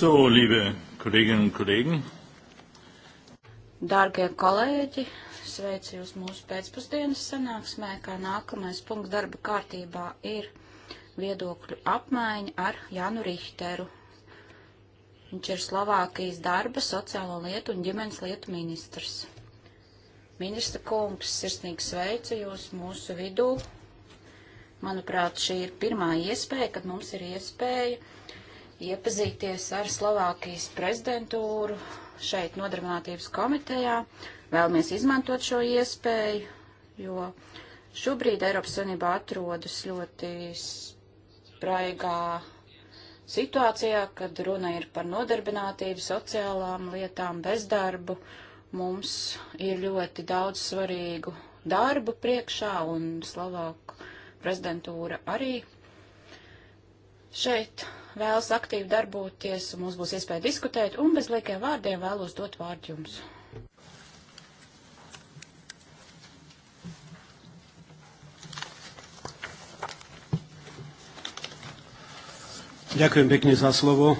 So, liebe Kolleginnen un Kollegen. Dārgie kolēģi, sveicu jūs mūsu pēcpusdienas sanāksmē, kā nākamais punkts darba kārtībā ir viedokļu apmaiņa ar Janu Rihteru. Viņš ir Slovākijas darba, sociālo lietu un ģimenes lietu ministrs. Ministra kungs, sirsnīgi sveicu jūs mūsu vidū. Manuprāt, šī ir pirmā iespēja, kad mums ir iespēja iepazīties ar Slovākijas prezidentūru šeit nodarbinātības komitejā. Vēlamies izmantot šo iespēju, jo šobrīd Eiropas Savienība atrodas ļoti spraigā situācijā, kad runa ir par nodarbinātību, sociālām lietām, bezdarbu. Mums ir ļoti daudz svarīgu darbu priekšā un Slovāku prezidentūra arī šeit vēlas aktīvi darboties, mums būs iespēja diskutēt, un bez liekiem vārdiem vēlos dot vārdu jums. Ďakujem pekne za slovo.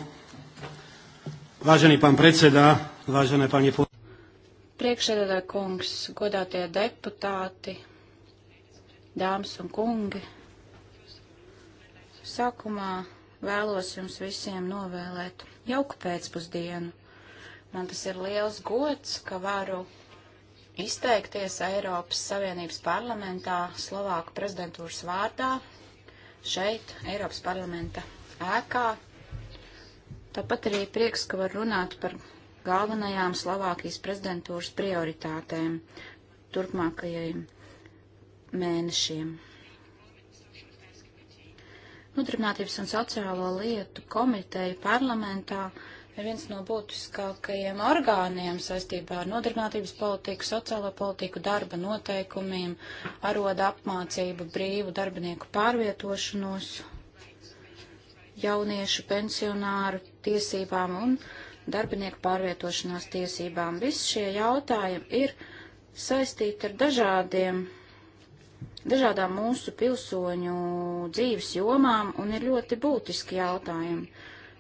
Vážený pán predseda, vážené pani Priekšsēdētāj kungs, godātie deputāti, dāmas un kungi, sākumā vēlos jums visiem novēlēt jauku pēcpusdienu. Man tas ir liels gods, ka varu izteikties Eiropas Savienības parlamentā Slovāku prezidentūras vārdā šeit, Eiropas parlamenta ēkā. Tāpat arī prieks, ka var runāt par galvenajām Slovākijas prezidentūras prioritātēm turpmākajiem mēnešiem. Nodarbinātības un sociālo lietu komiteja parlamentā ir viens no būtiskākajiem orgāniem saistībā ar nodarbinātības politiku, sociālo politiku, darba noteikumiem, aroda apmācību, brīvu darbinieku pārvietošanos, jauniešu pensionāru tiesībām un darbinieku pārvietošanās tiesībām. Visi šie jautājumi ir saistīti ar dažādiem dažādām mūsu pilsoņu dzīves jomām un ir ļoti būtiski jautājumi.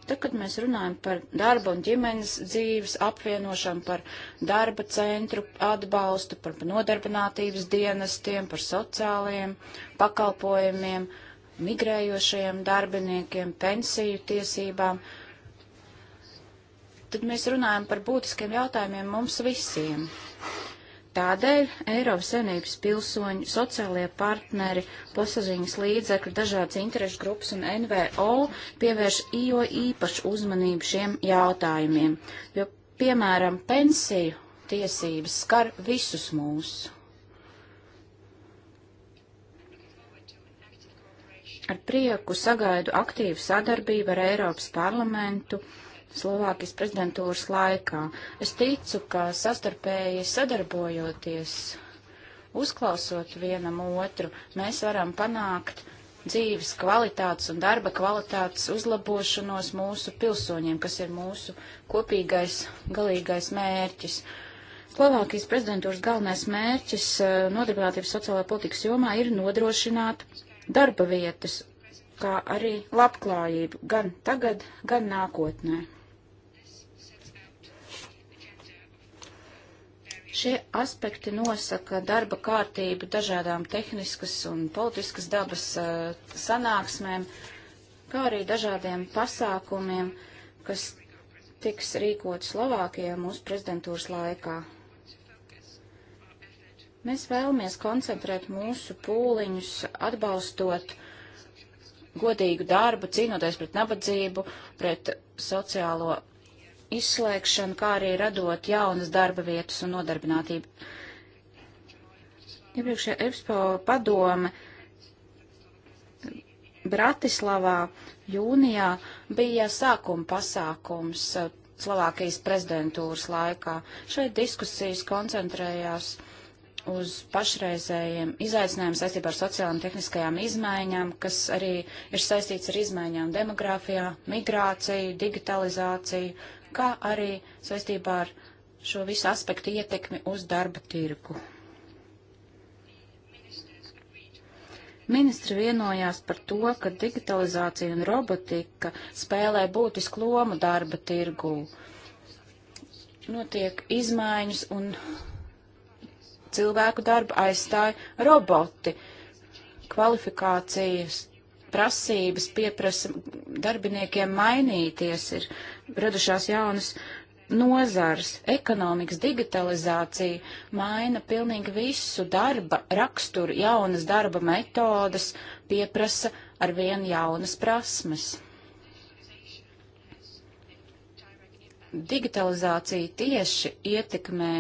Tad, kad mēs runājam par darba un ģimenes dzīves apvienošanu, par darba centru atbalstu, par nodarbinātības dienestiem, par sociālajiem pakalpojumiem, migrējošajiem darbiniekiem, pensiju tiesībām, tad mēs runājam par būtiskiem jautājumiem mums visiem. Tādēļ Eiropas Savienības pilsoņu sociālie partneri, plasaziņas līdzekļi, dažādas interešu grupas un NVO pievērš jo īpašu uzmanību šiem jautājumiem, jo, piemēram, pensiju tiesības skar visus mūs. Ar prieku sagaidu aktīvu sadarbību ar Eiropas parlamentu Slovākijas prezidentūras laikā. Es ticu, ka sastarpēji sadarbojoties, uzklausot vienam otru, mēs varam panākt dzīves kvalitātes un darba kvalitātes uzlabošanos mūsu pilsoņiem, kas ir mūsu kopīgais galīgais mērķis. Slovākijas prezidentūras galvenais mērķis eh, nodarbinātības sociālajā politikas jomā ir nodrošināt darba vietas, kā arī labklājību gan tagad, gan nākotnē. Šie aspekti nosaka darba kārtību dažādām tehniskas un politiskas dabas uh, sanāksmēm, kā arī dažādiem pasākumiem, kas tiks rīkot Slovākijā mūsu prezidentūras laikā. Mēs vēlamies koncentrēt mūsu pūliņus, atbalstot godīgu darbu, cīnoties pret nabadzību, pret sociālo izslēgšanu, kā arī radot jaunas darba vietas un nodarbinātību. Iepriekšējā EPSPO padome Bratislavā jūnijā bija sākuma pasākums Slovākijas prezidentūras laikā. Šeit diskusijas koncentrējās uz pašreizējiem izaicinājumiem saistībā ar sociālām tehniskajām izmaiņām, kas arī ir saistīts ar izmaiņām demogrāfijā, migrāciju, digitalizāciju, kā arī saistībā ar šo visu aspektu ietekmi uz darba tirgu. Ministri vienojās par to, ka digitalizācija un robotika spēlē būtisku lomu darba tirgū. Notiek izmaiņas un cilvēku darbu aizstāja roboti. Kvalifikācijas prasības pieprasa darbiniekiem mainīties, ir radušās jaunas nozars, ekonomikas digitalizācija maina pilnīgi visu darba raksturu, jaunas darba metodas, pieprasa ar vien jaunas prasmes. Digitalizācija tieši ietekmē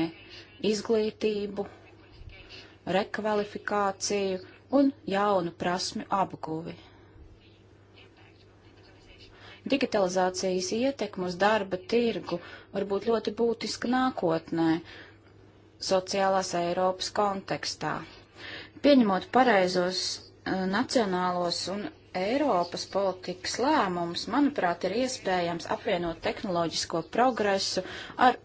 izglītību, rekvalifikāciju un jaunu prasmi apguvi digitalizācijas ietekme uz darba tirgu var būt ļoti būtiska nākotnē, sociālās Eiropas kontekstā. Pieņemot pareizos e, nacionālos un Eiropas politikas lēmums, manuprāt, ir iespējams apvienot tehnoloģisko progresu ar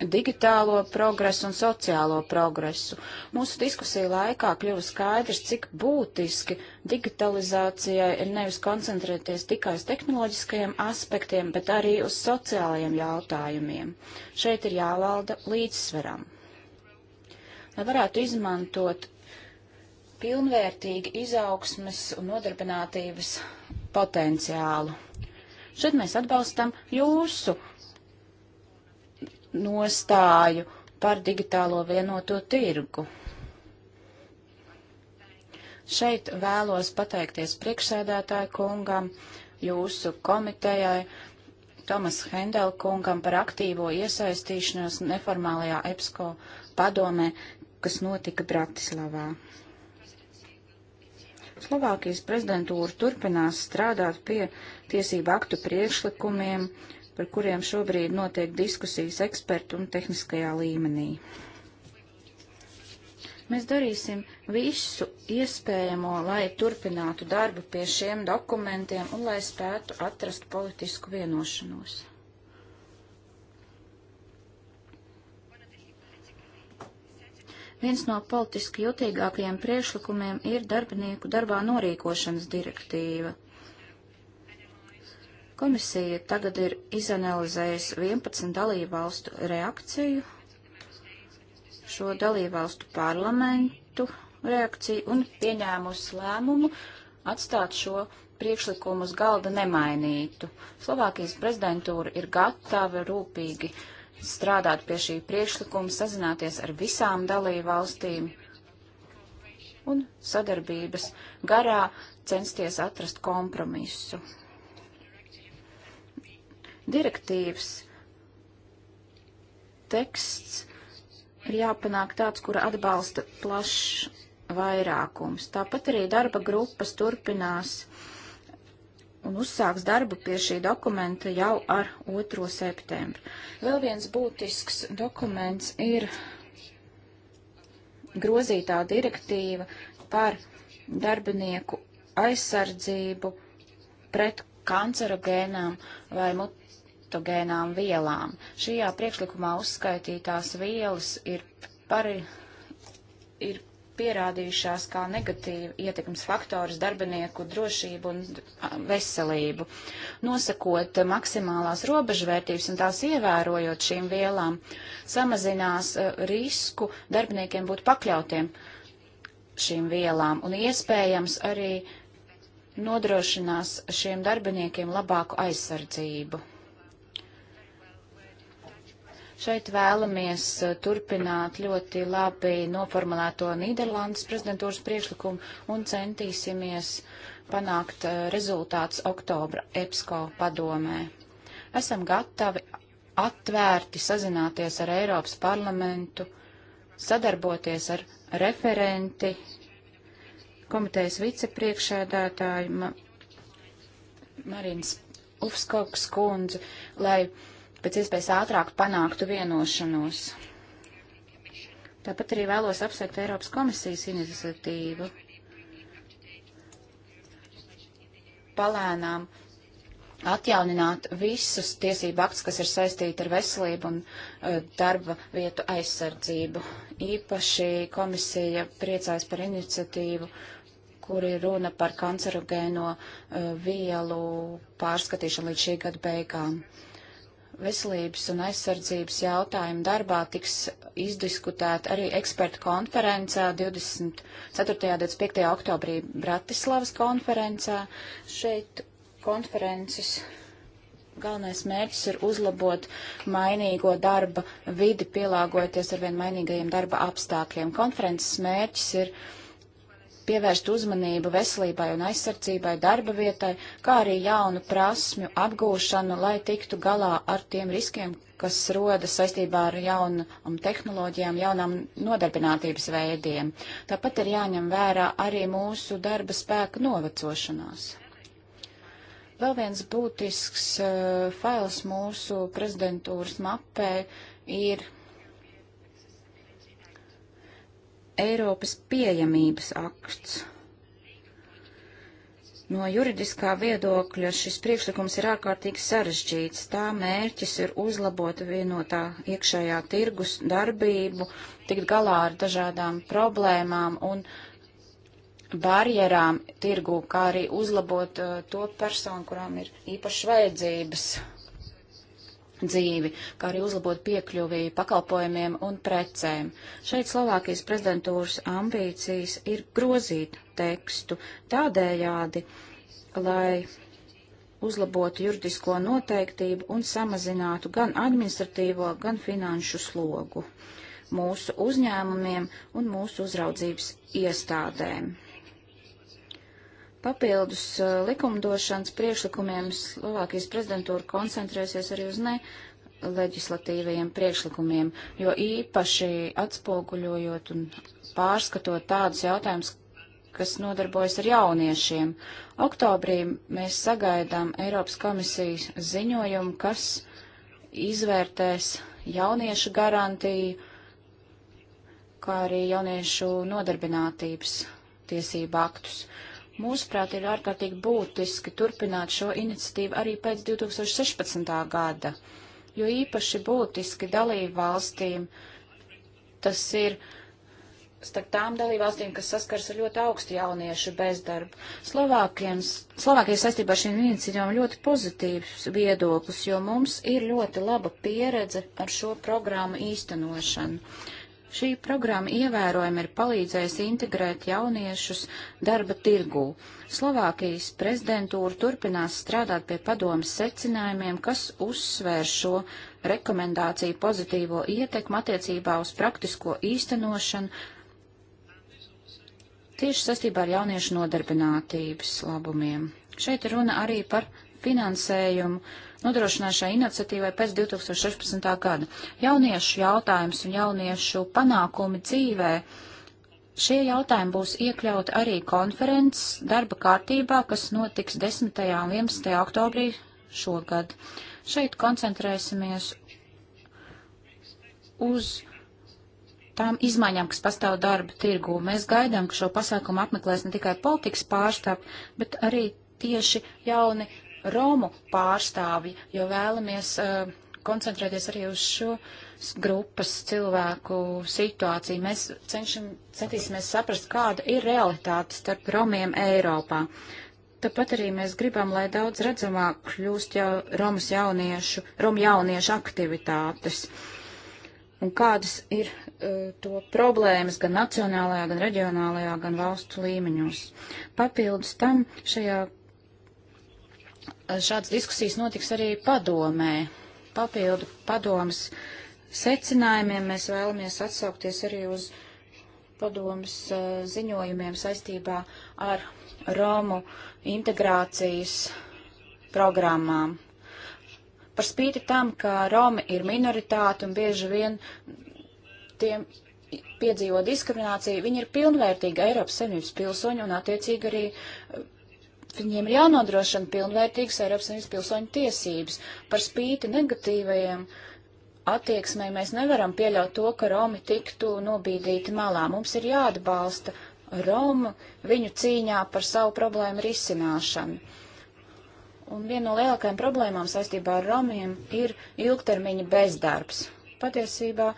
digitālo progresu un sociālo progresu. Mūsu diskusija laikā kļuva skaidrs, cik būtiski digitalizācijai ir nevis koncentrēties tikai uz tehnoloģiskajiem aspektiem, bet arī uz sociālajiem jautājumiem. Šeit ir jāvalda līdzsveram. Lai varētu izmantot pilnvērtīgi izaugsmes un nodarbinātības potenciālu. Šeit mēs atbalstam jūsu nostāju par digitālo vienoto tirgu. Šeit vēlos pateikties priekšsēdētāju kungam, jūsu komitejai, Tomas Hendel kungam par aktīvo iesaistīšanos neformālajā EPSCO padomē, kas notika Bratislavā. Slovākijas prezidentūra turpinās strādāt pie tiesību aktu priekšlikumiem, uh, par kuriem šobrīd notiek diskusijas ekspertu un tehniskajā līmenī. Mēs darīsim visu iespējamo, lai turpinātu darbu pie šiem dokumentiem un lai spētu atrast politisku vienošanos. Viens no politiski jutīgākajiem priešlikumiem ir darbinieku darbā norīkošanas direktīva. Komisija tagad ir izanalizējusi 11 dalībvalstu reakciju, šo dalībvalstu parlamentu reakciju un pieņēmusi lēmumu atstāt šo priekšlikumu uz galda nemainītu. Slovākijas prezidentūra ir gatava rūpīgi strādāt pie šī priekšlikuma, sazināties ar visām dalībvalstīm un sadarbības garā censties atrast kompromisu direktīvas teksts ir jāpanāk tāds, kura atbalsta plašs vairākums. Tāpat arī darba grupas turpinās un uzsāks darbu pie šī dokumenta jau ar 2. septembru. Vēl viens būtisks dokuments ir grozītā direktīva par darbinieku aizsardzību pret kancerogēnām vai mut patogēnām vielām. Šajā priekšlikumā uzskaitītās vielas ir, pari, ir pierādījušās kā negatīvi ietekmes faktoris darbinieku drošību un veselību. Nosakot maksimālās robežvērtības un tās ievērojot šīm vielām, samazinās risku darbiniekiem būt pakļautiem šīm vielām un iespējams arī nodrošinās šiem darbiniekiem labāku aizsardzību. Šeit vēlamies uh, turpināt ļoti labi noformulēto Nīderlandes prezidentūras priekšlikumu un centīsimies panākt uh, rezultāts oktobra EPSCO padomē. Esam gatavi atvērti sazināties ar Eiropas parlamentu, sadarboties ar referenti, komitejas vicepriekšēdētāju Marīnas Ufskogs kundzi, lai pēc iespējas ātrāk panāktu vienošanos. Tāpat arī vēlos apsveikt Eiropas komisijas iniciatīvu. Palēnām atjaunināt visus tiesību aktus, kas ir saistīti ar veselību un uh, darba vietu aizsardzību. Īpaši komisija priecājas par iniciatīvu, kur ir runa par kancerogēno uh, vielu pārskatīšanu līdz šī gada beigām veselības un aizsardzības jautājumu darbā tiks izdiskutēta arī ekspertu konferencē 24. un 25. oktobrī Bratislavas konferencē. Šeit konferences galvenais mērķis ir uzlabot mainīgo darba vidi, pielāgojoties ar vien mainīgajiem darba apstākļiem. Konferences mērķis ir uh, pievērst uzmanību veselībai un aizsardzībai darba vietai, kā arī jaunu prasmju apgūšanu, lai tiktu galā ar tiem riskiem, kas rodas saistībā ar jaunām tehnoloģijām, jaunām nodarbinātības veidiem. Tāpat ir jāņem vērā arī mūsu darba spēka novecošanās. Vēl viens būtisks uh, fails mūsu prezidentūras mapē ir Eiropas pieejamības akts. No juridiskā viedokļa šis priekšlikums ir ārkārtīgi sarežģīts. Tā mērķis ir uzlabot vienotā iekšējā tirgus darbību, tikt galā ar dažādām problēmām un barjerām tirgu, kā arī uzlabot uh, to personu, kurām ir īpašas vajadzības dzīvi, kā arī uzlabot piekļuvi pakalpojumiem un precēm. Šeit Slovākijas prezidentūras ambīcijas ir grozīt tekstu tādējādi, lai uzlabotu juridisko noteiktību un samazinātu gan administratīvo, gan finanšu slogu mūsu uzņēmumiem un mūsu uzraudzības iestādēm. Papildus eh, likumdošanas priekšlikumiem Slovākijas prezidentūra koncentrēsies arī uz ne leģislatīvajiem priekšlikumiem, jo īpaši atspoguļojot un pārskatot tādus jautājumus, kas nodarbojas ar jauniešiem. Oktobrī mēs sagaidām Eiropas komisijas ziņojumu, kas izvērtēs jauniešu garantiju, kā arī jauniešu nodarbinātības tiesību aktus. Uh, Mūsuprāt, ir ārkārtīgi būtiski turpināt šo iniciatīvu arī pēc 2016. gada, jo īpaši būtiski dalību valstīm tas ir starp tām dalībvalstīm, kas saskars ar ļoti augstu jauniešu bezdarbu. Slovākiem, Slovākija saistībā ar šīm iniciatīvām ļoti pozitīvs viedoklis, jo mums ir ļoti laba pieredze ar šo programmu īstenošanu. Šī programma ievērojami ir palīdzējusi integrēt jauniešus darba tirgū. Slovākijas prezidentūra turpinās strādāt pie padomas secinājumiem, kas uzsvēr šo rekomendāciju pozitīvo ietekmu attiecībā uz praktisko īstenošanu tieši sastībā ar jauniešu nodarbinātības labumiem. Šeit runa arī par finansējumu nodrošināt šai iniciatīvai pēc 2016. gada. Jauniešu jautājums un jauniešu panākumi dzīvē. Šie jautājumi būs iekļauti arī konferences darba kārtībā, kas notiks 10. un 11. oktobrī šogad. Šeit koncentrēsimies uz tām izmaiņām, kas pastāv darba tirgū. Mēs gaidām, ka šo pasākumu apmeklēs ne tikai politikas pārstāv, bet arī tieši jauni Romu pārstāvji, jo vēlamies uh, koncentrēties arī uz šo grupas cilvēku situāciju. Mēs cenšam, centīsimies saprast, kāda ir realitāte starp Romiem Eiropā. Tāpat arī mēs gribam, lai daudz redzamāk kļūst jau Romas jauniešu, Romu jauniešu aktivitātes. Un kādas ir uh, to problēmas gan nacionālajā, gan reģionālajā, gan valstu līmeņos. Papildus tam šajā šādas diskusijas notiks arī padomē. Papildu padomas secinājumiem mēs vēlamies atsaukties arī uz padomas ziņojumiem saistībā ar Romu integrācijas programmām. Par spīti tam, ka Romi ir minoritāte un bieži vien tiem piedzīvo diskrimināciju, viņi ir pilnvērtīgi Eiropas Savienības pilsoņi un attiecīgi arī viņiem ir jānodrošina pilnvērtīgas Eiropas Savienības pilsoņu tiesības. Par spīti negatīvajiem attieksmei mēs nevaram pieļaut to, ka Romi tiktu nobīdīti malā. Mums ir jāatbalsta Romu viņu cīņā par savu problēmu risināšanu. Un viena no lielākajām problēmām saistībā ar Romiem ir ilgtermiņa bezdarbs. Patiesībā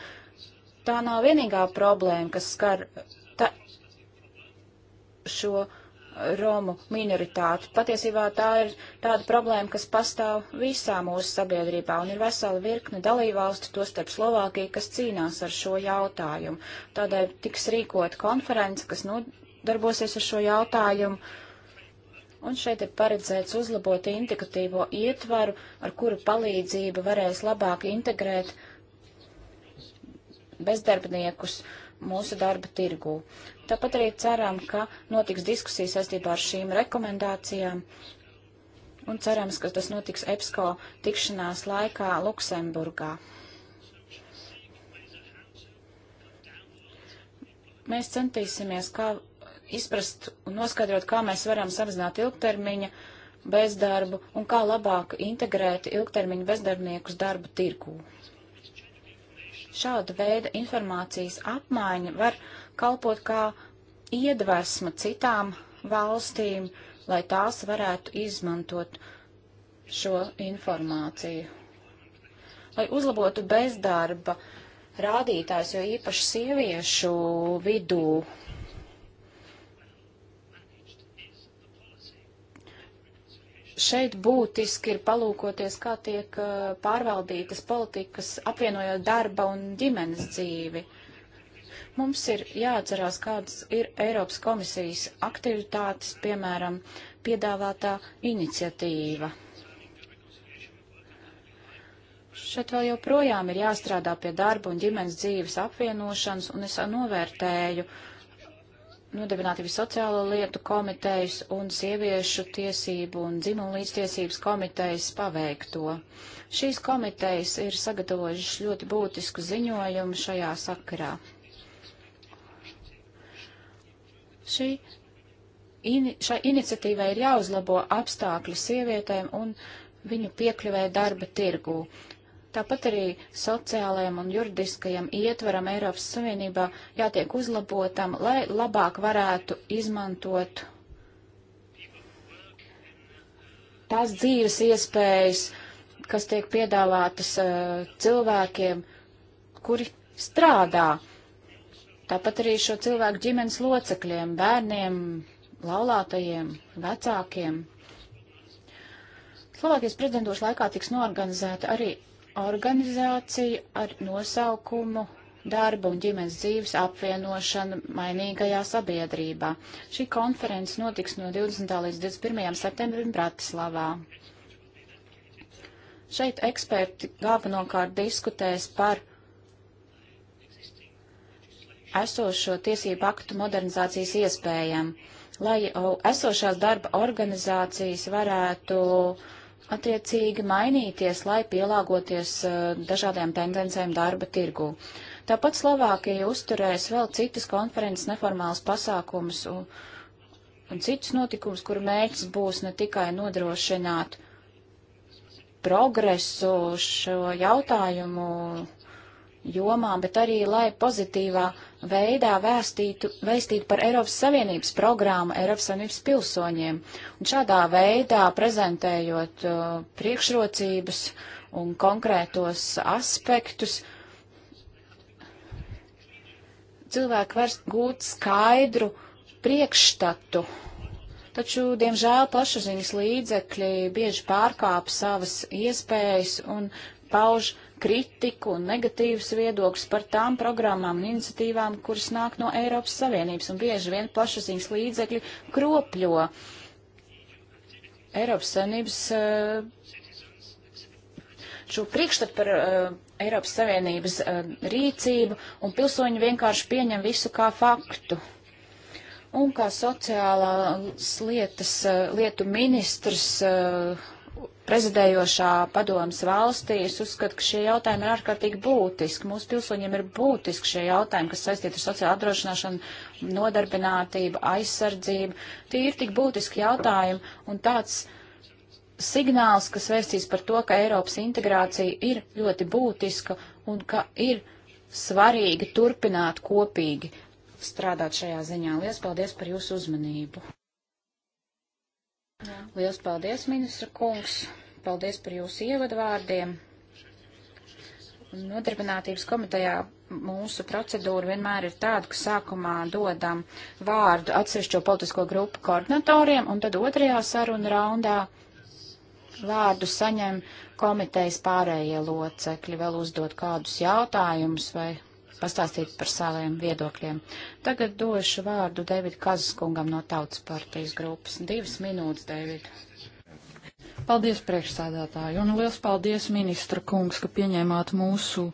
tā nav vienīgā problēma, kas skar ta, šo Romu minoritāti. Patiesībā tā ir tāda problēma, kas pastāv visā mūsu sabiedrībā, un ir vesela virkne dalībvalstu, tostarp Slovākija, kas cīnās ar šo jautājumu. Tādēļ tiks rīkot konference, kas nodarbosies ar šo jautājumu, un šeit ir paredzēts uzlabot indikatīvo ietvaru, ar kuru palīdzību varēs labāk integrēt bezdarbniekus mūsu darba tirgū. Tāpat arī ceram, ka notiks diskusija saistībā ar šīm rekomendācijām. Un cerams, ka tas notiks EPSCO tikšanās laikā Luksemburgā. Mēs centīsimies kā izprast un noskaidrot, kā mēs varam samazināt ilgtermiņa bezdarbu un kā labāk integrēt ilgtermiņa bezdarbniekus darba tirgū. Šāda veida informācijas apmaiņa var kalpot kā iedvesma citām valstīm, lai tās varētu izmantot šo informāciju. Lai uzlabotu bezdarba rādītājs, jo īpaši sieviešu vidū, šeit būtiski ir palūkoties, kā tiek uh, pārvaldītas politikas, apvienojot darba un ģimenes dzīvi. Uh, Mums ir jāatcerās, kādas ir Eiropas komisijas aktivitātes, piemēram, piedāvātā iniciatīva. Šeit vēl joprojām ir jāstrādā pie darba un ģimenes dzīves apvienošanas, un es novērtēju Nodarbinātības sociālo lietu komitejas un sieviešu tiesību un dzimumu līdztiesības komitejas paveikto. Šīs komitejas ir sagatavojušas ļoti būtisku ziņojumu šajā sakarā. Šī in, šai iniciatīvai ir jāuzlabo apstākļi sievietēm un viņu piekļuvē darba tirgū. Tāpat arī sociālajam un juridiskajam ietveram Eiropas Savienībā jātiek uzlabotam, lai labāk varētu izmantot tās dzīves iespējas, kas tiek piedāvātas uh, cilvēkiem, kuri strādā. Uh, Tāpat arī šo cilvēku ģimenes locekļiem, bērniem, laulātajiem, vecākiem. Slovākijas prezidentūras laikā tiks norganizēta arī organizācija ar nosaukumu darba un ģimenes dzīves apvienošana mainīgajā sabiedrībā. Šī konferences notiks no 20. līdz 21. septembrim Bratislavā. Šeit eksperti galvenokārt diskutēs par esošo tiesību aktu modernizācijas iespējām, lai esošās darba organizācijas varētu attiecīgi mainīties, lai pielāgoties e, dažādajām tendencēm darba tirgū. Tāpat Slovākija uzturēs vēl citas konferences neformālas pasākumus un, un citus notikumus, kuru mērķis būs ne tikai nodrošināt progresu šo jautājumu jomā, bet arī, lai pozitīvā veidā vēstītu, vēstītu par Eiropas Savienības programmu Eiropas Savienības pilsoņiem. Un šādā veidā prezentējot uh, priekšrocības un konkrētos aspektus, cilvēki var gūt skaidru priekšstatu. Taču, diemžēl, plašsaziņas līdzekļi bieži pārkāp savas iespējas un pauž kritiku un negatīvus viedokļus par tām programmām un iniciatīvām, kuras nāk no Eiropas Savienības, un bieži vien plašsaziņas līdzekļi kropļo Eiropas Savienības eh, šo priekšstatu par eh, Eiropas Savienības eh, rīcību, un pilsoņi vienkārši pieņem visu kā faktu un kā sociālās lietas, lietu ministrs prezidējošā padomas valstī, es uzskatu, ka šie jautājumi ir ārkārtīgi būtiski. Mūsu pilsoņiem ir būtiski šie jautājumi, kas saistīti ar sociālo apdrošināšanu, nodarbinātību, aizsardzību. Tie ir tik būtiski jautājumi un tāds signāls, kas vēstīs par to, ka Eiropas integrācija ir ļoti būtiska un ka ir svarīgi turpināt kopīgi strādāt šajā ziņā. Lielas paldies par jūsu uzmanību! Lielas paldies, ministra kungs! Paldies par jūsu ievadvārdiem! Nodarbinātības komitejā mūsu procedūra vienmēr ir tāda, ka sākumā dodam vārdu atsevišķo politisko grupu koordinatoriem, un tad otrajā saruna raundā vārdu saņem komitejas pārējie locekļi vēl uzdot kādus jautājumus vai pastāstīt par saviem viedokļiem. Tagad došu vārdu Davidu Kazaskungam no Tautas partijas grupas. Divas minūtes, David. Paldies priekšsādātāji un liels paldies ministra kungs, ka pieņēmāt mūsu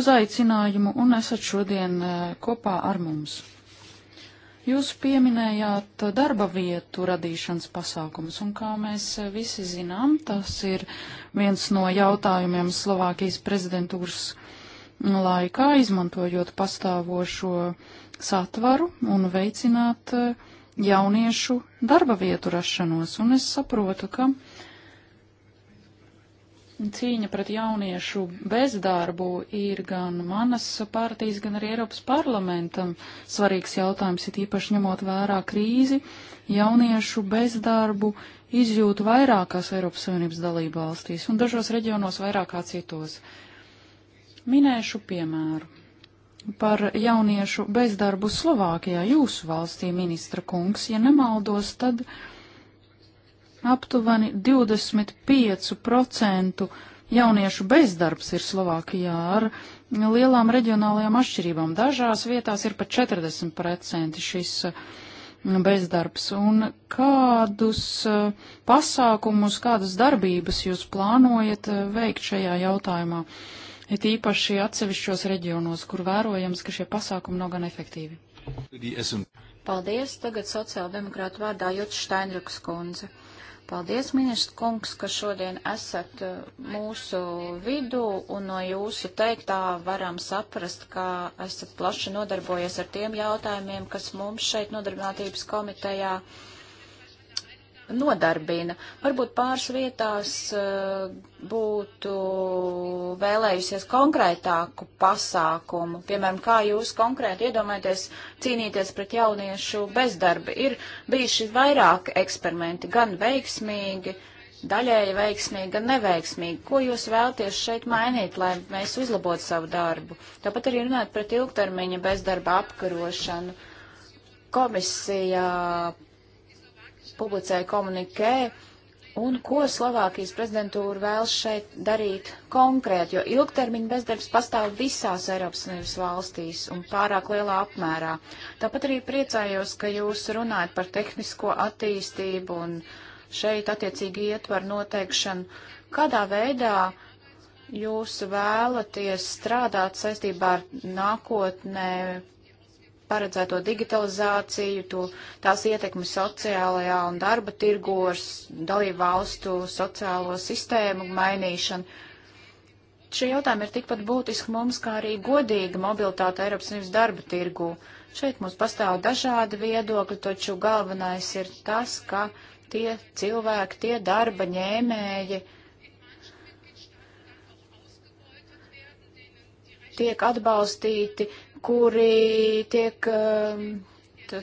uzaicinājumu un esat šodien eh, kopā ar mums. Jūs pieminējāt darba vietu radīšanas pasākumus, un kā mēs eh, visi zinām, tas ir viens no jautājumiem Slovākijas prezidentūras laikā, izmantojot pastāvošo satvaru un veicināt eh, jauniešu darba vietu rašanos. Un es saprotu, ka cīņa pret jauniešu bezdarbu ir gan manas partijas, gan arī Eiropas parlamentam svarīgs jautājums, it īpaši ņemot vērā krīzi, jauniešu bezdarbu izjūtu vairākās Eiropas Savienības dalība valstīs un dažos reģionos vairāk kā citos. Minēšu piemēru par jauniešu bezdarbu Slovākijā, jūsu valstī, ministra kungs, ja nemaldos, tad aptuveni 25% jauniešu bezdarbs ir Slovākijā ar lielām reģionālajām atšķirībām. Dažās vietās ir pat 40% šis mm, bezdarbs. Un kādus mm, pasākumus, kādas darbības jūs plānojat mm, veikt šajā jautājumā? it īpaši atsevišķos reģionos, kur vērojams, ka šie pasākumi nav gan efektīvi. Paldies, tagad sociāldemokrāta vārdā Jūtas Steinrukas kundze. Paldies, ministrs kungs, ka šodien esat eh, mūsu vidū un no jūsu teiktā varam saprast, ka esat plaši nodarbojies ar tiem jautājumiem, kas mums šeit nodarbinātības komitejā uh, nodarbina. Varbūt pāris vietās eh, būtu vēlējusies konkrētāku pasākumu. Piemēram, kā jūs konkrēti iedomājaties cīnīties pret jauniešu bezdarbi? Ir bijuši vairāki eksperimenti, gan veiksmīgi, daļēji veiksmīgi, gan neveiksmīgi. Ko jūs vēlties šeit mainīt, lai mēs uzlabotu savu darbu? Tāpat arī runāt pret ilgtermiņa bezdarba apkarošanu. Komisija publicēja komunikē, un ko Slovākijas prezidentūra vēlas šeit darīt konkrēti, jo ilgtermiņa bezdarbs pastāv visās Eiropas Savienības valstīs un pārāk lielā apmērā. Tāpat arī priecājos, ka jūs runājat par tehnisko attīstību un šeit attiecīgi ietvaru noteikšanu. Kādā veidā jūs vēlaties strādāt saistībā ar nākotnē paredzēto digitalizāciju, to, tās ietekmi sociālajā un darba tirgos, dalību valstu sociālo sistēmu mainīšanu. Šie jautājumi ir tikpat būtiski mums, kā arī godīga mobilitāte Eiropas Savienības darba tirgū. Šeit mums pastāv dažādi viedokļi, taču galvenais ir tas, ka tie cilvēki, tie darba ņēmēji, tiek atbalstīti, kuri tiek, ehm,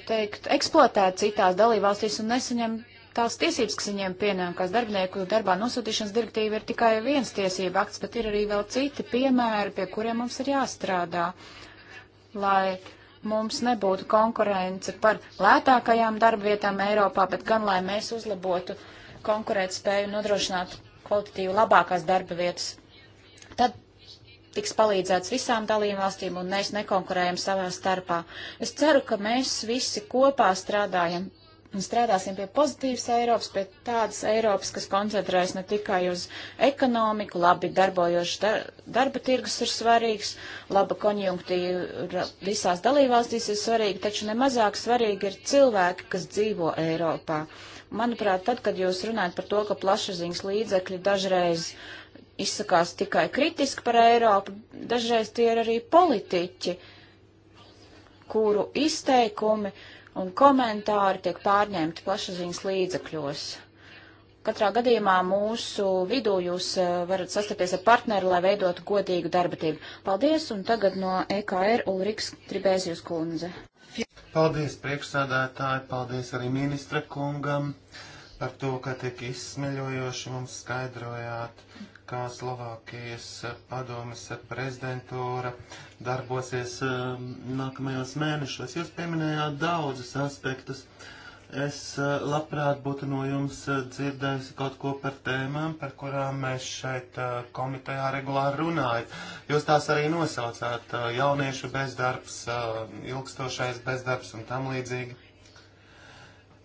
teikt, eksploatēti citās dalībvalstīs un nesaņem tās tiesības, kas viņiem pienākās darbinieku darbā nosūtīšanas direktīva ir tikai viens tiesība akts, bet ir arī vēl citi piemēri, pie kuriem mums ir jāstrādā, lai mums nebūtu konkurence par lētākajām darbvietām Eiropā, bet gan lai mēs uzlabotu konkurētspēju un nodrošinātu kvalitatīvi labākās darba vietas tiks palīdzēts visām dalībvalstīm un mēs nekonkurējam savā starpā. Es ceru, ka mēs visi kopā strādājam. Un strādāsim pie pozitīvas Eiropas, pie tādas Eiropas, kas koncentrēs ne tikai uz ekonomiku, labi darbojošs dar darba tirgus ir svarīgs, laba konjunktīva visās dalībvalstīs ir svarīga, taču nemazāk svarīgi ir cilvēki, kas dzīvo Eiropā. Manuprāt, tad, kad jūs runājat par to, ka plašsaziņas līdzekļi dažreiz uh, izsakās tikai kritiski par Eiropu, dažreiz tie ir arī politiķi, kuru izteikumi un komentāri tiek pārņemti plašsaziņas līdzekļos. Katrā gadījumā mūsu vidū jūs eh, varat sastapties ar partneri, lai veidotu godīgu darbatību. Paldies, un tagad no EKR Ulriks Tribēzijas kundze. Paldies priekšsādātāji, paldies arī ministra kungam par to, ka tik izsmeļojoši mums skaidrojāt, kā Slovākijas padomas prezidentūra darbosies um, nākamajos mēnešos. Jūs pieminējāt daudzus aspektus. Es uh, labprāt būtu no jums uh, dzirdējusi kaut ko par tēmām, par kurām mēs šeit uh, komitejā regulāri runājam. Jūs tās arī nosaucāt - jauniešu bezdarbs, ilgstošais bezdarbs un tam līdzīgi.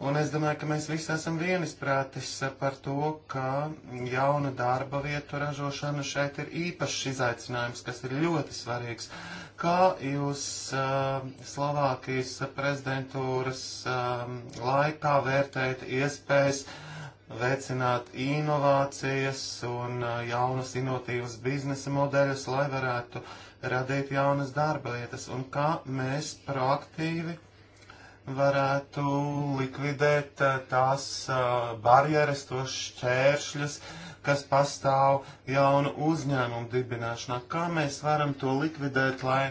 Un es domāju, ka mēs visi esam vienisprātis par to, ka jauna darba vietu ražošana šeit ir īpašs izaicinājums, kas ir ļoti svarīgs. Kā jūs uh, Slovākijas prezidentūras um, laikā vērtējat iespējas veicināt inovācijas un uh, jaunas inovatīvas biznesa modeļus, lai varētu radīt jaunas darba vietas? Un kā mēs proaktīvi varētu likvidēt eh, tās eh, barjeras, tos šķēršļus, kas pastāv jaunu uzņēmumu dibināšanā. Kā mēs varam to likvidēt, lai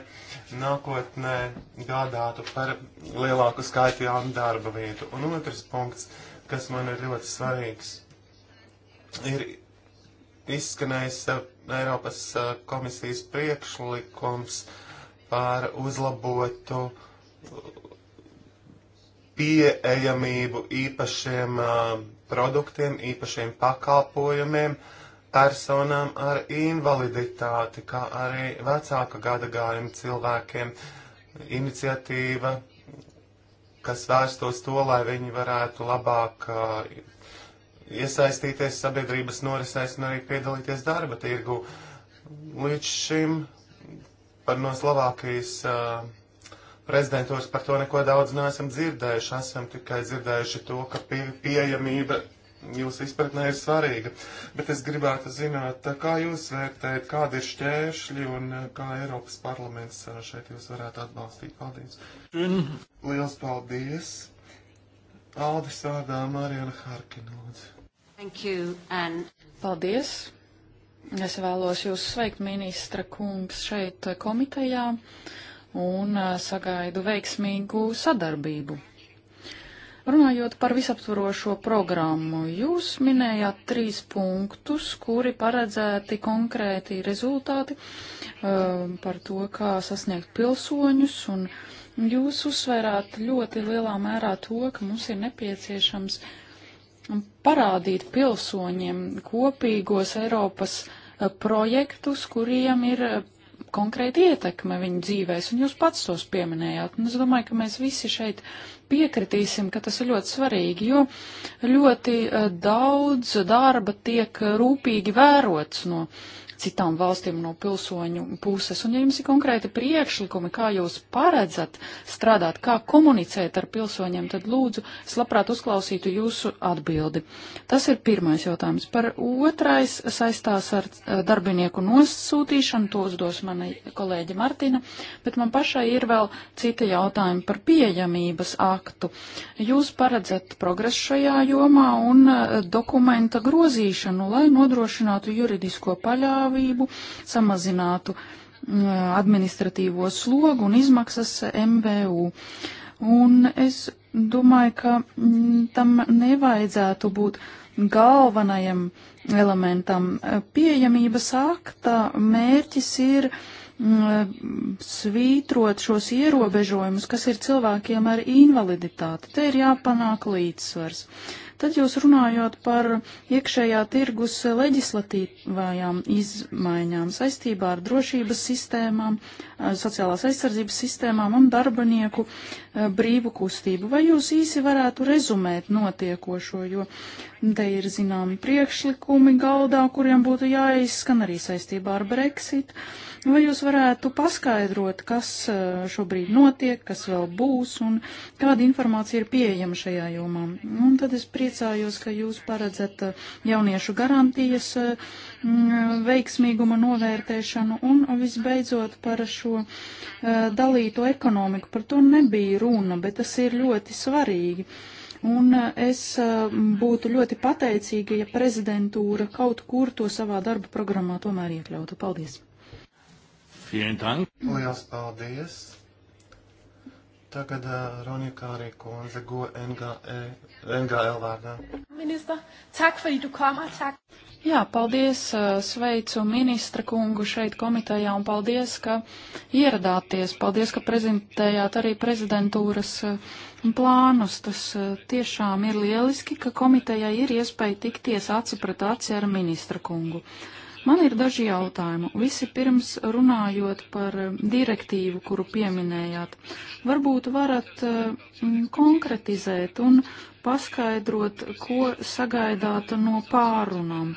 nākotnē gādātu par lielāku skaitu jaunu darba vietu? Un otrs punkts, kas man ir ļoti svarīgs, ir izskanējis eh, Eiropas komisijas priekšlikums par uzlabotu pieejamību īpašiem uh, produktiem, īpašiem pakalpojumiem personām ar invaliditāti, kā arī vecāka gadagājuma cilvēkiem. Iniciatīva, kas vērstos to, lai viņi varētu labāk uh, iesaistīties sabiedrības norisēs un arī piedalīties darba tirgu. Līdz šim par no Slovākijas uh, prezidentūras par to neko daudz neesam dzirdējuši. Esam tikai dzirdējuši to, ka pie, pieejamība jūsu izpratnē ir svarīga. Bet es gribētu zināt, kā jūs vērtējat, kādi ir šķēršļi un eh, kā Eiropas parlaments eh, šeit jūs varētu atbalstīt. Paldies! Un... Liels paldies! Aldis vārdā Marijana Harkina, lūdzu. Thank you, and... Paldies! Es vēlos jūs sveikt, ministra kungs, šeit komitejā. Uh, un sagaidu veiksmīgu sadarbību. Runājot par visaptvarošo programmu, jūs minējāt trīs punktus, kuri paredzēti konkrēti rezultāti uh, par to, kā sasniegt pilsoņus, un jūs uzsvērāt ļoti lielā mērā to, ka mums ir nepieciešams parādīt pilsoņiem kopīgos Eiropas projektus, kuriem ir konkrēta ietekme viņu dzīvēs, un jūs pats tos pieminējāt. Un es domāju, ka mēs visi šeit piekritīsim, ka tas ir ļoti svarīgi, jo ļoti eh, daudz darba tiek eh, rūpīgi vērots no citām valstīm no pilsoņu puses. Un ja jums ir konkrēti priekšlikumi, kā jūs paredzat strādāt, kā komunicēt ar pilsoņiem, tad lūdzu, es labprāt uzklausītu jūsu atbildi. Tas ir pirmais jautājums. Par otrais saistās ar eh, darbinieku nosūtīšanu, to uzdos mana kolēģa Martina, bet man pašai ir vēl cita jautājuma par pieejamības aktu. Jūs paredzat progresu šajā jomā un eh, dokumenta grozīšanu, lai nodrošinātu juridisko paļāvu pašpaļāvību, samazinātu mm, administratīvo slogu un izmaksas MVU. Un es domāju, ka mm, tam nevajadzētu būt galvenajam elementam. Pieejamības akta mērķis ir uh, Mm, svītrot šos ierobežojumus, kas ir cilvēkiem ar invaliditāti. Te ir jāpanāk līdzsvars. Tad jūs runājot par iekšējā tirgus leģislatīvajām izmaiņām saistībā ar drošības sistēmām, sociālās aizsardzības sistēmām un darbinieku eh, brīvu kustību. Vai jūs īsi varētu rezumēt notiekošo, jo te ir zināmi priekšlikumi galdā, kuriem būtu jāizskan arī saistībā ar Brexit? Uh, Vai jūs varētu paskaidrot, kas eh, šobrīd notiek, kas vēl būs un kāda informācija ir pieejama šajā jomā? Un tad es priecājos, ka jūs paredzat eh, jauniešu garantijas eh, veiksmīguma novērtēšanu un visbeidzot par šo dalīto ekonomiku. Par to nebija runa, bet tas ir ļoti svarīgi. Un es būtu ļoti pateicīga, ja prezidentūra kaut kur to savā darba programmā tomēr iekļautu. Paldies! Vielen Dank. Lielas paldies. Tagad uh, Ronja Kāri Konze, go NGE, NGL vārdā. Ministra, tak, fordi du kommer, tak. Jā, paldies, uh, sveicu ministra kungu šeit komitejā un paldies, ka ieradāties. Paldies, ka prezentējāt arī prezidentūras uh, plānus. Tas uh, tiešām ir lieliski, ka komitejai ir iespēja tikties aci pret aci ar ministra kungu. Uh, Man ir daži jautājumi. Visi pirms runājot par eh, direktīvu, kuru pieminējāt, varbūt varat eh, konkretizēt un paskaidrot, ko sagaidāt no pārunām.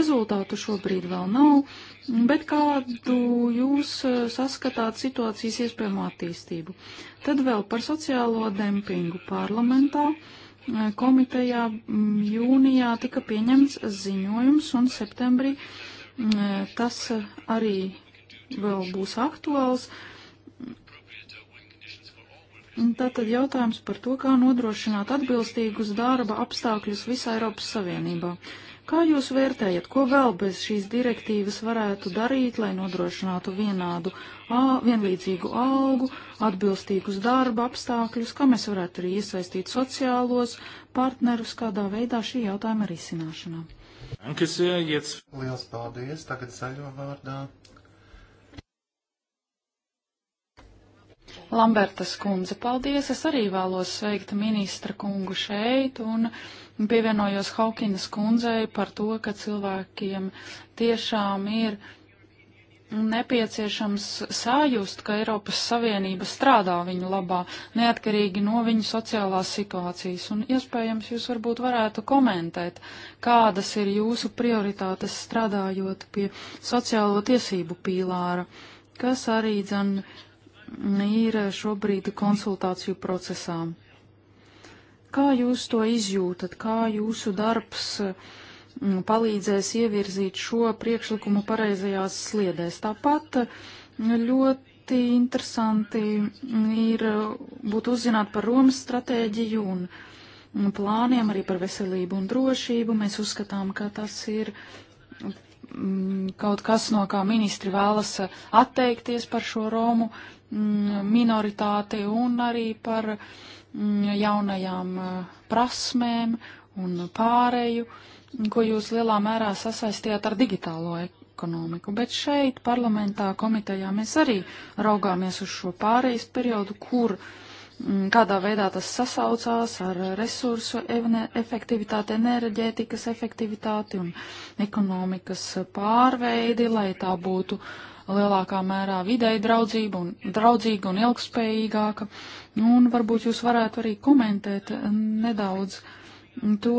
Rezultātu šobrīd vēl nav, bet kādu jūs eh, saskatāt situācijas iespējamo attīstību? Tad vēl par sociālo dempingu parlamentā. Komitejā jūnijā tika pieņemts ziņojums un septembrī uh, tas arī vēl būs aktuāls. Tātad jautājums par to, kā nodrošināt atbilstīgus darba apstākļus visā Eiropas Savienībā. Kā jūs vērtējat, ko vēl bez šīs direktīvas varētu darīt, lai nodrošinātu vienādu, vienlīdzīgu algu, atbilstīgus darba apstākļus, kā mēs varētu arī iesaistīt sociālos partnerus kādā veidā šī jautājuma risināšanā? Liels paldies! Tagad zaļo vārdā. Lambertas kundze, paldies! Es arī vēlos sveikt ministra kungu šeit un pievienojos Haukinas kundzei par to, ka cilvēkiem tiešām ir nepieciešams sājust, ka Eiropas Savienība strādā viņu labā, neatkarīgi no viņu sociālās situācijas. Un iespējams jūs varbūt varētu komentēt, kādas ir jūsu prioritātes strādājot pie sociālo tiesību pīlāra, kas arī dzen ir šobrīd konsultāciju procesā. Kā jūs to izjūtat, kā jūsu darbs uh, Mm, palīdzēs ievirzīt šo priekšlikumu pareizajās sliedēs. Tāpat mm, ļoti interesanti mm, ir būt uzzināt par Romas stratēģiju un plāniem arī par veselību un drošību. Mēs uzskatām, ka tas ir kaut kas, no kā ministri vēlas atteikties par šo Romu minoritāti un arī par jaunajām uh, prasmēm un pārēju. Uh, ko jūs lielā mērā sasaistījāt ar digitālo ekonomiku. Bet šeit, parlamentā, komitejā, mēs arī raugāmies uz šo pārejas periodu, kur m, mm, kādā veidā tas sasaucās ar resursu efektivitāti, enerģētikas efektivitāti un ekonomikas pārveidi, lai tā būtu lielākā mērā videi draudzība un draudzīga un ilgspējīgāka. Nu, un varbūt jūs varētu arī komentēt nedaudz to,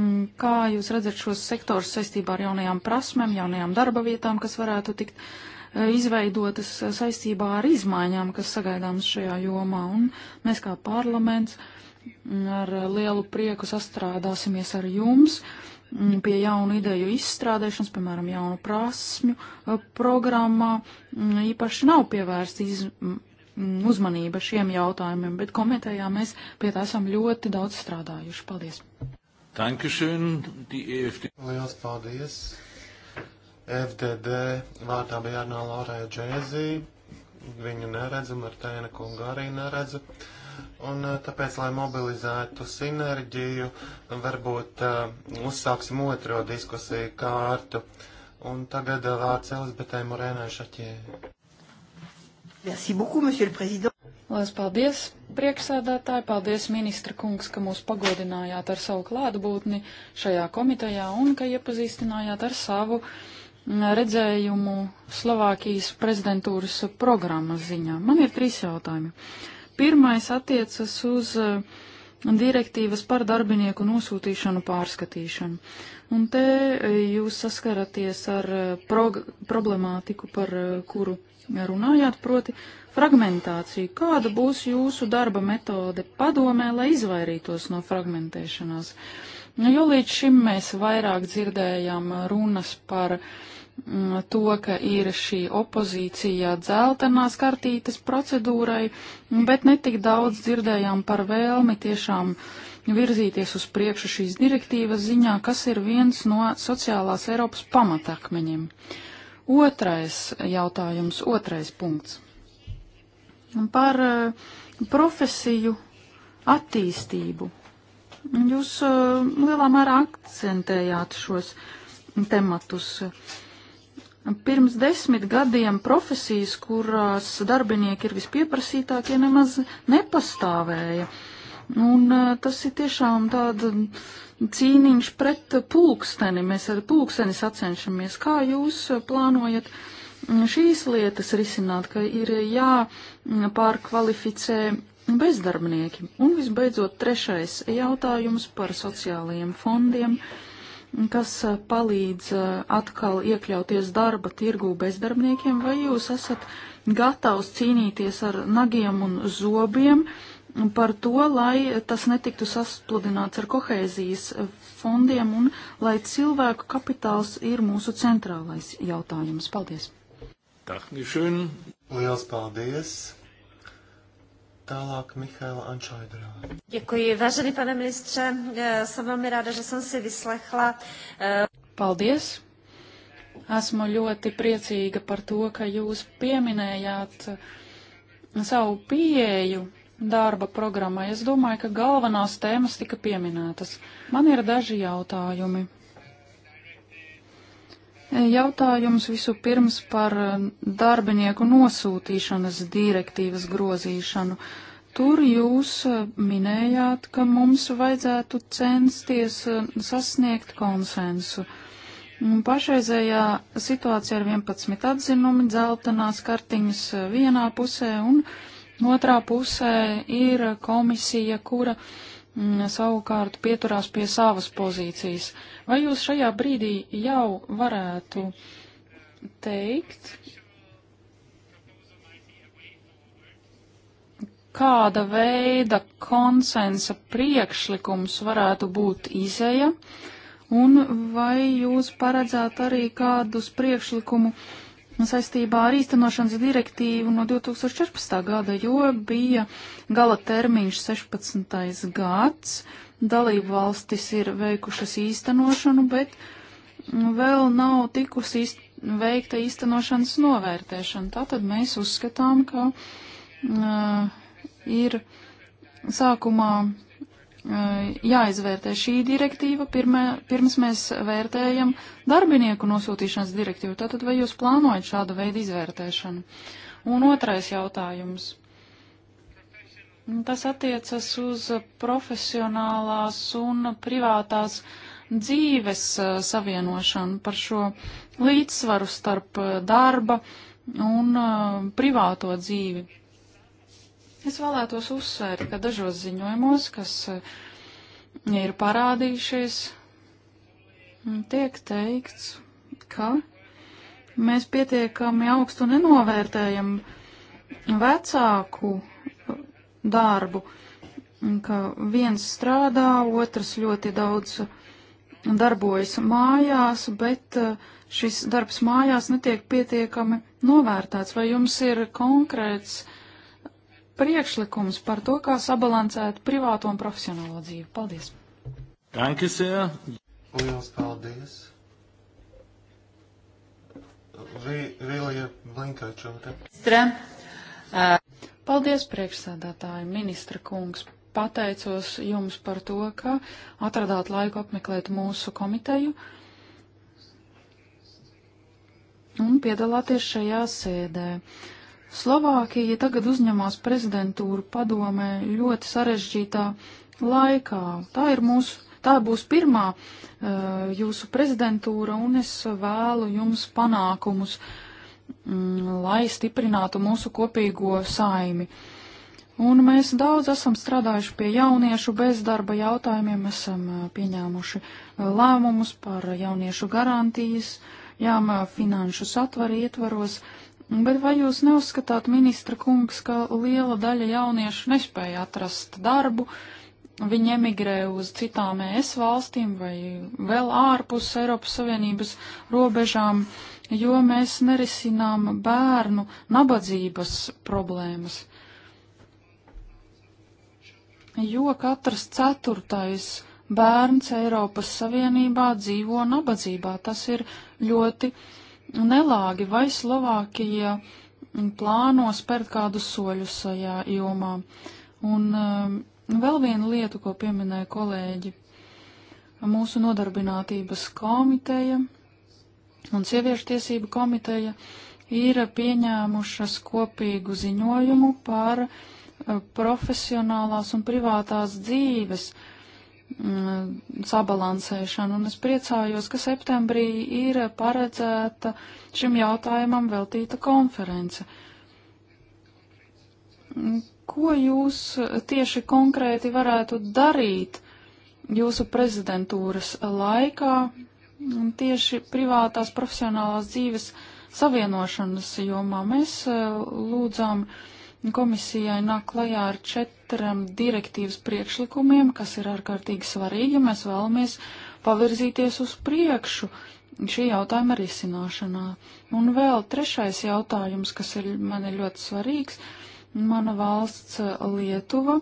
Mm, kā jūs redzat šos sektors saistībā ar jaunajām prasmēm, jaunajām darba vietām, kas varētu tikt e, izveidotas e, saistībā ar izmaiņām, kas sagaidāmas šajā jomā? Un mēs kā parlaments mm, ar lielu prieku sastrādāsimies ar jums mm, pie jaunu ideju izstrādēšanas, piemēram, jaunu prasmju e, programmā. Īpaši nav pievērsta iz... uzmanība šiem jautājumiem, bet komitejā mēs pie tā esam ļoti daudz strādājuši. Paldies! Dankeschön, die EFD. Lielas paldies. FDD vārdā bija Arnā Lorēja Džēzī. Viņu neredzu, Martēna kunga arī neredzu. Un eh, tāpēc, lai mobilizētu sinerģiju, varbūt uh, uzsāksim otro diskusiju kārtu. Un tagad eh, vārds Elizabetei Morēnai Šaķē. Merci beaucoup, monsieur le président. Lielas paldies, priekšsēdētāji, paldies, ministra kungs, ka mūs pagodinājāt ar savu klātbūtni šajā komitejā un ka iepazīstinājāt ar savu mm, redzējumu Slovākijas prezidentūras programmas ziņā. Man ir trīs jautājumi. Pirmais attiecas uz mm, direktīvas par darbinieku nosūtīšanu pārskatīšanu. Un te mm, jūs saskaraties ar prog problemātiku, par kuru runājāt, proti fragmentāciju. Kāda būs jūsu darba metode padomē, lai izvairītos no fragmentēšanās? Nu, jo līdz šim mēs vairāk dzirdējām runas par mm, to, ka ir šī opozīcija dzeltenās kartītes procedūrai, bet netik daudz dzirdējām par vēlmi tiešām virzīties uz priekšu šīs direktīvas ziņā, kas ir viens no sociālās Eiropas pamatakmeņiem. Otrais jautājums, otrais punkts par eh, profesiju attīstību. Jūs eh, lielā mērā akcentējāt šos tematus. Pirms desmit gadiem profesijas, kurās darbinieki ir vispieprasītākie, nemaz nepastāvēja. Un eh, tas ir tiešām tāda cīniņš pret pulksteni. Mēs ar pulksteni sacenšamies. Kā jūs plānojat? Uh, šīs lietas risināt, ka ir jāpārkvalificē bezdarbnieki. Un visbeidzot, trešais jautājums par sociālajiem fondiem, kas palīdz uh, atkal iekļauties darba tirgū bezdarbniekiem, vai jūs esat gatavs cīnīties ar nagiem un zobiem par to, lai tas netiktu saspludināts ar kohēzijas fondiem un lai cilvēku kapitāls ir mūsu centrālais jautājums. Paldies! Dankeschön. Liels paldies. Tālāk Michaela Ančajdrā. Děkuji, vážený pane ministře. Eh, jsem velmi ráda, že jsem si vyslechla. Eh, paldies. Esmu ļoti priecīga par to, ka jūs pieminējāt eh, savu pieeju darba programmai. Es domāju, ka galvenās tēmas tika pieminētas. Man ir daži jautājumi. Jautājums visu pirms par darbinieku nosūtīšanas direktīvas grozīšanu. Tur jūs minējāt, ka mums vajadzētu censties sasniegt konsensu. Pašreizējā situācija ar 11 atzinumi, dzeltenās kartiņas vienā pusē un otrā pusē ir komisija, kura uh, Mm, savukārt pieturās pie savas pozīcijas. Vai jūs šajā brīdī jau varētu teikt, kāda veida konsensa priekšlikums varētu būt izēja, un vai jūs paredzētu arī kādus priekšlikumu uh, saistībā ar īstenošanas direktīvu no 2014. gada, jo bija gala termiņš 16. gads. Dalību valstis ir veikušas īstenošanu, bet vēl nav tikusi īst veikta īstenošanas novērtēšana. Tātad mēs uzskatām, ka uh, ir sākumā Eh, jāizvērtē šī direktīva, pirmē, pirms mēs vērtējam darbinieku nosūtīšanas direktīvu. Tātad vai jūs plānojat šādu veidu izvērtēšanu? Un otrais jautājums. Tas attiecas uz profesionālās un privātās dzīves eh, savienošanu par šo līdzsvaru starp eh, darba un privāto dzīvi. Es vēlētos uzsvērt, ka dažos ziņojumos, kas eh, ir parādījušies, tiek teikts, ka mēs pietiekami augstu nenovērtējam vecāku darbu, ka viens strādā, otrs ļoti daudz darbojas mājās, bet eh, šis darbs mājās netiek pietiekami novērtēts. Vai jums ir konkrēts uh, priekšlikums par to, kā sabalansēt privāto un profesionālo dzīvi. Paldies! Dankis, jā! Liels paldies! Vilija Blinkačote. Paldies, priekšsēdētāji, ministra kungs. Pateicos jums par to, ka atradāt laiku apmeklēt mūsu komiteju un piedalāties šajā sēdē. Uh, Slovākija tagad uzņemās prezidentūru padomē ļoti sarežģītā laikā. Tā ir mūsu, tā būs pirmā uh, jūsu prezidentūra, un es vēlu jums panākumus, mm, lai stiprinātu mūsu kopīgo saimi. Un mēs daudz esam strādājuši pie jauniešu bezdarba jautājumiem, esam eh, pieņēmuši eh, lēmumus par jauniešu garantijas, jām finanšu satvaru ietvaros. Uh, Bet vai jūs neuzskatāt, ministra kungs, ka liela daļa jauniešu nespēja atrast darbu, viņi emigrē uz citām ES valstīm vai vēl ārpus Eiropas Savienības robežām, jo mēs nerisinām bērnu nabadzības problēmas? Jo katrs ceturtais bērns Eiropas Savienībā dzīvo nabadzībā, tas ir ļoti nelāgi, vai Slovākija plāno spērt kādus soļus šajā jomā. Un um, vēl viena lieta, ko pieminēja kolēģi, mūsu nodarbinātības komiteja un sieviešu tiesību komiteja ir pieņēmušas kopīgu ziņojumu par uh, profesionālās un privātās dzīves uh, Mm, sabalansēšanu, un es priecājos, ka septembrī ir paredzēta šim jautājumam veltīta konference. Mm, ko jūs tieši konkrēti varētu darīt jūsu prezidentūras laikā tieši privātās profesionālās dzīves savienošanas jomā? Mēs eh, lūdzām uh, komisijai nāk klajā ar četriem direktīvas priekšlikumiem, kas ir ārkārtīgi svarīgi, ja mēs vēlamies pavirzīties uz priekšu šī jautājuma risināšanā. Un vēl trešais jautājums, kas ir, man ir ļoti svarīgs, mana valsts Lietuva.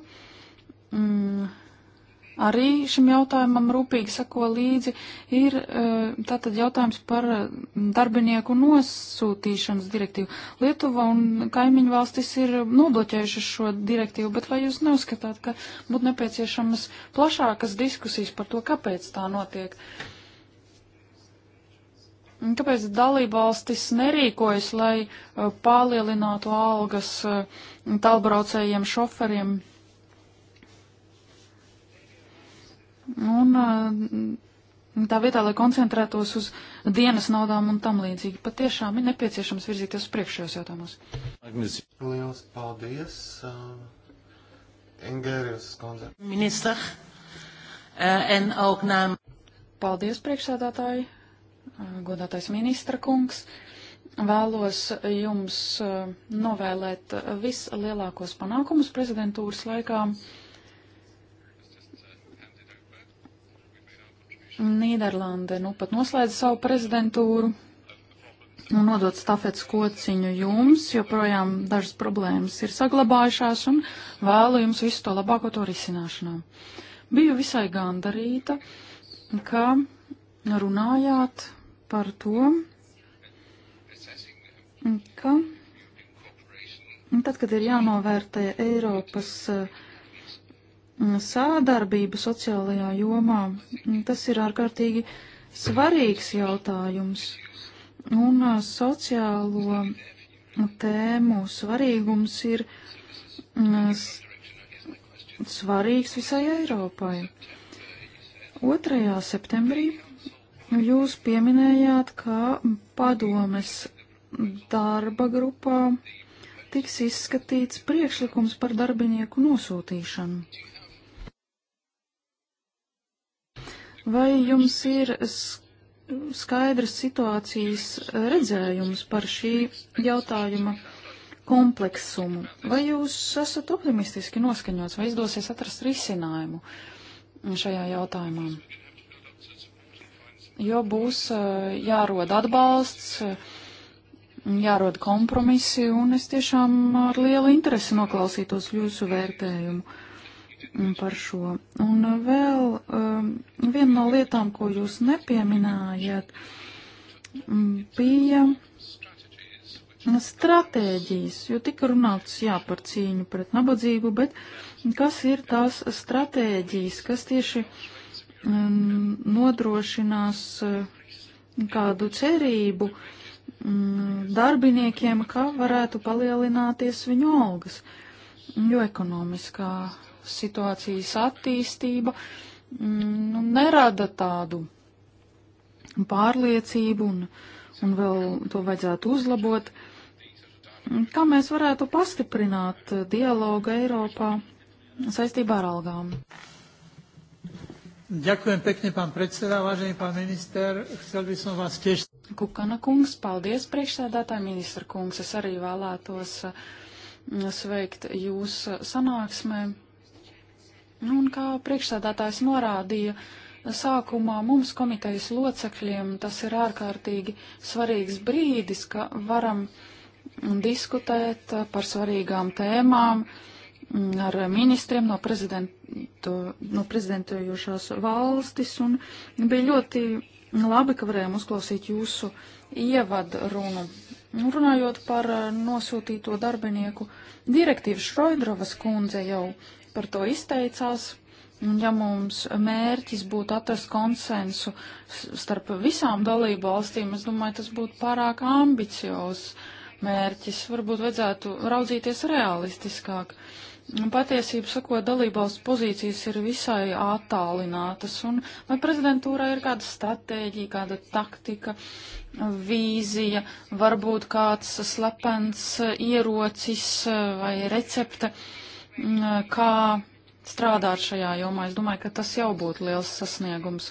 Mm, arī šim jautājumam rūpīgi sako līdzi, ir e, tātad jautājums par darbinieku nosūtīšanas direktīvu. Lietuva un kaimiņu valstis ir nobloķējušas šo direktīvu, bet vai jūs neuzskatāt, ka būtu nepieciešamas plašākas diskusijas par to, kāpēc tā notiek? Kāpēc dalībvalstis nerīkojas, lai e, palielinātu algas e, tālbraucējiem šoferiem? Un uh, tā vietā, lai koncentrētos uz dienas naudām un tam līdzīgi, patiešām ir nepieciešams virzīties uz priekšējos jautājumos. Lielas paldies, Ingērijas uh, kundze. Ministra, uh, en augnām. Paldies, priekšsēdātāji, godātais ministra kungs. Vēlos jums novēlēt vislielākos panākumus prezidentūras laikā. Nīderlande nu pat noslēdz savu prezidentūru un nodot stafetes kociņu jums, jo projām dažas problēmas ir saglabājušās un vēlu jums visu to labāko to risināšanā. Biju visai gandarīta, ka runājāt par to, ka tad, kad ir jānovērtē Eiropas uh, sādarbību sociālajā jomā. Tas ir ārkārtīgi svarīgs jautājums. Un sociālo tēmu svarīgums ir svarīgs visai Eiropai. 2. septembrī jūs pieminējāt, ka padomes darba grupā tiks izskatīts priekšlikums par darbinieku nosūtīšanu. Vai jums ir skaidrs situācijas redzējums par šī jautājuma kompleksumu? Vai jūs esat optimistiski noskaņots, vai izdosies atrast risinājumu šajā jautājumā? Jo būs e, jārod atbalsts, jārod kompromisi, un es tiešām ar lielu interesi noklausītos jūsu vērtējumu par šo. Un vēl um, viena no lietām, ko jūs nepieminājāt, mm, bija stratēģijas, jo tika runāts, jā, par cīņu pret nabadzību, bet kas ir tās stratēģijas, kas tieši um, nodrošinās uh, kādu cerību um, darbiniekiem, kā varētu palielināties viņu algas, jo ekonomiskā situācijas attīstība mm, nu, nerada tādu pārliecību un, un vēl to vajadzētu uzlabot. Kā mēs varētu pastiprināt dialogu Eiropā saistībā ar algām? Ďakujem pekne, pán predseda, vážený pán minister. Chcel by som vás tiež... Kukana kungs, paldies priekšsēdātāji, ministra kungs. Es arī vēlētos mm, sveikt jūs sanāksmē. Un kā priekšsādātājs norādīja, sākumā mums komitejas locekļiem tas ir ārkārtīgi svarīgs brīdis, ka varam diskutēt par svarīgām tēmām mm, ar ministriem no, no prezidentējošās valstis. Un bija ļoti labi, ka varējām uzklausīt jūsu ievadu runu. Runājot par nosūtīto darbinieku direktīvu, Šroidrovas kundze jau par to izteicās. Un ja mums mērķis būtu atrast konsensu starp visām dalību valstīm, es domāju, tas būtu pārāk ambiciozs mērķis. Varbūt vajadzētu raudzīties realistiskāk. Patiesību sakot, dalībvalsts pozīcijas ir visai attālinātas, un vai prezidentūrā ir kāda stratēģija, kāda taktika, vīzija, varbūt kāds slepens ierocis vai recepte. Uh, Mm, kā strādāt šajā jomā. Es domāju, ka tas jau būtu liels sasniegums.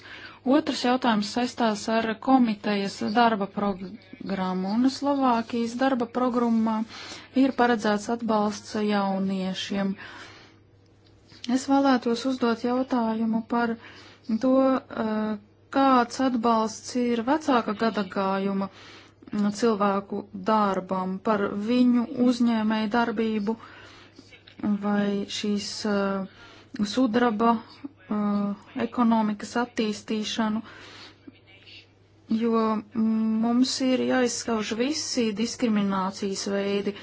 Otrs jautājums saistās ar komitejas darba programmu, un Slovākijas darba programmā ir paredzēts atbalsts jauniešiem. Es vēlētos uzdot jautājumu par to, kāds atbalsts ir vecāka gadagājuma cilvēku darbam, par viņu uzņēmēju darbību. Uh, vai šīs uh, sudraba uh, ekonomikas attīstīšanu, jo mm, mums ir jāizskauž visi diskriminācijas veidi,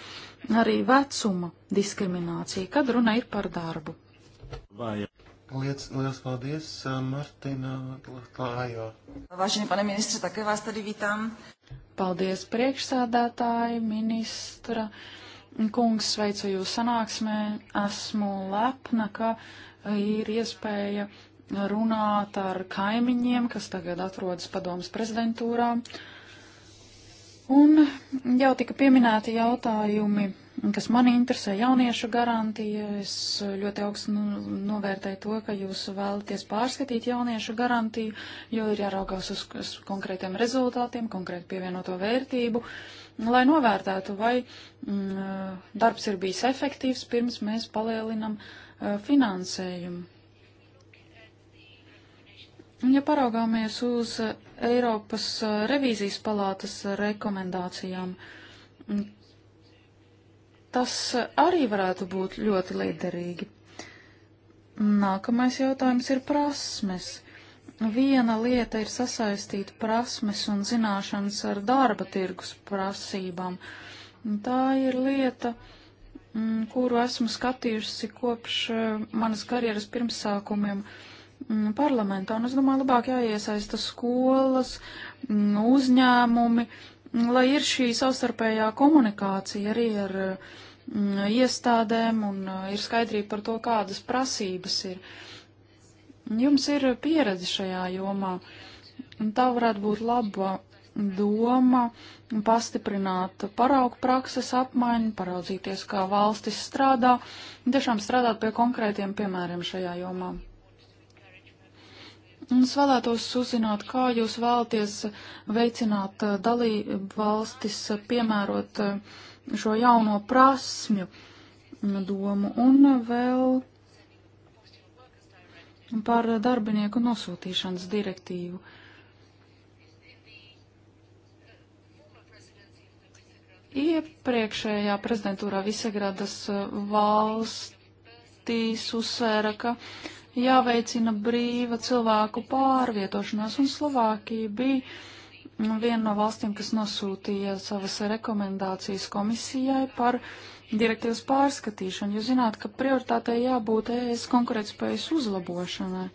arī vecuma diskriminācija, kad runa ir par darbu. Vai. Liec, liels paldies, uh, Martina Klājo. Vážený pane ministře, také vás tady vítám. Paldies priekšsādātāji, ministra. Uh, kungs, sveicu jūs sanāksmē. Esmu lepna, ka ir iespēja runāt ar kaimiņiem, kas tagad atrodas padomas prezidentūrā. Un jau tika pieminēti jautājumi, kas mani interesē jauniešu garantija. Es ļoti augstu nu, novērtēju to, ka jūs vēlaties pārskatīt jauniešu garantiju, jo ir jāraugās uz, uz konkrētiem rezultātiem, konkrēti pievienoto vērtību. Uh, lai novērtētu, vai m, mm, eh, darbs ir bijis efektīvs, pirms mēs palielinam eh, finansējumu. Ja paraugāmies uz eh, Eiropas revīzijas palātas rekomendācijām, mm, tas arī varētu būt ļoti liederīgi. Nākamais jautājums ir prasmes. Viena lieta ir sasaistīt prasmes un zināšanas ar darba tirgus prasībām. Tā ir lieta, mm, kuru esmu skatījusi kopš eh, manas karjeras pirmsākumiem mm, parlamentā, un es domāju, labāk jāiesaista skolas, mm, uzņēmumi, lai ir šī savstarpējā komunikācija arī ar iestādēm un eh, ir skaidrība par to, kādas prasības ir. Jums ir pieredze šajā jomā, un tā varētu būt laba doma pastiprināt paraugu prakses apmaiņu, paraudzīties, kā valstis strādā, tiešām strādāt pie konkrētiem piemēriem šajā jomā. Un es vēlētos uzzināt, kā jūs vēlaties veicināt dalību valstis, piemērot šo jauno prasmju domu un vēl par darbinieku nosūtīšanas direktīvu. Iepriekšējā prezidentūrā Visegradas valstīs uzsvēra, ka jāveicina brīva cilvēku pārvietošanās, un Slovākija bija viena no valstīm, kas nosūtīja savas rekomendācijas komisijai par direktīvas pārskatīšanu. Jūs zināt, ka prioritātei jābūt ES konkurētspējas uzlabošanai.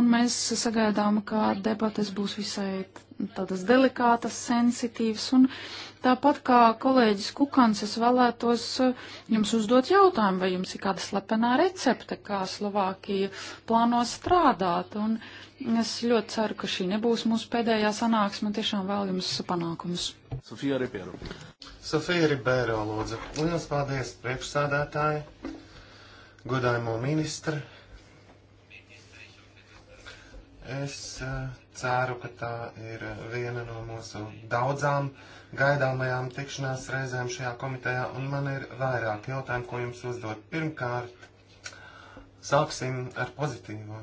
Un mēs sagaidām, ka debates būs visai tādas delikātas, sensitīvas, un Tāpat kā kolēģis Kukans, es vēlētos eh, jums uzdot jautājumu, vai jums ir kāda slepenā recepte, kā Slovākija plāno strādāt. Un es ļoti ceru, ka šī nebūs mūsu pēdējā sanāksme un tiešām vēl jums panākumus. Sofija Ribēro. Sofija Ribēro, lūdzu. Lielas paldies priekšsādātāji, godājumo ministru. Es uh, ceru, ka tā ir viena no mūsu daudzām uh, gaidāmajām tikšanās reizēm šajā komitejā, un man ir vairāk jautājumu, ko jums uzdot. Pirmkārt, sāksim ar pozitīvo.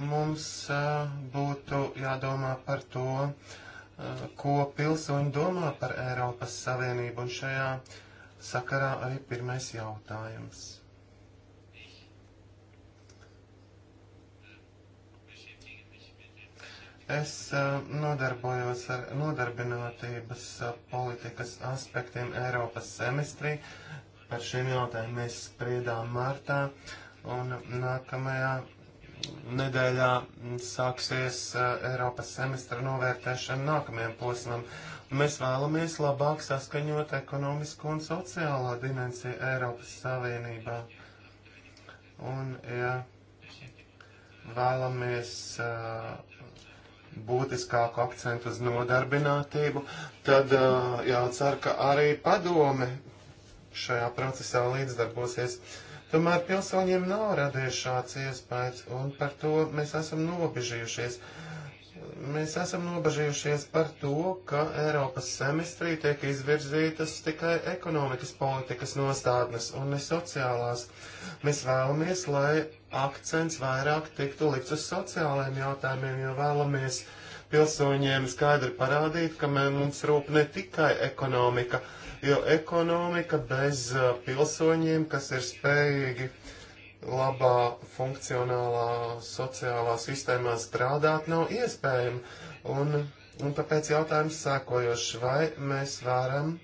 Mums uh, būtu jādomā par to, uh, ko pilsoņi domā par Eiropas Savienību, un šajā sakarā arī pirmais jautājums. Es uh, nodarbojos ar nodarbinātības uh, politikas aspektiem Eiropas semestrī. Par šiem jautājumiem mēs spriedām martā, un nākamajā nedēļā sāksies uh, Eiropas semestra novērtēšana nākamajam posmam. Mēs vēlamies labāk saskaņot ekonomisko un sociālo dimensiju Eiropas Savienībā. Un, ja vēlamies uh, būtiskāku akcentu uz nodarbinātību, tad uh, jācer, ka arī padome šajā procesā līdzdarbosies. Tomēr pilsoņiem nav radies šāds iespējas, un par to mēs esam nobežījušies. Mēs esam nobežījušies par to, ka Eiropas semestrī tiek izvirzītas tikai ekonomikas politikas nostādnes un ne sociālās. Mēs vēlamies, lai akcents vairāk tiktu likts uz sociālajiem jautājumiem, jo vēlamies pilsoņiem skaidri parādīt, ka mē, mums rūp ne tikai ekonomika, jo ekonomika bez pilsoņiem, kas ir spējīgi labā funkcionālā sociālā sistēmā strādāt, nav iespējama. Un, un tāpēc jautājums sēkojošs, vai mēs varam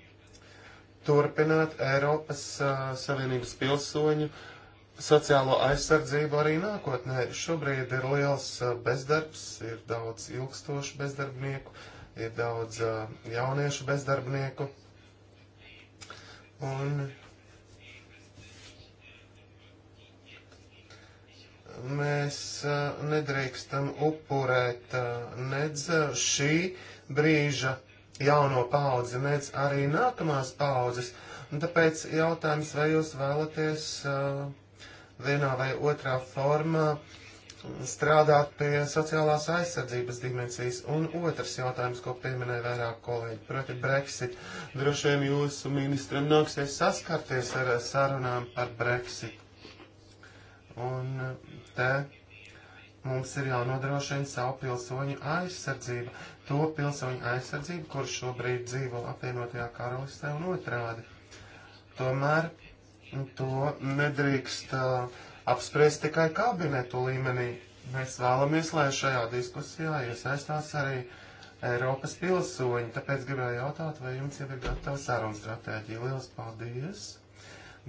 turpināt Eiropas uh, Savienības pilsoņu uh, sociālo aizsardzību arī nākotnē. Šobrīd ir liels uh, bezdarbs, ir daudz ilgstošu bezdarbnieku, ir daudz uh, jauniešu bezdarbnieku. Un mēs uh, nedrīkstam upurēt nedz šī brīža jauno paudzi, nedz arī nākamās paudzes. Un tāpēc jautājums, vai jūs vēlaties uh, vienā vai otrā formā strādāt pie sociālās aizsardzības dimensijas. Un otrs jautājums, ko pieminēja vairāk kolēģi, proti Brexit. Droši vien jūsu ministram nāksies saskarties ar sarunām par Brexit. Un te mums ir jānodrošina savu pilsoņu aizsardzību. To pilsoņu aizsardzību, kur šobrīd dzīvo apvienotajā karalistē un otrādi. Tomēr to nedrīkst uh, apspriest tikai kabinetu līmenī. Mēs vēlamies, lai šajā diskusijā iesaistās arī Eiropas pilsoņi, tāpēc gribēju jautāt, vai jums jau ir gatava saruna stratēģija. Lielas paldies!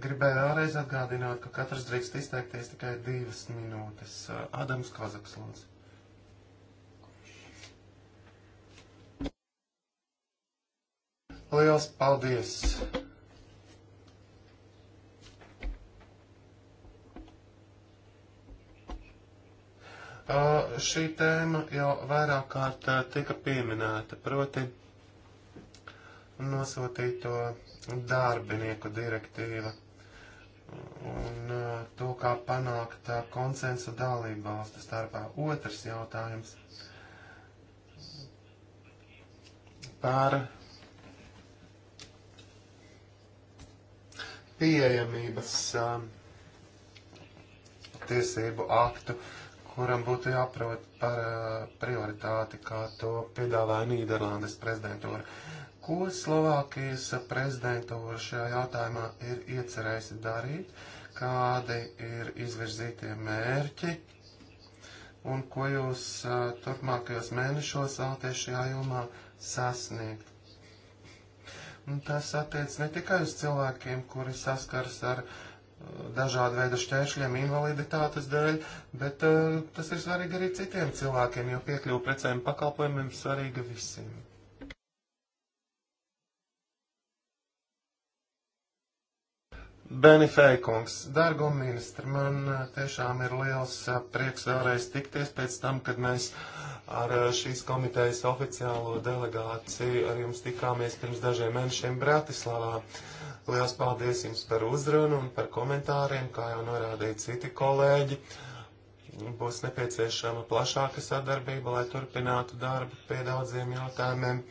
Gribēju vēlreiz atgādināt, ka katrs drīkst izteikties tikai divas minūtes. Uh, Adams Kazaks, lūdzu. Liels paldies! Šī tēma jau vairāk kārt tika pieminēta, proti nosūtīto darbinieku direktīva un to, kā panākt konsensu dalību valstu starpā. Otrs jautājums par pieejamības tiesību aktu. Uh, kuram būtu jāprot par eh, prioritāti, kā to piedāvāja Nīderlandes prezidentūra. Ko Slovākijas prezidentūra šajā jautājumā ir iecerējusi darīt, kādi ir izvirzītie mērķi un ko jūs eh, turpmākajos mēnešos vēlaties šajā jomā sasniegt? Un tas attiec ne tikai uz cilvēkiem, kuri saskars ar uh, dažādu veidu šķēršļiem, invaliditātes dēļ, bet uh, tas ir svarīgi arī citiem cilvēkiem, jo piekļuvu precēm pakalpojumiem svarīga visiem. Beni Feikungs, dargo ministri, man eh, tiešām ir liels eh, prieks vēlreiz tikties pēc tam, kad mēs ar šīs komitejas oficiālo delegāciju ar jums tikāmies pirms dažiem mēnešiem Bratislavā. Uh, Lielas paldies jums par uzrunu un par komentāriem, kā jau norādīja citi kolēģi. Būs nepieciešama plašāka sadarbība, lai turpinātu darbu pie daudziem jautājumiem.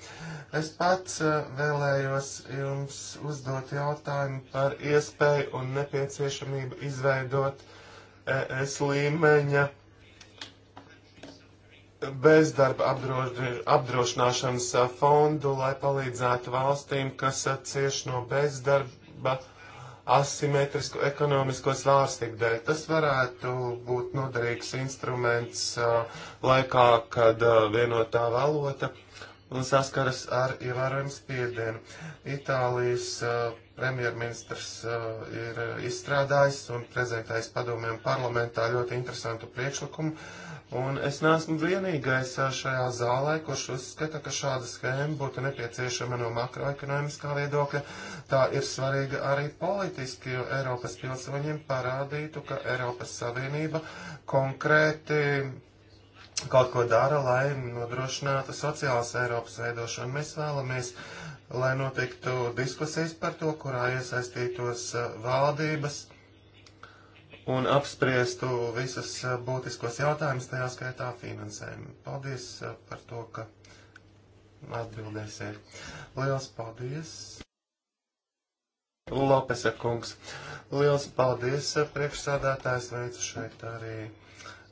Es pats eh, vēlējos jums uzdot jautājumu par iespēju un nepieciešamību izveidot eh, ES līmeņa bezdarba apdrošināšanas fondu, lai palīdzētu valstīm, kas cieši no bezdarba asimetrisku ekonomisko svārstību dēļ. Tas varētu būt noderīgs instruments laikā, kad vienotā valota saskaras ar ievērojumu spiedienu. Itālijas premjerministrs uh, ir eh, izstrādājis un prezentējis padomēm parlamentā ļoti interesantu priekšlikumu. Un es neesmu vienīgais eh, šajā zālē, kurš uzskata, ka šāda schēma būtu nepieciešama no makroekonomiskā viedokļa. Tā ir svarīga arī politiski, jo Eiropas pilsoņiem parādītu, ka Eiropas Savienība konkrēti kaut ko dara, lai nodrošinātu sociālas Eiropas veidošanu. Mēs vēlamies uh, lai notiktu diskusijas par to, kurā iesaistītos eh, valdības un apspriestu visus eh, būtiskos jautājumus, tajā skaitā finansējumu. Paldies eh, par to, ka atbildēsiet. Liels paldies! Lopesa kungs, liels paldies priekšsādātājs veicu šeit arī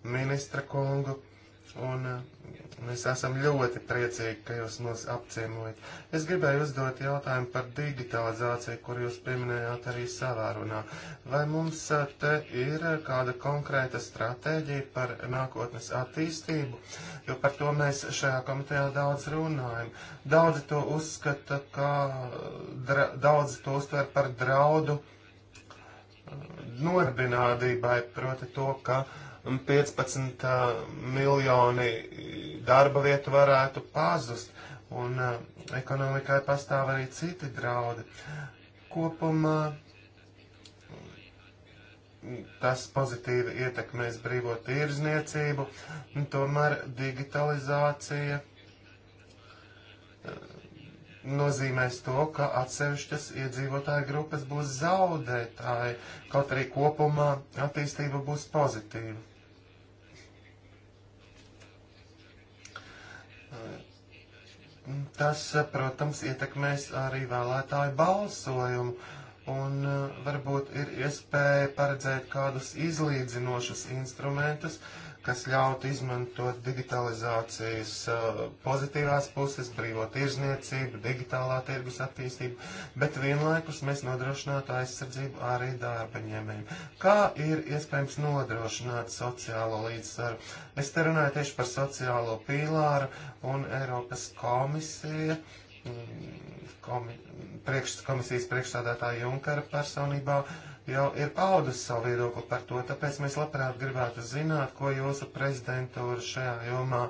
ministra kungu un Mēs esam ļoti priecīgi, ka jūs mūs apciemojat. Es gribēju uzdot jautājumu par digitalizāciju, kur jūs pieminējāt arī savā runā. Vai mums eh, te ir kāda konkrēta stratēģija par nākotnes attīstību? Jo par to mēs šajā komitejā daudz runājam. Daudzi to uzskata, kā dra, daudzi to uztver par draudu eh, nodarbinātībai, proti to, ka uh, 15 miljoni darba vietu varētu pazust, un ekonomikai pastāv arī citi draudi. Kopumā tas pozitīvi ietekmēs brīvo tirzniecību, tomēr digitalizācija nozīmēs to, ka atsevišķas iedzīvotāju grupas būs zaudētāji, kaut arī kopumā attīstība būs pozitīva. Tas, protams, ietekmēs arī vēlētāju balsojumu. Un eh, varbūt ir iespēja paredzēt kādus izlīdzinošus instrumentus, uh, kas ļautu izmantot digitalizācijas uh, pozitīvās puses, brīvo tirzniecību, digitālā tirgus attīstību, bet vienlaikus mēs nodrošinātu aizsardzību arī darbaņēmējiem. Kā ir iespējams nodrošināt sociālo līdzsvaru? Es te runāju tieši par sociālo pīlāru un Eiropas komisiju. Mm, komi, priekš, komisijas priekšstādātāja Junkara personībā uh, jau ir paudis savu viedokli par to, tāpēc mēs labprāt gribētu zināt, ko jūsu prezidentūra šajā jomā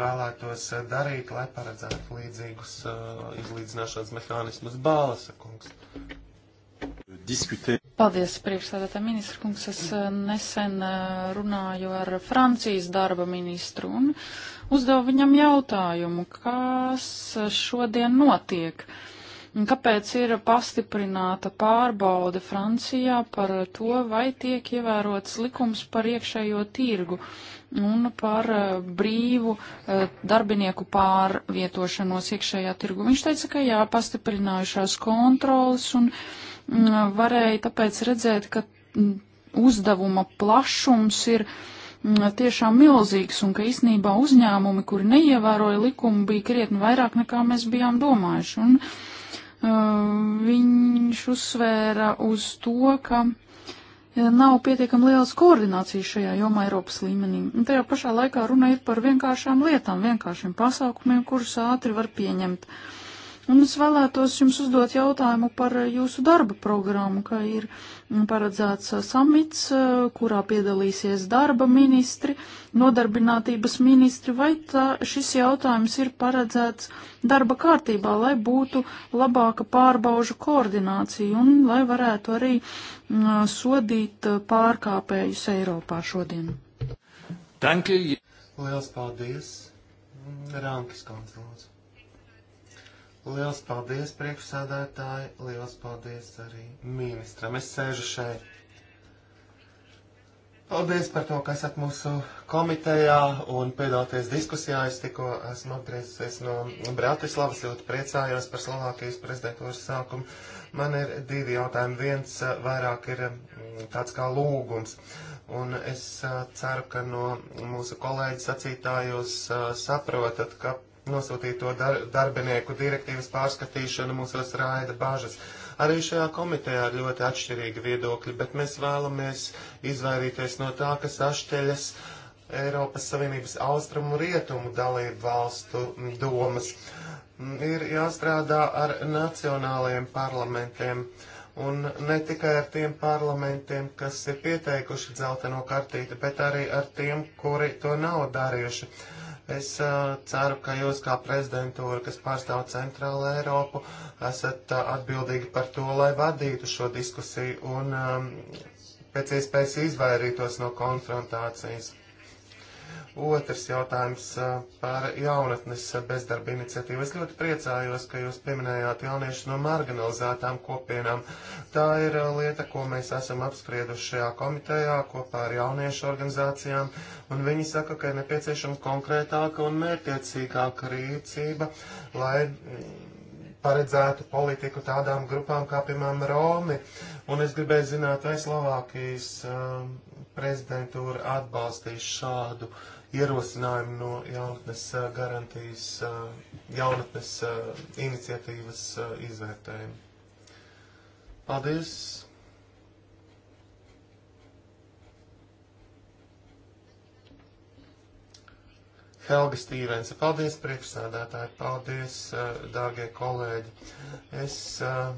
vēlētos darīt, lai paredzētu līdzīgus uh, izlīdzināšanas mehānismus Bālasa kungs. Diskutē. Paldies, priekšsēdētā ministra kungs. Es uh, nesen uh, runāju ar Francijas darba ministru un uzdevu viņam jautājumu, kas uh, šodien notiek. Uh, Kāpēc ir pastiprināta pārbaude Francijā par to, vai tiek ievērots likums par iekšējo tirgu un par eh, brīvu eh, darbinieku pārvietošanos iekšējā tirgu? Viņš teica, ka jā, pastiprinājušās kontrolas un mm, varēja tāpēc redzēt, ka mm, uzdevuma plašums ir mm, tiešām milzīgs un ka īsnībā uzņēmumi, kuri neievēroja likumu, bija krietni vairāk nekā mēs bijām domājuši. Un, uh, viņš uzsvēra uz to, ka nav pietiekami lielas koordinācijas šajā jomā Eiropas līmenī. Un tajā pašā laikā runa ir par vienkāršām lietām, vienkāršiem pasākumiem, kurus ātri var pieņemt. Uh, Un es vēlētos jums uzdot jautājumu par jūsu darba programmu, ka ir paredzēts samits, kurā piedalīsies darba ministri, nodarbinātības ministri, vai tā, šis jautājums ir paredzēts darba kārtībā, lai būtu labāka pārbaužu koordinācija un lai varētu arī sodīt pārkāpējus Eiropā šodien. Danke. Lielas paldies. Rāmkis konsultants. Liels paldies, priekšsādātāji, liels paldies arī ministram. Es sēžu šeit. Paldies par to, ka esat mūsu komitejā un piedalāties diskusijā. Es tikko esmu atgriezies no Bratislavas, ļoti priecājos par Slovākijas prezidentūras sākumu. Man ir divi jautājumi. Viens eh, vairāk ir mm, tāds kā lūgums. Un es eh, ceru, ka no mūsu kolēģi sacītājos eh, saprotat, ka nosūtīto dar darbinieku direktīvas pārskatīšana mūsos raida bažas. Arī šajā komitejā ir ļoti atšķirīgi viedokļi, bet mēs vēlamies izvairīties no tā, ka sašķeļas Eiropas Savienības austrumu rietumu dalību valstu domas. Mm, ir jāstrādā ar nacionālajiem parlamentiem un ne tikai ar tiem parlamentiem, kas ir pieteikuši dzelteno kartīti, bet arī ar tiem, kuri to nav darījuši. Uh, Es uh, ceru, ka jūs kā prezidentūra, kas pārstāv Centrālu Eiropu, esat uh, atbildīgi par to, lai vadītu šo diskusiju un um, pēc iespējas izvairītos no konfrontācijas. Otrs jautājums par jaunatnes bezdarba iniciatīvu. Es ļoti priecājos, ka jūs pieminējāt jauniešus no marginalizētām kopienām. Tā ir lieta, ko mēs esam apsprieduši šajā komitejā kopā ar jauniešu organizācijām, un viņi saka, ka ir nepieciešama konkrētāka un mērķiecīgāka rīcība, lai mm, paredzētu politiku tādām grupām kā, piemēram, Romi. Un es gribēju zināt, vai Slovākijas um, prezidentūra atbalstīs šādu uh, ierosinājumu no jaunatnes garantijas, jaunatnes iniciatīvas izvērtējumu. Paldies! Helga Stīvense, paldies priekšsādātāji, paldies, dārgie kolēģi. Es uh,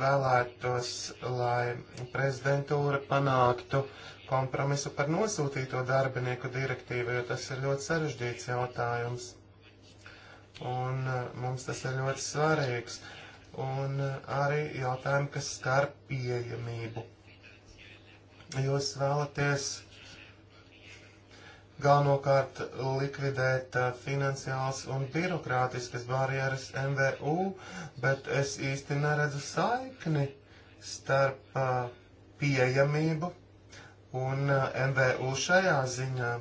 vēlētos, lai prezidentūra panāktu kompromisu par nosūtīto darbinieku direktīvu, jo tas ir ļoti sarežģīts jautājums. Un uh, mums tas ir ļoti svarīgs. Un uh, arī jautājumi, kas skar pieejamību. Jūs vēlaties galvenokārt likvidēt uh, finansiāls un birokrātiskas barjeras MVU, bet es īsti neredzu saikni starp uh, pieejamību un uh, MVU šajā ziņā.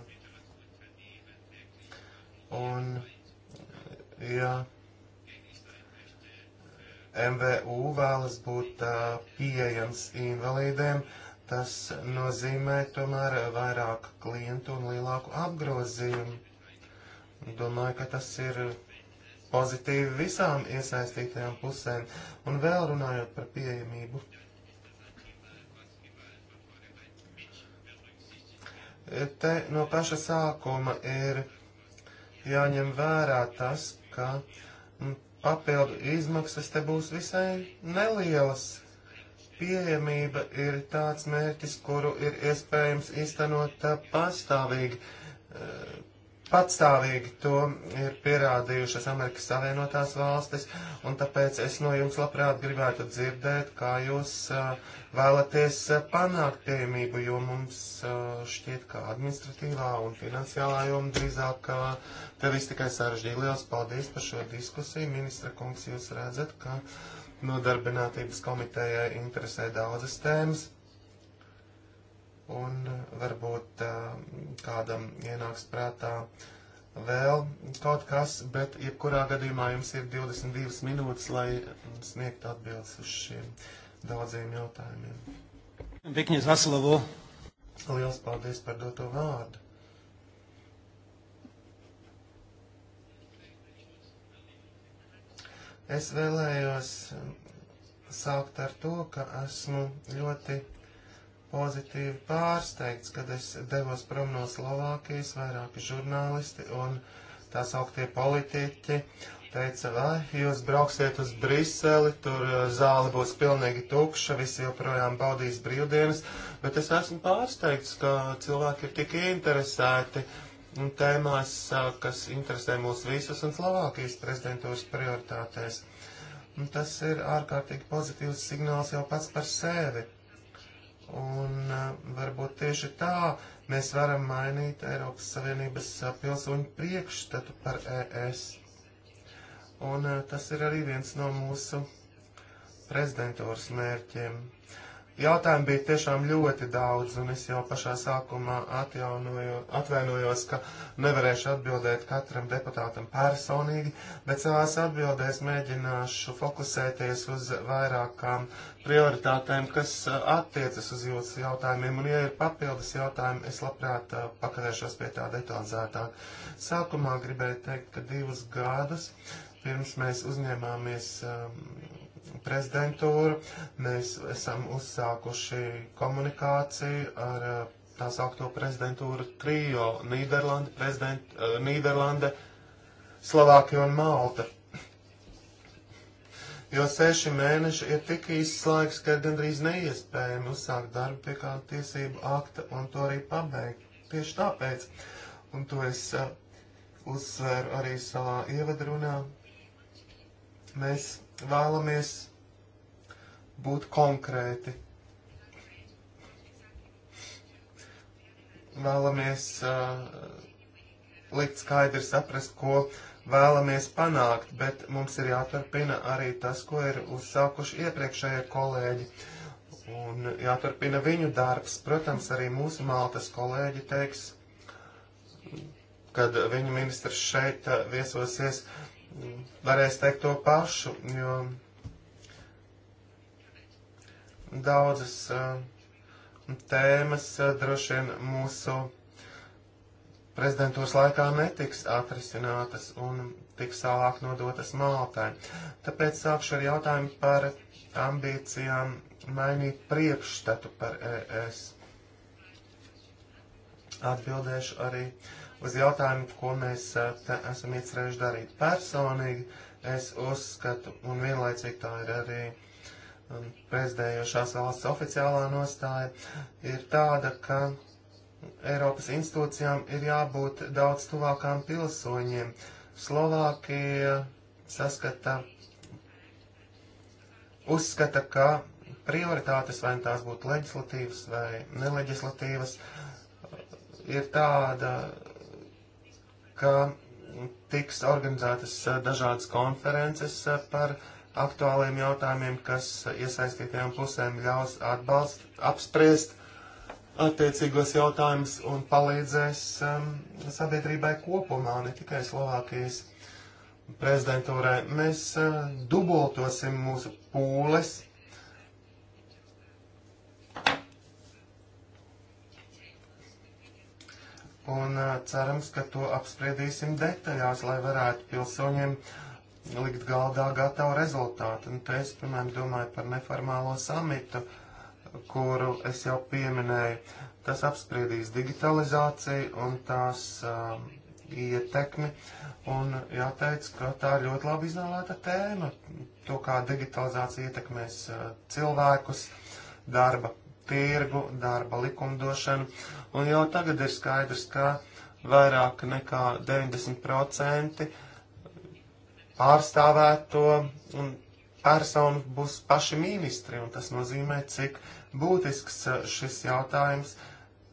Un, ja MVU vēlas būt pieejams invalīdiem, uh, Tas nozīmē tomēr vairāk klientu un lielāku apgrozījumu. Domāju, ka tas ir pozitīvi visām iesaistītajām pusēm. Un vēl runājot par pieejamību. Te no paša sākuma ir jāņem vērā tas, ka mm, papildu izmaksas te būs visai nelielas Pieejamība ir tāds mērķis, kuru ir iespējams īstenot uh, pastāvīgi. Uh, patstāvīgi to ir pierādījušas Amerikas Savienotās valstis, un tāpēc es no jums labprāt gribētu dzirdēt, kā jūs uh, vēlaties panākt pieejamību, jo mums šķiet, ka administratīvā un finansiālā joma drīzāk te viss tikai sarežģīja. Lielas paldies par šo diskusiju. Ministra kungs, jūs redzat, ka. Uh, Nodarbinātības komitejai interesē daudzas tēmas, un eh, varbūt eh, kādam ienāks prātā vēl kaut kas, bet jebkurā gadījumā jums ir 22 minūtes, lai sniegt atbildes uz šiem daudziem jautājumiem. Pekņies Vaslavo. Liels paldies par doto vārdu. Es vēlējos sākt ar to, ka esmu ļoti pozitīvi pārsteigts, kad es devos prom no Slovākijas, vairāki žurnālisti un tās augtie politiķi teica, vai jūs brauksiet uz Briseli, tur uh, zāle būs pilnīgi tukša, visi joprojām baudīs brīvdienas, bet es esmu pārsteigts, ka cilvēki ir tik interesēti uh, tēmās, kas interesē mūs visus un Slovākijas prezidentūras prioritātēs. Un tas ir ārkārtīgi pozitīvs signāls jau pats par sevi. Un eh, varbūt tieši tā mēs varam mainīt Eiropas Savienības eh, pilsoņu priekšstatu par ES. Un eh, tas ir arī viens no mūsu prezidentūras mērķiem. Uh, Jautājumu bija tiešām ļoti daudz, un es jau pašā sākumā atvainojos, ka nevarēšu atbildēt katram deputātam personīgi, bet savās atbildēs mēģināšu fokusēties uz vairākām prioritātēm, kas attiecas uz jūsu jautājumiem, un ja ir papildus jautājumi, es labprāt pakavēšos pie tā detalizētāk. Sākumā gribēju teikt, ka divus gadus pirms mēs uzņēmāmies um, prezidentūru. Mēs esam uzsākuši komunikāciju ar eh, tā saukto prezidentūru trijo Nīderlande, prezident, eh, Nīderlande, Slovākija un Malta. Jo seši mēneši ir tik īsts laiks, ka ir gandrīz neiespējami uzsākt darbu pie kāda tiesību akta un to arī pabeigt. Tieši tāpēc, un to es uh, uzsveru arī savā ievadrunā, mēs vēlamies būt konkrēti. Vēlamies uh, likt skaidri saprast, ko vēlamies panākt, bet mums ir jāturpina arī tas, ko ir uzsākuši iepriekšējie kolēģi. Un jāturpina viņu darbs. Protams, arī mūsu Maltas kolēģi teiks, kad viņu ministrs šeit uh, viesosies, varēs teikt to pašu, jo Daudzas uh, tēmas uh, droši vien mūsu prezidentūras laikā netiks atrisinātas un tiks tālāk nodotas Maltai. Tāpēc sākšu ar jautājumu par ambīcijām mainīt priekšstatu par ES. Atbildēšu arī uz jautājumu, ko mēs uh, te esam iecerējuši darīt personīgi. Es uzskatu, un vienlaicīgi tā ir arī uh, prezidējošās valsts oficiālā nostāja ir tāda, ka Eiropas institūcijām ir jābūt daudz tuvākām pilsoņiem. Slovākija saskata, uzskata, ka prioritātes, vai tās būtu leģislatīvas vai neleģislatīvas, ir tāda, ka tiks organizētas dažādas konferences par uh, aktuāliem jautājumiem, kas iesaistītajām pusēm ļaus atbalst, apspriest attiecīgos jautājumus un palīdzēs um, sabiedrībai kopumā, ne tikai Slovākijas prezidentūrai. Mēs uh, dubultosim mūsu pūles. Un uh, cerams, ka to apspriedīsim detaļās, lai varētu pilsoņiem uh, likt galdā gatavu rezultātu. Un te es, piemēram, domāju par neformālo samitu, kuru es jau pieminēju. Tas apspriedīs digitalizāciju un tās um, ietekmi. Un jāteic, ka tā ir ļoti labi izvēlēta tēma. To, kā digitalizācija ietekmēs uh, cilvēkus, darba tirgu, darba likumdošanu. Un jau tagad ir skaidrs, ka vairāk nekā 90% pārstāvēto personu būs paši ministri, un tas nozīmē, cik būtisks eh, šis jautājums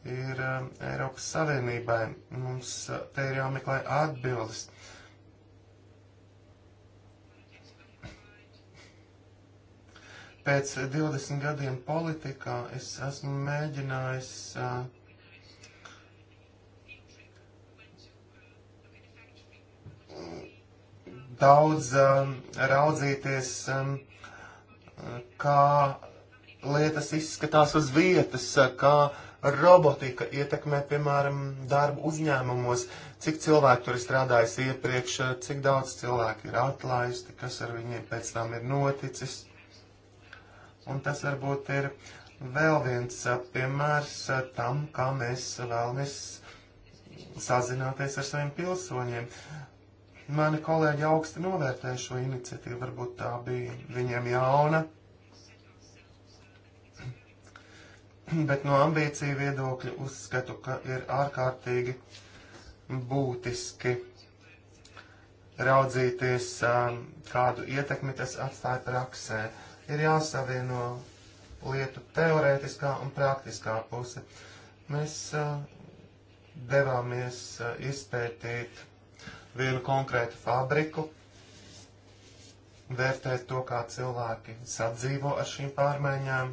ir eh, Eiropas Savienībai. Mums eh, te ir jāmeklē atbildes. Pēc 20 gadiem politikā es esmu mēģinājis uh, daudz um, raudzīties, um, kā lietas izskatās uz vietas, kā robotika ietekmē, piemēram, darbu uzņēmumos, cik cilvēki tur ir strādājis iepriekš, cik daudz cilvēki ir atlaisti, kas ar viņiem pēc tam ir noticis. Un tas varbūt ir vēl viens uh, piemērs uh, tam, kā mēs vēlamies sazināties ar saviem pilsoņiem. Mani kolēģi augsti novērtēja šo iniciatīvu, varbūt tā bija viņiem jauna, bet no ambīciju viedokļa uzskatu, ka ir ārkārtīgi būtiski raudzīties, um, kādu ietekmi tas atstāja praksē. Ir jāsavieno lietu teorētiskā un praktiskā puse. Mēs uh, devāmies uh, izpētīt vienu konkrētu fabriku, vērtēt to, kā cilvēki sadzīvo ar šīm pārmaiņām.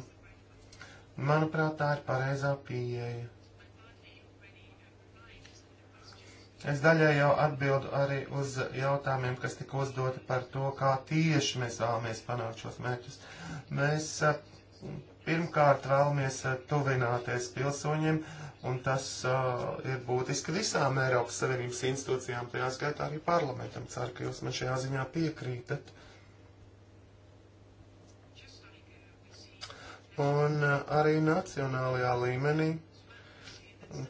Manuprāt, tā ir pareizā pieeja. Es daļai jau atbildu arī uz jautājumiem, kas tika uzdoti par to, kā tieši mēs vēlamies panākt šos mērķus. Mēs eh, pirmkārt vēlamies eh, tuvināties pilsoņiem, un tas uh, ir būtiski visām Eiropas Savienības institūcijām, tajā skaitā arī parlamentam. Ceru, ka jūs man šajā ziņā piekrītat. Un uh, arī nacionālajā līmenī,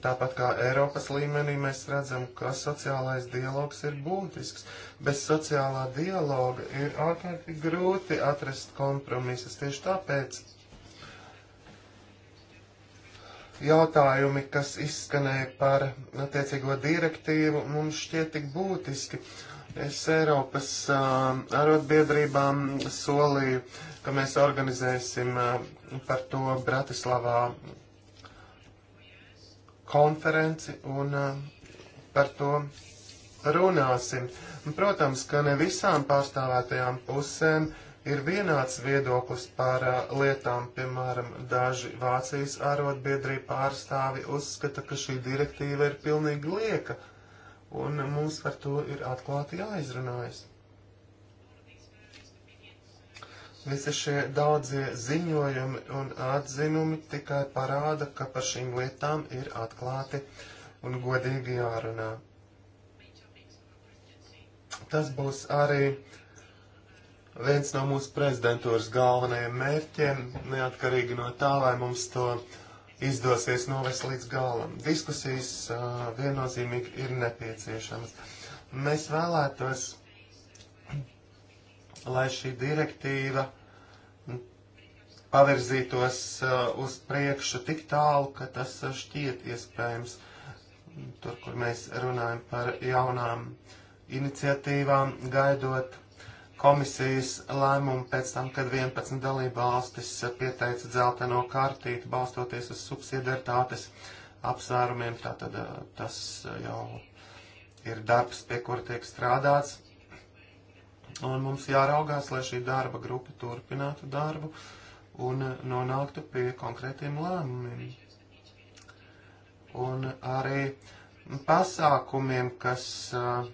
tāpat kā Eiropas līmenī, mēs redzam, ka sociālais dialogs ir būtisks. Bez sociālā dialoga ir ārkārtīgi grūti atrast kompromisus. Tieši tāpēc jautājumi, kas izskanēja par attiecīgo direktīvu, mums šķiet tik būtiski. Es Eiropas uh, arotbiedrībām solīju, ka mēs organizēsim uh, par to Bratislavā konferenci un uh, par to runāsim. Protams, ka ne visām pārstāvētajām pusēm uh, ir vienāds viedoklis par uh, lietām, piemēram, daži Vācijas ārotbiedrība pārstāvi uzskata, ka šī direktīva ir pilnīgi lieka, un mums par to ir atklāti jāizrunājas. Visi šie daudzie ziņojumi un atzinumi tikai parāda, ka par šīm lietām ir atklāti un godīgi jārunā. Tas būs arī uh, Viens no mūsu prezidentūras galvenajiem mērķiem, neatkarīgi no tā, vai mums to izdosies novest līdz galam. Diskusijas uh, viennozīmīgi ir nepieciešamas. Mēs vēlētos, lai šī direktīva pavirzītos uh, uz priekšu tik tālu, ka tas šķiet iespējams. Tur, kur mēs runājam par jaunām iniciatīvām, gaidot komisijas lēmumu pēc tam, kad 11 dalībvalstis pieteica dzelteno kārtīti, balstoties uz subsidiaritātes apsvērumiem. Tātad eh, tas jau ir darbs, pie kura tiek strādāts. Un mums jāraugās, lai šī darba grupa turpinātu darbu un nonāktu pie konkrētiem lēmumiem. Un arī pasākumiem, kas uh,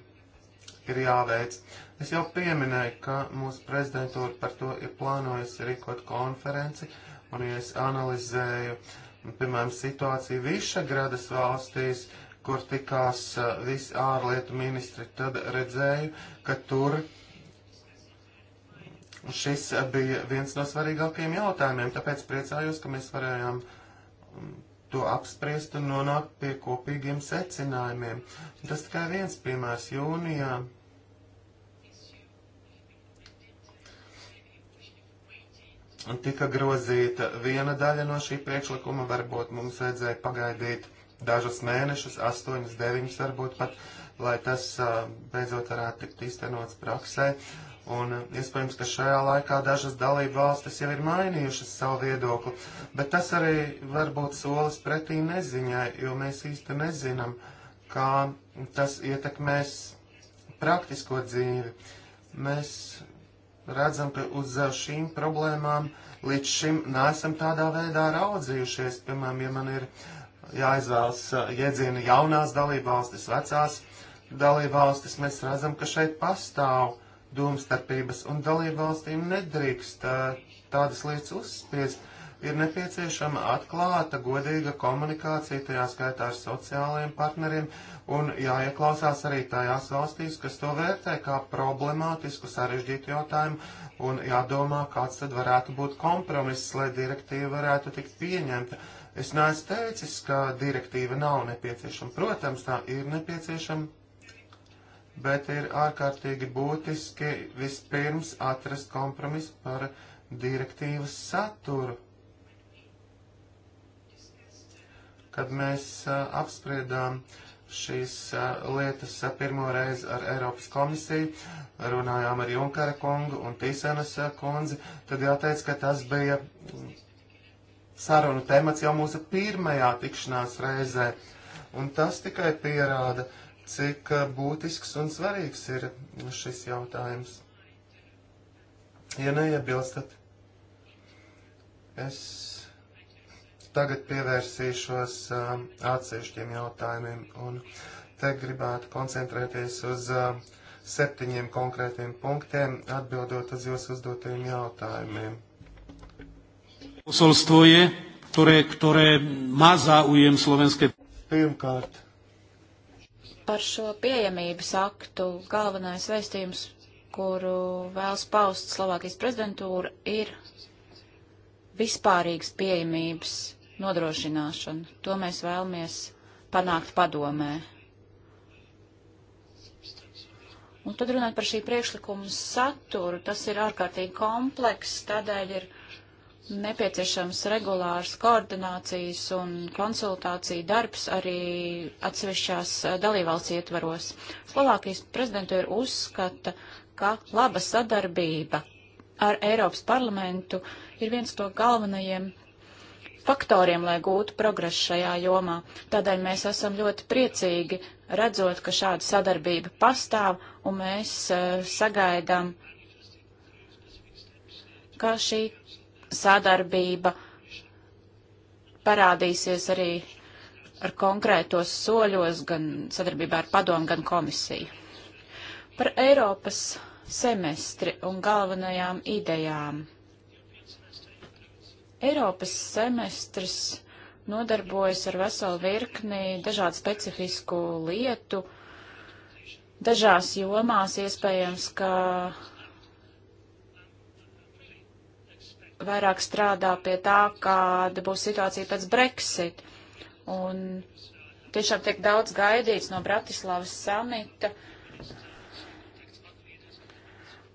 ir jāveic. Uh, Es jau pieminēju, ka mūsu prezidentūra par to ir plānojusi rīkot konferenci, un ja es analizēju, piemēram, situāciju Višagradas valstīs, kur tikās visi ārlietu ministri, tad redzēju, ka tur šis bija viens no svarīgākajiem jautājumiem, tāpēc priecājos, ka mēs varējām to apspriest un nonākt pie kopīgiem secinājumiem. Tas tikai viens piemērs jūnijā tika grozīta viena daļa no šī priekšlikuma, varbūt mums vajadzēja pagaidīt dažus mēnešus, astoņus, deviņus varbūt pat, lai tas beidzot varētu tikt īstenots praksē. Un iespējams, ka šajā laikā dažas dalība valstis jau ir mainījušas savu viedokli, bet tas arī var būt solis pretī neziņai, jo mēs īsti nezinām, kā tas ietekmēs praktisko dzīvi. Mēs redzam, ka uz šīm problēmām līdz šim neesam tādā veidā raudzījušies. Piemēram, ja man ir jāizvēlas uh, jēdzieni jaunās dalībvalstis, vecās dalībvalstis, mēs redzam, ka šeit pastāv domstarpības un dalībvalstīm nedrīkst uh, tādas lietas uzspiest ir nepieciešama atklāta, godīga komunikācija, tajā skaitā ar sociālajiem partneriem, un jāieklausās arī tajās valstīs, kas to vērtē kā problemātisku, sarežģītu jautājumu, un jādomā, kāds tad varētu būt kompromiss, lai direktīva varētu tikt pieņemta. Es neesmu teicis, ka direktīva nav nepieciešama. Protams, tā ir nepieciešama, bet ir ārkārtīgi būtiski vispirms atrast kompromisu par direktīvas saturu. kad mēs apspriedām šīs lietas pirmo reizi ar Eiropas komisiju, runājām ar Junkara kungu un Tīsenas kundzi, tad jāteic, ka tas bija sarunu temats jau mūsu pirmajā tikšanās reizē. Un tas tikai pierāda, cik būtisks un svarīgs ir šis jautājums. Ja neiebilstat, es Tagad pievērsīšos um, atsevišķiem jautājumiem un te gribētu koncentrēties uz uh, septiņiem konkrētiem punktiem, atbildot uz jūsu uzdotajiem jautājumiem. Posolstvo je, ktoré, ktoré má záujem slovenské. Pirmkārt. Par šo pieejamības aktu galvenais vēstījums, kuru vēlas paust Slovākijas prezidentūra, ir vispārīgas pieejamības nodrošināšanu. To mēs vēlamies panākt padomē. Un tad runāt par šī priekšlikuma saturu, tas ir ārkārtīgi komplekss, tādēļ ir nepieciešams regulārs koordinācijas un konsultāciju darbs arī atsevišķās dalībvalsts ietvaros. Slovākijas prezidentu ir uzskata, ka laba sadarbība ar Eiropas parlamentu ir viens no galvenajiem faktoriem, lai gūtu progresu šajā jomā. Tādēļ mēs esam ļoti priecīgi redzot, ka šāda sadarbība pastāv, un mēs uh, sagaidām, ka šī sadarbība parādīsies arī ar konkrētos soļos, gan sadarbībā ar padomu, gan komisiju. Par Eiropas semestri un galvenajām idejām. Eiropas semestrs nodarbojas ar veselu virkni dažādu specifisku lietu. Dažās jomās iespējams, ka vairāk strādā pie tā, kāda būs situācija pēc Brexit. Un tiešām tiek daudz gaidīts no Bratislavas samita. Uh,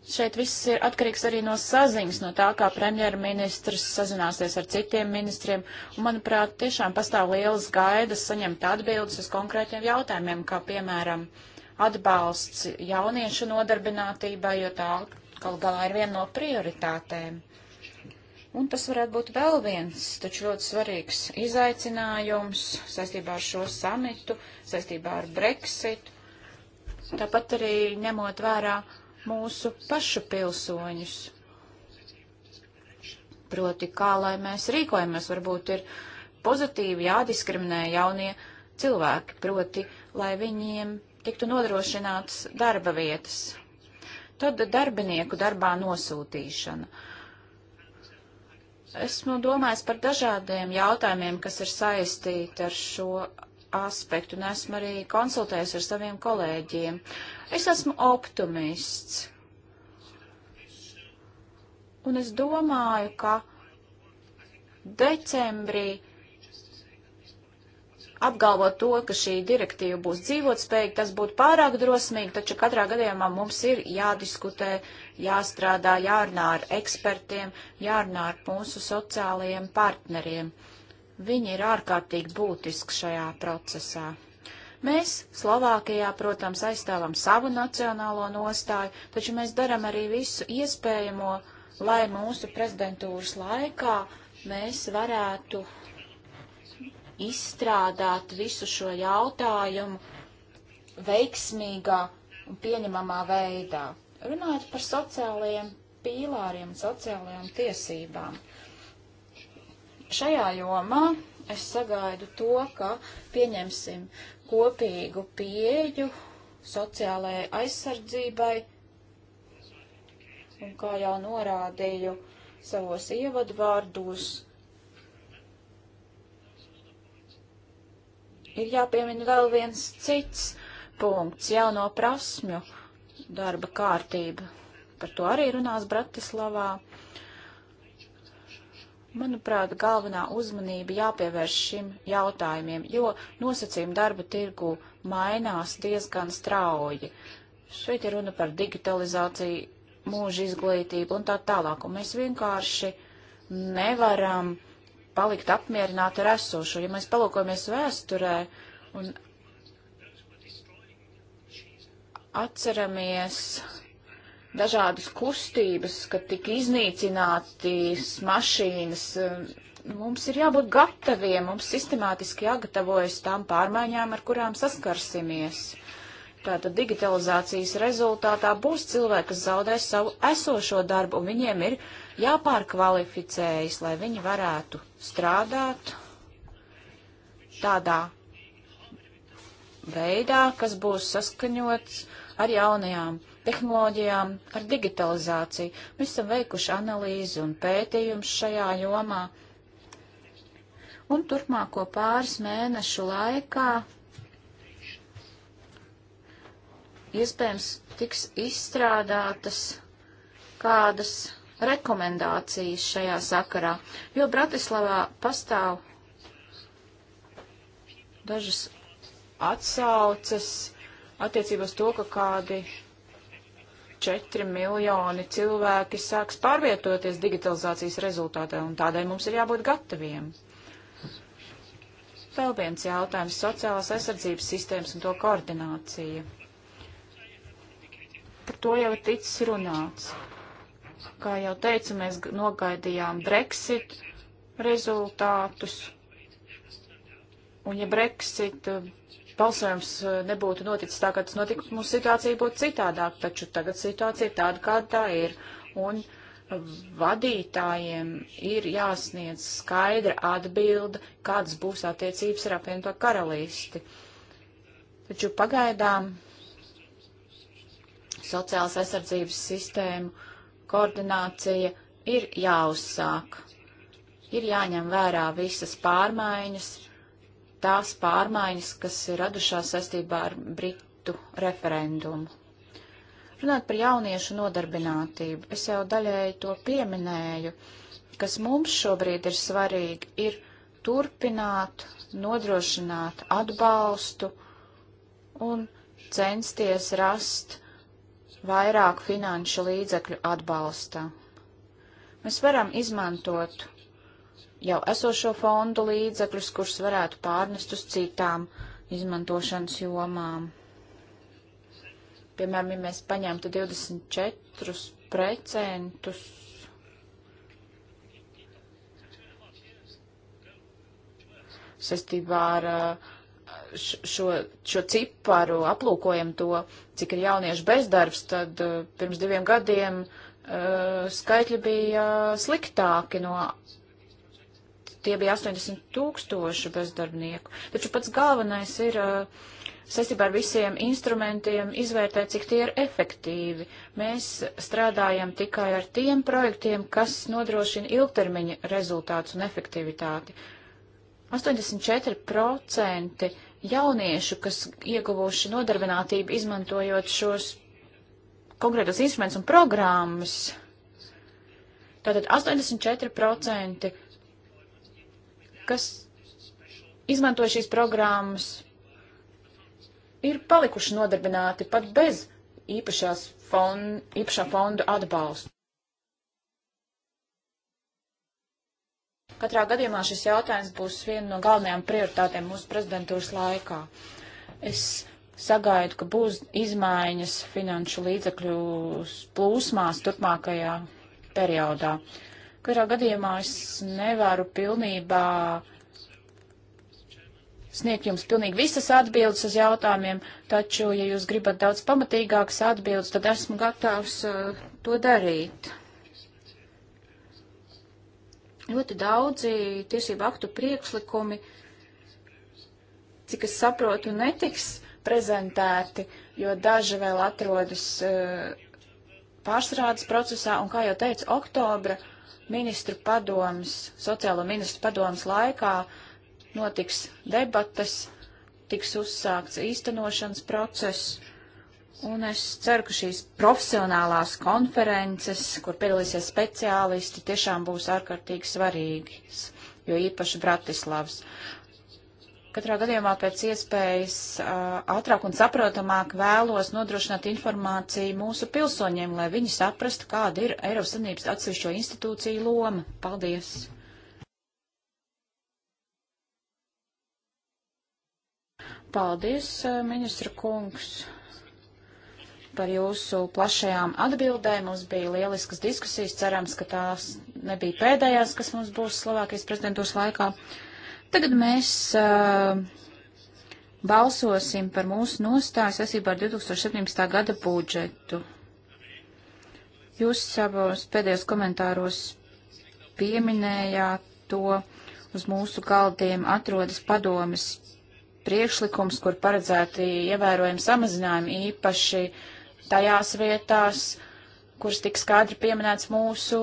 Šeit viss ir atkarīgs arī no saziņas, no tā, kā premjerministrs sazināsies ar citiem ministriem. Un, manuprāt, tiešām pastāv lielas gaidas saņemt atbildes uz konkrētiem jautājumiem, kā piemēram atbalsts jauniešu nodarbinātībai, jo tā kaut galā ir viena no prioritātēm. Un tas varētu būt vēl viens, taču ļoti svarīgs izaicinājums saistībā ar šo samitu, saistībā ar Brexitu. Tāpat arī ņemot vērā mūsu pašu pilsoņus. Proti, kā lai mēs rīkojamies, varbūt ir pozitīvi jādiskriminē jaunie cilvēki, proti, lai viņiem tiktu nodrošināts darba vietas. Tad darbinieku darbā nosūtīšana. Esmu domājis par dažādiem jautājumiem, kas ir saistīti ar šo aspektu, un esmu arī konsultējis ar saviem kolēģiem. Es esmu optimists. Un es domāju, ka decembrī apgalvot to, ka šī direktīva būs dzīvotspējīga, tas būtu pārāk drosmīgi, taču katrā gadījumā mums ir jādiskutē, jāstrādā, jārunā ar ekspertiem, jārunā ar mūsu sociālajiem partneriem. Viņi ir ārkārtīgi būtiski šajā procesā. Mēs Slovākijā, protams, aizstāvam savu nacionālo nostāju, taču mēs daram arī visu iespējamo, lai mūsu prezidentūras laikā mēs varētu izstrādāt visu šo jautājumu veiksmīgā un pieņemamā veidā. Runājot par sociālajiem pīlāriem, sociālajām tiesībām. Šajā jomā es sagaidu to, ka pieņemsim kopīgu pieeju sociālajai aizsardzībai, un kā jau norādīju savos ievadvārdos, ir jāpiemina vēl viens cits punkts - jauno prasmju darba kārtība. Par to arī runās Bratislavā. Manuprāt, galvenā uzmanība jāpievērš šim jautājumiem, jo nosacījumi darba tirgu mainās diezgan strauji. Šeit ir runa par digitalizāciju, mūža izglītību un tā tālāk, un mēs vienkārši nevaram palikt apmierināti ar esošo. Ja mēs palūkojamies vēsturē un atceramies dažādas kustības, ka tika iznīcinātas mašīnas. Um, mums ir jābūt gataviem, mums sistemātiski jāgatavojas tām pārmaiņām, ar kurām saskarsimies. Tātad digitalizācijas rezultātā būs cilvēki, kas zaudēs savu esošo darbu, un viņiem ir jāpārkvalificējas, lai viņi varētu strādāt tādā veidā, kas būs saskaņots ar jaunajām tehnoloģijām, ar digitalizāciju. Mēs esam veikuši analīzi un pētījumus šajā jomā. Un turpmāko pāris mēnešu laikā iespējams tiks izstrādātas kādas rekomendācijas šajā sakarā, jo Bratislavā pastāv dažas atsauces attiecībās to, ka kādi 4 miljoni cilvēki sāks pārvietoties digitalizācijas rezultātā, un tādēļ mums ir jābūt gataviem. Vēl viens jautājums - sociālās aizsardzības sistēmas un to koordinācija. Par to jau ir ticis runāts. Kā jau teicu, mēs nogaidījām Brexit rezultātus, un ja Brexit balsojums e, nebūtu noticis tā, kā tas notika, mūsu situācija būtu citādāk, taču tagad situācija ir tāda, kāda tā ir. Un vadītājiem ir jāsniedz skaidra atbilda, kādas būs attiecības ar apvienoto karalisti. Taču pagaidām sociālas aizsardzības sistēmu koordinācija ir jāuzsāk. Ir jāņem vērā visas pārmaiņas, tās pārmaiņas, kas ir radušās saistībā ar Britu referendumu. Runāt par jauniešu nodarbinātību, es jau daļēji to pieminēju, kas mums šobrīd ir svarīgi, ir turpināt, nodrošināt atbalstu un censties rast vairāk finanšu līdzekļu atbalsta. Mēs varam izmantot jau esošo fondu līdzekļus, kurus varētu pārnest uz citām izmantošanas jomām. Piemēram, ja mēs paņemtu 24% saistībā ar uh, šo, šo ciparu, aplūkojam to, cik ir jauniešu bezdarbs, tad uh, pirms diviem gadiem uh, skaitļi bija uh, sliktāki no tie bija 80 tūkstoši bezdarbnieku. Taču pats galvenais ir saistībā ar visiem instrumentiem izvērtēt, cik tie ir efektīvi. Mēs strādājam tikai ar tiem projektiem, kas nodrošina ilgtermiņa rezultātus un efektivitāti. 84% jauniešu, kas ieguvuši nodarbinātību izmantojot šos konkrētos instrumentus un programmas, tātad 84% kas izmanto šīs programmas, ir palikuši nodarbināti pat bez īpašās fond, īpašā fonda atbalstu. Katrā gadījumā šis jautājums būs viena no galvenajām prioritātēm mūsu prezidentūras laikā. Es sagaidu, ka būs izmaiņas finanšu līdzekļu plūsmās turpmākajā periodā. Uh, Kurā gadījumā es nevaru pilnībā sniegt jums pilnīgi visas atbildes uz jautājumiem, taču, ja jūs gribat daudz pamatīgākas atbildes, tad esmu gatavs uh, to darīt. Ļoti daudzi tiesību aktu priekšlikumi, cik es saprotu, netiks prezentēti, jo daži vēl atrodas uh, pārstrādes procesā, un, kā jau teicu, oktobra uh, ministru padomas, sociālo ministru padomas laikā notiks debatas, tiks uzsākts īstenošanas process, un es ceru, ka šīs profesionālās konferences, kur piedalīsies speciālisti, tiešām būs ārkārtīgi svarīgas, jo īpaši Bratislavas. Katrā gadījumā pēc iespējas ātrāk un saprotamāk vēlos nodrošināt informāciju mūsu pilsoņiem, lai viņi saprastu, kāda ir Eiropas Savienības atsevišķo institūciju loma. Paldies! Paldies, ministra kungs, par jūsu plašajām atbildēm. Mums bija lieliskas diskusijas. Cerams, ka tās nebija pēdējās, kas mums būs Slovākijas prezidentūras laikā. Tagad mēs uh, balsosim par mūsu nostāju sasībā ar 2017. gada budžetu. Jūs savos pēdējos komentāros pieminējāt to, uz mūsu galdiem atrodas padomas priekšlikums, kur paredzēti ievērojami samazinājumi īpaši tajās vietās, uh, kuras tik skaidri pieminēts mūsu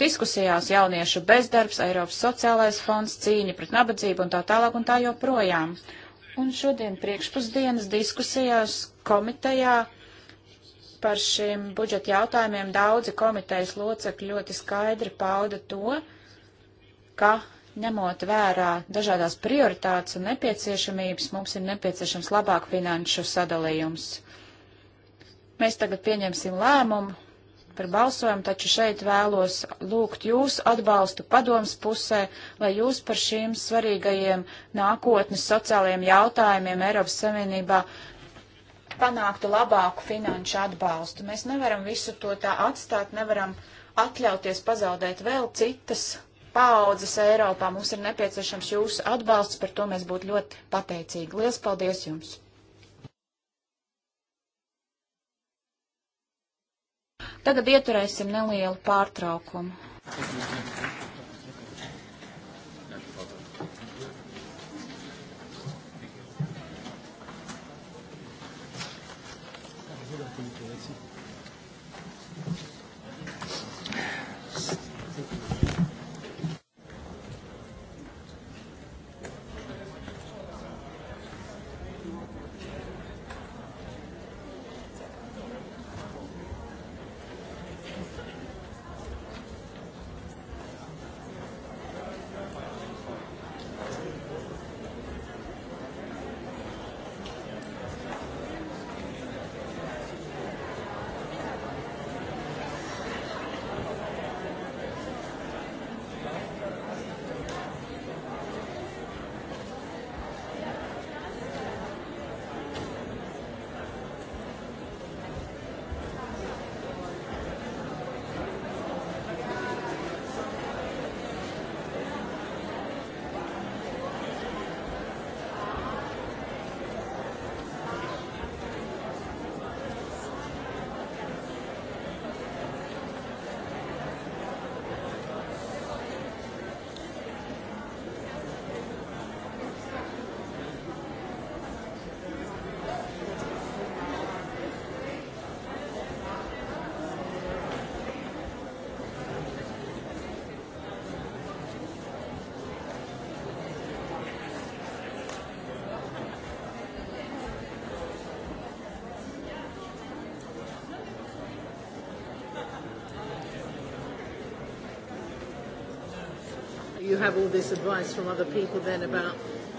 diskusijās - jauniešu bezdarbs, Eiropas sociālais fonds, cīņa pret nabadzību un tā tālāk un tā joprojām. Un šodien priekšpusdienas diskusijās komitejā par šiem budžeta jautājumiem daudzi komitejas locekļi ļoti skaidri pauda to, ka ņemot vērā dažādās prioritātes un nepieciešamības, mums ir nepieciešams labāk finanšu sadalījums. Mēs tagad pieņemsim lēmumu, par balsojumu, taču šeit vēlos lūgt jūsu atbalstu padoms pusē, lai jūs par šīm svarīgajiem nākotnes sociālajiem jautājumiem Eiropas Savienībā panāktu labāku finanšu atbalstu. Mēs nevaram visu to tā atstāt, nevaram atļauties pazaudēt vēl citas paaudzes Eiropā. Mums ir nepieciešams jūsu atbalsts, par to mēs būtu ļoti pateicīgi. Lielas paldies jums! Tagad ieturēsim nelielu pārtraukumu. Thank you. you have all this advice from other people then about,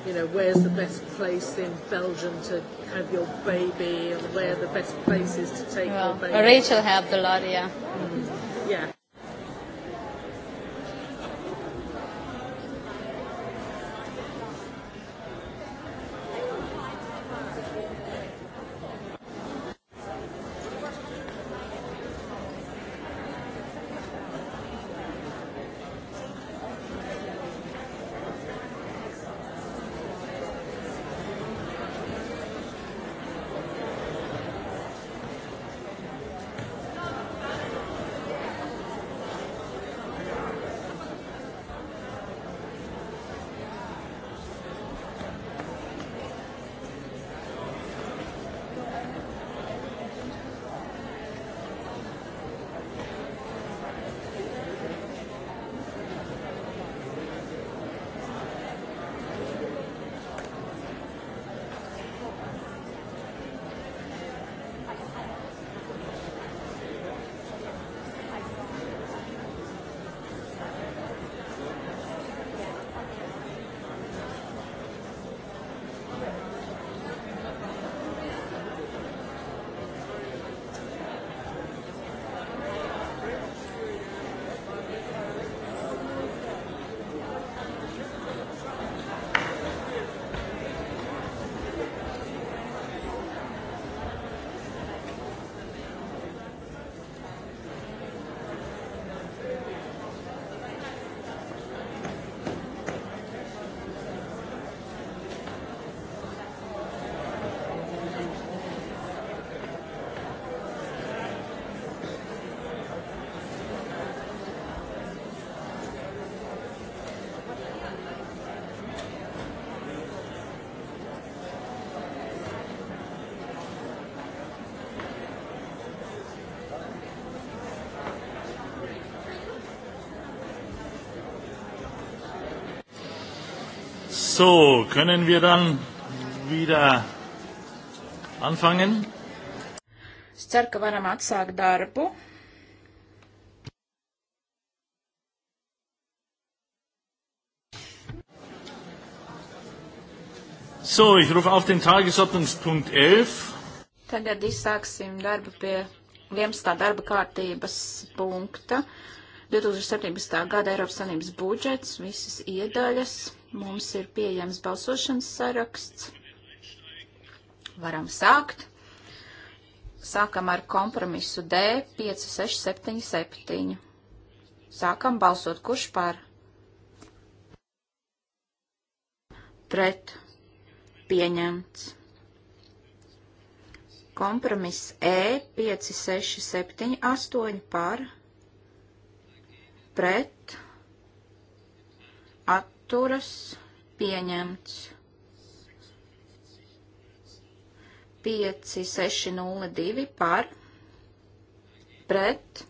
you know, where's the best place in Belgium to have your baby and where the best place is to take well, your baby. Rachel helped a lot, yeah. So, können wir dann wieder anfangen? Es ceru, ka varam atsākt darbu. So, ich rufe auf den Tagesordnungspunkt 11. Tagad izsāksim darbu pie 11. darba kārtības punkta. 2017. gada Eiropas Sanības budžets, visas iedaļas. Mums ir pieejams balsošanas saraksts. Varam sākt. Sākam ar kompromisu D 5677. Sākam balsot, kurš par? Pret. Pieņemts kompromiss E 5, 6, 7, 8 par pret atturas pieņemts. 5, 6, 0, 2 par, pret,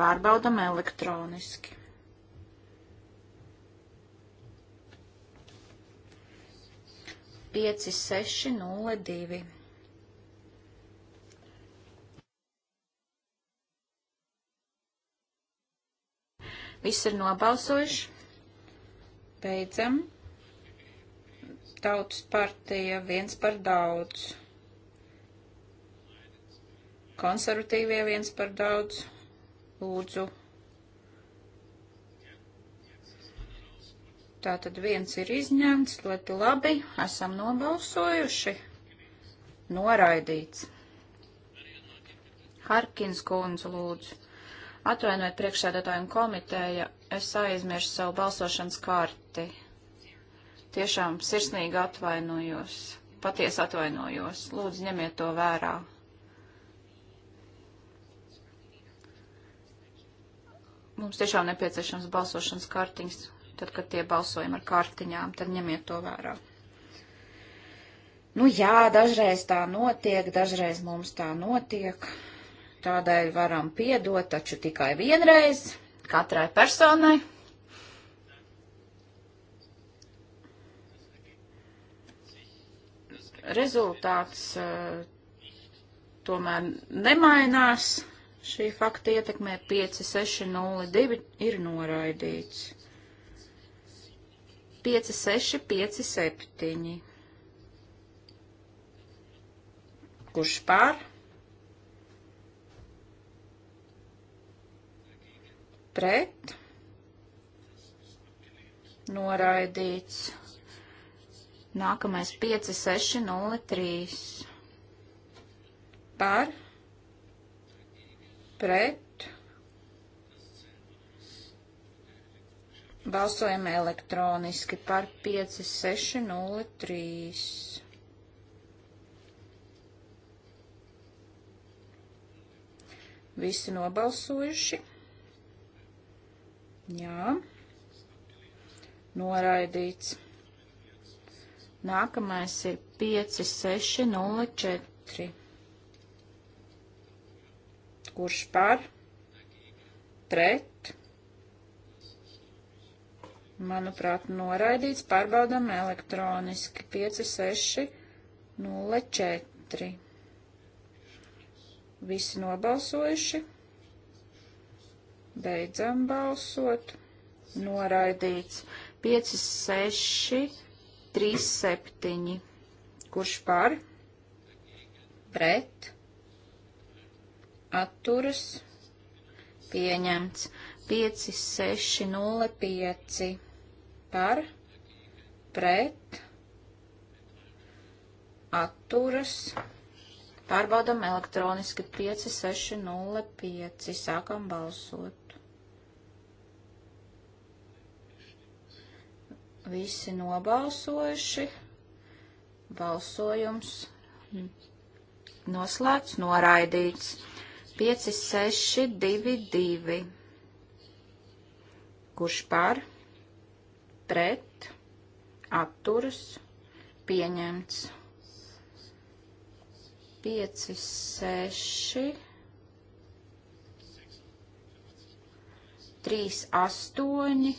pārbaudam elektroniski. Pieci, seši, nulle, divi. Viss ir nobalsojuši. Beidzam. Tautas partija viens par daudz. Konservatīvie viens par daudz. Lūdzu. Tātad viens ir izņemts, ļoti labi, esam nobalsojuši, noraidīts. Harkins kundze lūdzu. Atvainojiet priekšsēdētājiem komiteja, es aizmirsu savu balsošanas karti. Tiešām sirsnīgi atvainojos, patiesi atvainojos. Lūdzu, ņemiet to vērā. Mums tiešām nepieciešams balsošanas kartiņas. Tad, kad tie balsojam ar kartiņām, tad ņemiet to vērā. Nu jā, dažreiz tā notiek, dažreiz mums tā notiek. Tādēļ varam piedot, taču tikai vienreiz katrai personai. Rezultāts uh, tomēr nemainās. Šī fakta ietekmē 5602 ir noraidīts. 5657. Kurš pār? pret, noraidīts. Nākamais 5603 par, pret, balsojam elektroniski par 5603. Visi nobalsojuši. Jā. Noraidīts. Nākamais ir 5604. Kurš par? Pret? Manuprāt, noraidīts. Pārbaudam elektroniski. 5604. Visi nobalsojuši. Beidzam balsot. Noraidīts. 5, 6, 3, 7. Kurš par? Pret. Atturas. Pieņemts. 5, 6, 0, 5. Par. Pret. Atturas. Pārbaudam elektroniski 5605. Sākam balsot. Visi nobalsojuši. Balsojums noslēgts, noraidīts. 5, 6, 2, 2. Kurš par? Pret? Atturas? Pieņemts. 5, 6, 3, 8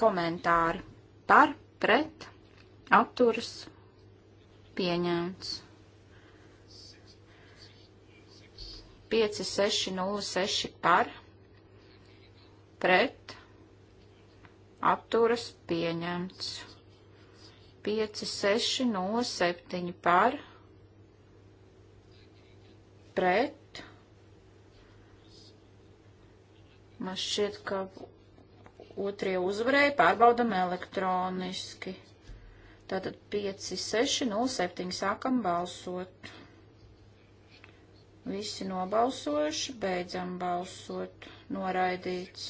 komentāri par, pret, atturs, pieņemts. 5, 6, 0, 6 par, pret, atturas, pieņemts. 5, 6, 0, 7 par, pret. Man šķiet, ka otrie uzvarēja, pārbaudam elektroniski. Tātad 5, 6, 0, 7 sākam balsot. Visi nobalsojuši, beidzam balsot, noraidīts.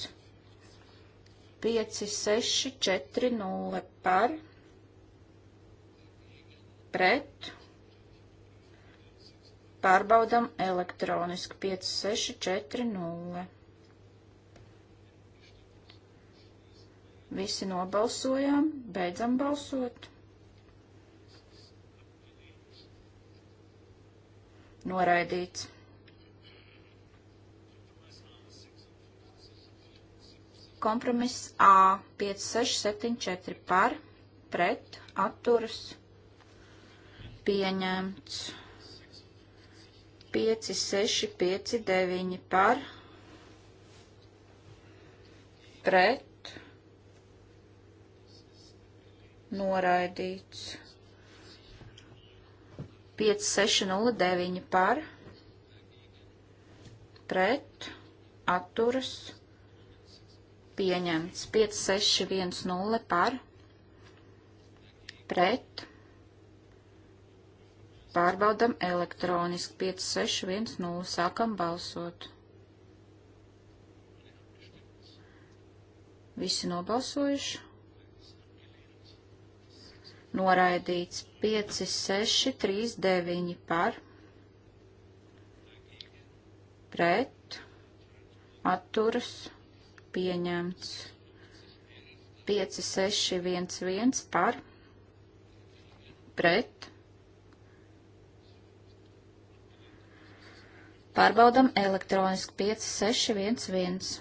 5, 6, 4, 0 par, pret, pārbaudam elektroniski 5, 6, 4, 0. Visi nobalsojām, beidzam balsot. Noraidīts. Kompromiss A 5674 par, pret, atturas, pieņemts. 5, 6, 5, 9 par, pret, noraidīts. 5609 par, pret, atturas, pieņemts. 5610 par, pret, pārbaudam elektroniski. 5610 sākam balsot. Visi nobalsojuši noraidīts 5, 6, 3, 9 par, pret, atturas, pieņemts 5, 6, 1, 1 par, pret. Pārbaudam elektroniski 5, 6, 1, 1.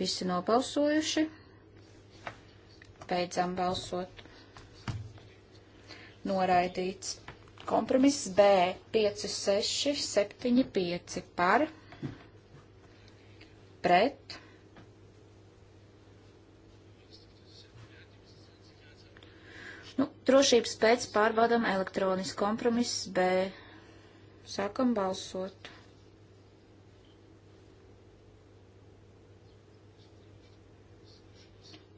Visi nobalsojuši. Beidzam balsot. Noraidīts. Kompromiss B 5, 6, 7, 5 par pret. Nu, drošības pēc pārbaudam elektronisku kompromisu B. Sākam balsot.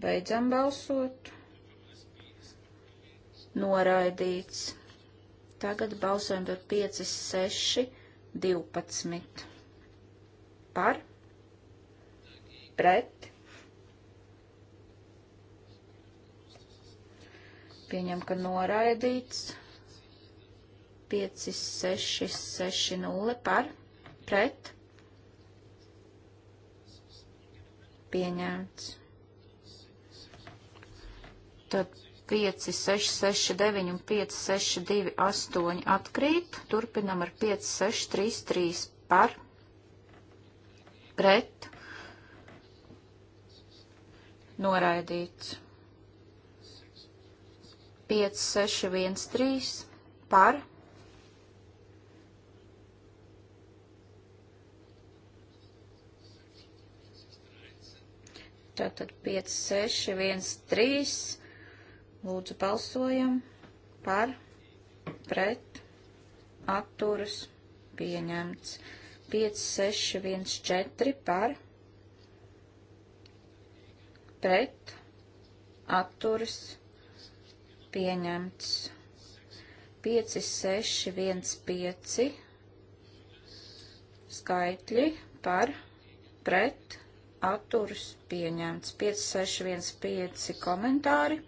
Beidzam balsot. Noraidīts. Tagad balsojam par 5, 6, 12. Par. Pret. Pieņem, ka noraidīts. 5, 6, 6, 0 par, pret, pieņemts. Tad 5, 6, 6, 9 un 5, 6, 2, 8 atkrīt. Turpinam ar 5, 6, 3, 3 par, pret, noraidīts. 5, 6, 1, 3 par, tātad 5, 6, 1, 3 Lūdzu, balsojam par, pret, atturas, pieņemts. 5, 6, 1, 4 par, pret, atturas, pieņemts. 5, 6, 1, 5 skaitļi par pret atturas pieņemts. 5, 6, 1, 5 komentāri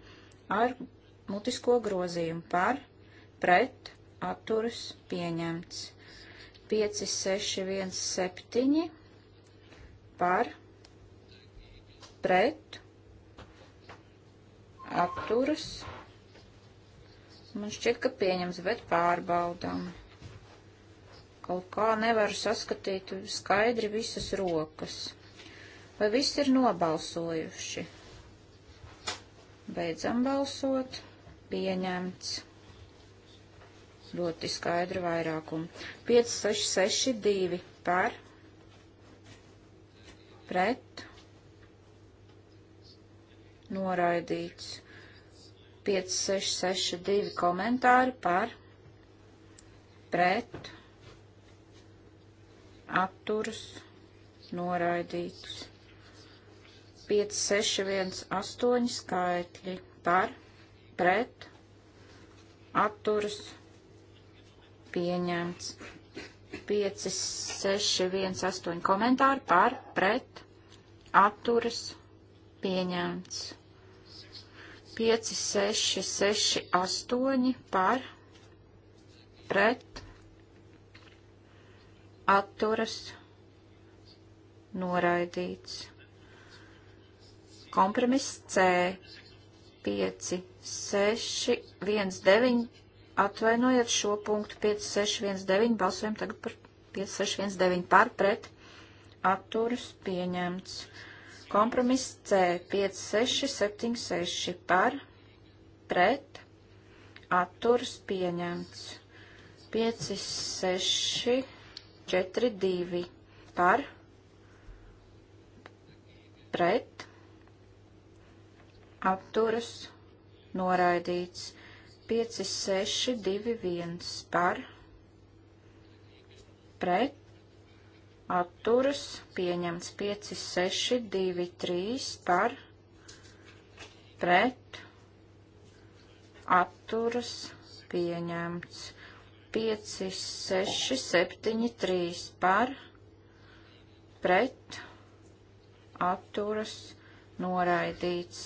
ar mutisko grozījumu par, pret, atturas pieņemts. 5, 6, 1, 7 par, pret, atturas. Man šķiet, ka pieņems, bet pārbaudām. Kaut kā nevaru saskatīt skaidri visas rokas. Vai viss ir nobalsojuši? Beidzam balsot. Pieņemts. Ļoti skaidru vairākumu. 5, 6, 6, 2 par. Pret. Noraidīts. 5, 6, 6, 2 komentāri par. Pret. Atturus. Noraidīts. 5, 6, 1, 8 skaitļi par, pret, atturas, pieņemts. 5, 6, 1, 8 komentāri par, pret, atturas, pieņemts. 5, 6, 6, 8 par, pret, atturas, noraidīts. Kompromiss C 5, 6, 1, 9. Atvainojiet šo punktu 5, 6, 1, 9. Balsojam tagad par 5, 6, 1, 9 pār pret. Atturas pieņemts. Kompromiss C 5, 6, 7, 6 par pret. Atturas pieņemts. 5, 6, 4, 2 par pret apturas, noraidīts. 5, 6, 2, 1 par, pret, apturas, pieņemts 5, 6, 2, 3 par, pret, apturas, pieņemts 5, 6, 7, 3 par, pret, apturas, noraidīts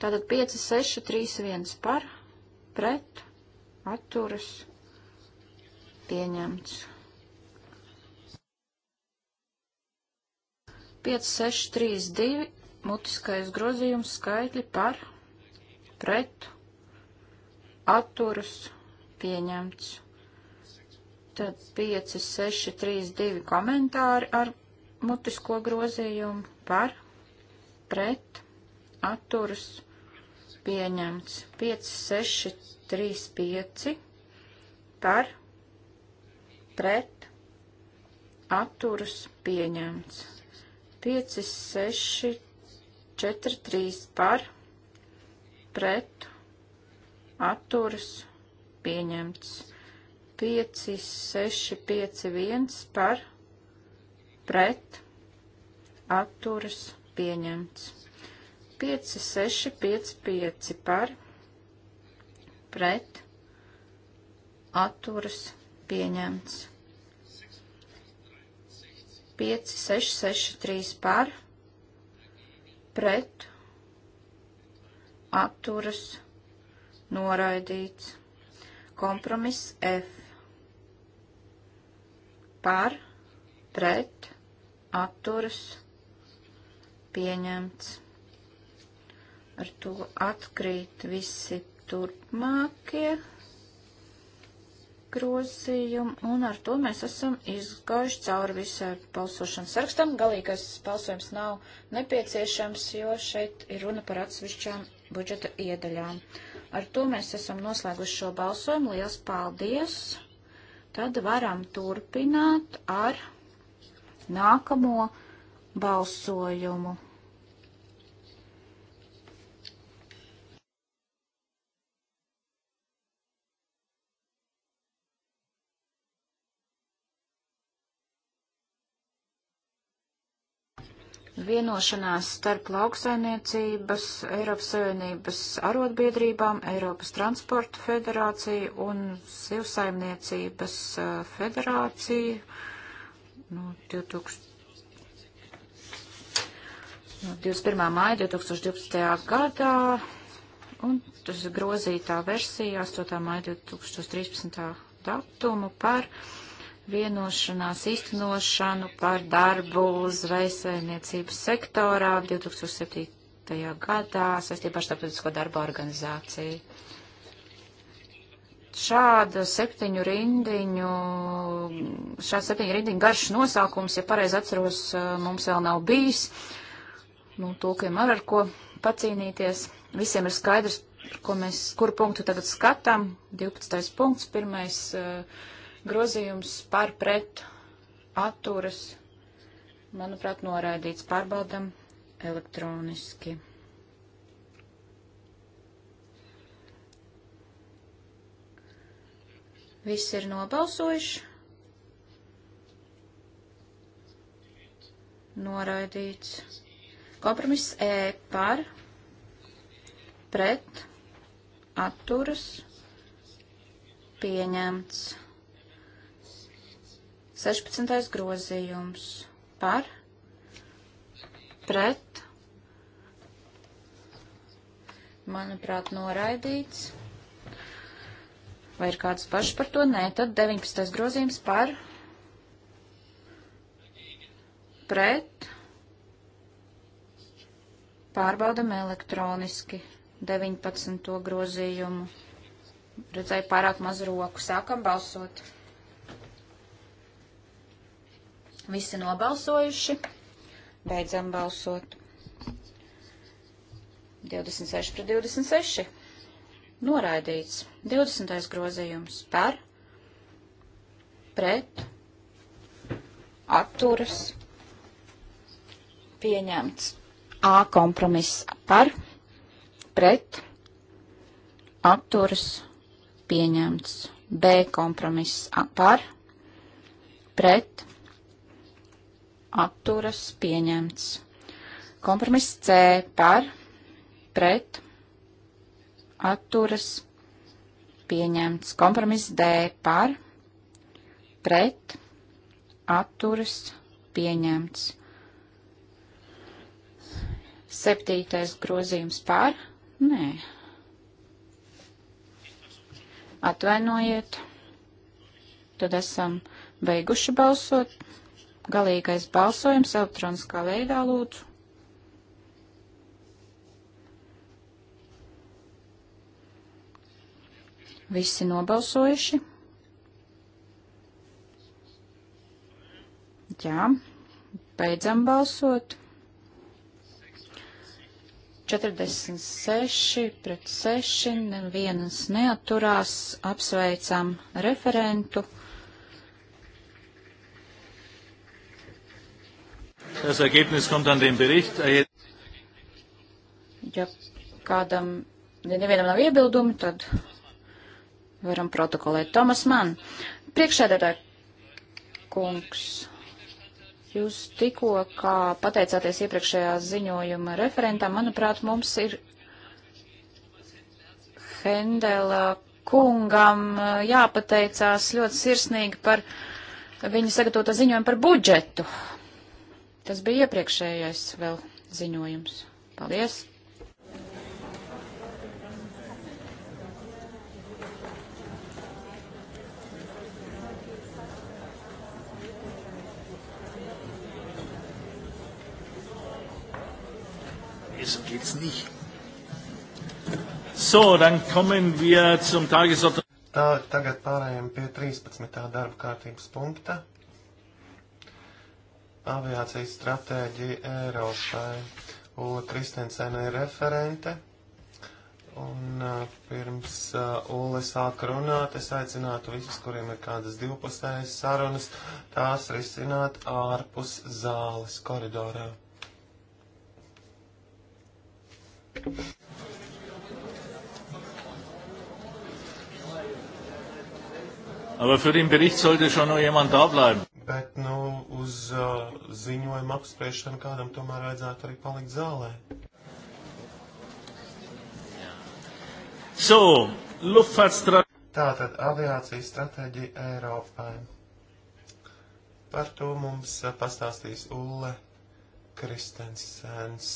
Tātad 5, 6, 3, 1 par, pret, atturas, pieņemts. 5, 6, 3, 2, mutiskais grozījums skaitļi par, pret, atturas, pieņemts. Tad 5, 6, 3, 2 komentāri ar mutisko grozījumu par, pret, atturas, pieņemts pieņemts 5, 6, 3, 5 par pret atturas pieņemts 5, 6, 4, 3 par pret atturas pieņemts 5, 6, 5, 1 par pret atturas pieņemts 5, 6, 5, 5 par pret atturas pieņemts. 5, 6, 6, 3 par pret atturas noraidīts. Kompromiss F par, pret, atturas, pieņemts ar to atkrīt visi turpmākie grozījumi, un ar to mēs esam izgājuši cauri visai balsošanas sarakstam. Galīgais balsojums nav nepieciešams, jo šeit ir runa par atsevišķām budžeta iedaļām. Ar to mēs esam noslēguši šo balsojumu. Liels paldies! Tad varam turpināt ar nākamo balsojumu. vienošanās starp lauksainiecības, Eiropas Savienības arotbiedrībām, Eiropas transporta federāciju un Sivsaimniecības uh, federāciju no, 2000, no 21. māja 2012. gadā un tas grozītā versija 8. māja 2013. datumu par vienošanās iztenošanu par darbu zvejsaimniecības sektorā 2007. gadā saistībā ar starptautisko darba organizāciju. Šāda septiņu rindiņu, šāds septiņu rindiņu garš nosaukums, ja pareizi atceros, eh, mums vēl nav bijis. Nu, tūkiem ar ar ko pacīnīties. Visiem ir skaidrs, ko mēs, kuru punktu tagad skatām. 12. punkts, pirmais. Uh, Grozījums par pret atturas, manuprāt, noraidīts. Pārbaudam elektroniski. Viss ir nobalsojuši. Noraidīts. Kompromiss E par, pret, atturas, pieņemts. 16. grozījums par, pret, manuprāt, noraidīts. Vai ir kāds pašs par to? Nē, tad 19. grozījums par, pret, pārbaudam elektroniski 19. grozījumu. Redzēju pārāk maz roku. Sākam balsot. Visi nobalsojuši. Beidzam balsot. 26 pret 26. Noraidīts. 20. grozījums par, pret, atturas, pieņemts. A kompromiss par, pret, atturas, pieņemts. B kompromiss par, pret, atturas pieņemts. Kompromiss C par, pret, atturas pieņemts. Kompromiss D par, pret, atturas pieņemts. Septītais grozījums par, nē. Atvainojiet, tad esam beiguši balsot. Galīgais balsojums elektroniskā veidā lūdzu. Visi nobalsojuši. Jā, beidzam balsot. 46 pret 6, nevienas neaturās, apsveicam referentu. Das Ergebnis kommt an den Bericht. Ja kādam, ja nevienam nav iebildumi, tad varam protokolēt. Tomas Mann, priekšsēdētāj kungs, jūs tikko, kā pateicāties iepriekšējā ziņojuma referentam, manuprāt, mums ir Hendela kungam jāpateicās ļoti sirsnīgi par viņa sagatavotā ziņojuma par budžetu. Tas bija iepriekšējais vēl ziņojums. Paldies! so geht's nicht. So, dann kommen wir zum Tagesordnungspunkt. Tagad pārējām pie 13. darba kārtības punkta aviācijas stratēģiju Eiropai. U Kristensena ir referente. Un pirms uh, Ulis sāk runāt, es aicinātu visus, kuriem ir kādas divpusējas sarunas, tās risināt ārpus zāles koridorā. Aber für den Bericht sollte schon noch jemand da bleiben bet nu, uz uh, ziņojuma apspriešanu kādam tomēr vajadzētu arī palikt zālē. So, Luftfahrtstra... Tātad aviācijas stratēģija Eiropai. Par to mums uh, pastāstīs Ulle Kristensens.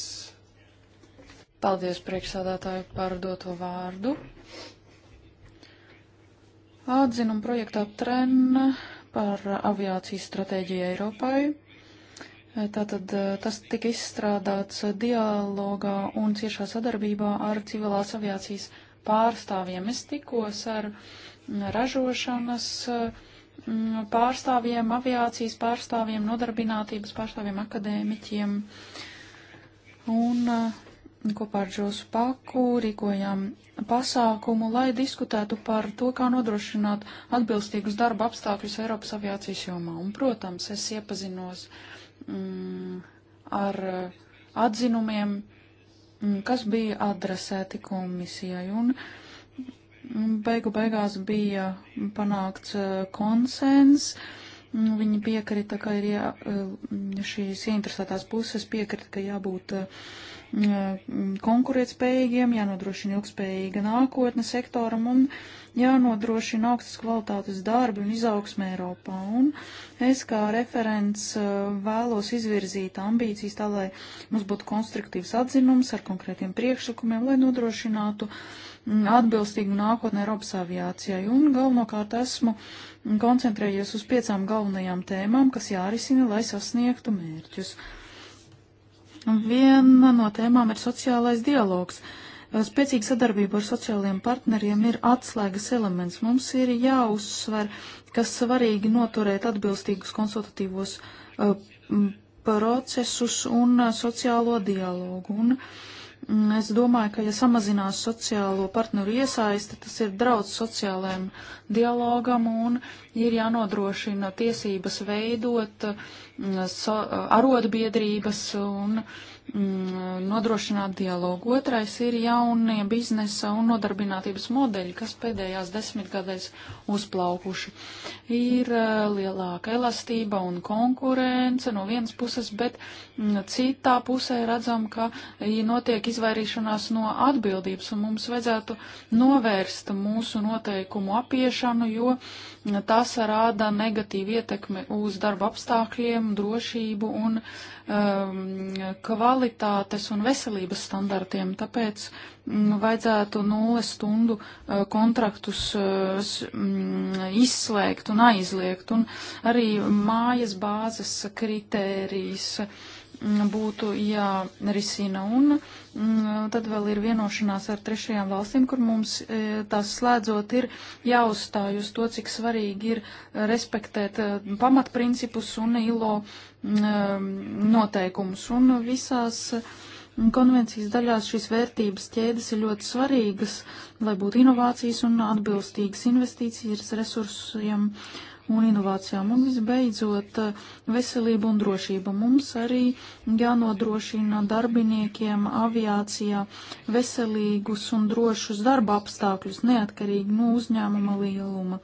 Paldies priekšsādātāju par doto vārdu. Atzinuma projektā TREN par aviācijas stratēģiju Eiropai. Tātad eh, tas tika izstrādāts dialogā un ciešā sadarbībā ar civilās aviācijas pārstāvjiem. Es tikos ar ražošanas mm, pārstāvjiem, aviācijas pārstāvjiem, nodarbinātības pārstāvjiem, akadēmiķiem. Un uh, kopā ar Džosu Paku rīkojām pasākumu, lai diskutētu par to, kā nodrošināt atbilstīgus darba apstākļus Eiropas aviācijas jomā. Un, protams, es iepazinos mm, ar atzinumiem, mm, kas bija adresēti komisijai. Un, mm, Beigu beigās bija panākts e, konsens. Mm, viņi piekrita, ka ir jā, e, šīs interesētās puses piekrita, ka jābūt uh, konkurētspējīgiem, jānodrošina ilgspējīga nākotne sektoram un jānodrošina augstas kvalitātes darbi un izaugsme Eiropā. Un es kā referents eh, vēlos izvirzīt ambīcijas tā, lai mums būtu konstruktīvs atzinums ar konkrētiem priekšlikumiem, lai nodrošinātu mm, atbilstīgu nākotni Eiropas aviācijai. Un galvenokārt esmu koncentrējies uz piecām galvenajām tēmām, kas jārisina, lai sasniegtu mērķus. Viena no tēmām ir sociālais dialogs. Spēcīga sadarbība ar sociālajiem partneriem ir atslēgas elements. Mums ir jāuzsver, ka svarīgi noturēt atbilstīgus konsultatīvos uh, procesus un uh, sociālo dialogu. Un Es domāju, ka, ja samazinās sociālo partneru iesaisti, tas ir draudz sociālajam dialogam un ir jānodrošina tiesības veidot mm, so, arotbiedrības un mm, nodrošināt dialogu. Otrais ir jaunie biznesa un nodarbinātības modeļi, kas pēdējās desmitgadēs uzplaukuši. Ir eh, lielāka elastība un konkurence no vienas puses, bet citā pusē redzam, ka notiek izvairīšanās no atbildības, un mums vajadzētu novērst mūsu noteikumu apiešanu, jo tas rāda negatīvu ietekmi uz darba apstākļiem, drošību un um, kvalitātes un veselības standartiem. Tāpēc um, vajadzētu nulles stundu uh, kontraktus uh, um, izslēgt un aizliegt, un arī mājas bāzes kritērijas. Uh, būtu jārisina. Un mm, tad vēl ir vienošanās ar trešajām valstīm, kur mums e, tās slēdzot ir jāuzstāj uz to, cik svarīgi ir respektēt e, pamatprincipus un ILO mm, e, noteikumus. Un visās konvencijas daļās šīs vērtības ķēdes ir ļoti svarīgas, lai būtu inovācijas un atbilstīgas investīcijas resursiem. Ja un inovācijām. Un visbeidzot, veselība un drošība. Mums arī jānodrošina darbiniekiem aviācijā veselīgus un drošus darba apstākļus, neatkarīgi no uzņēmuma lieluma,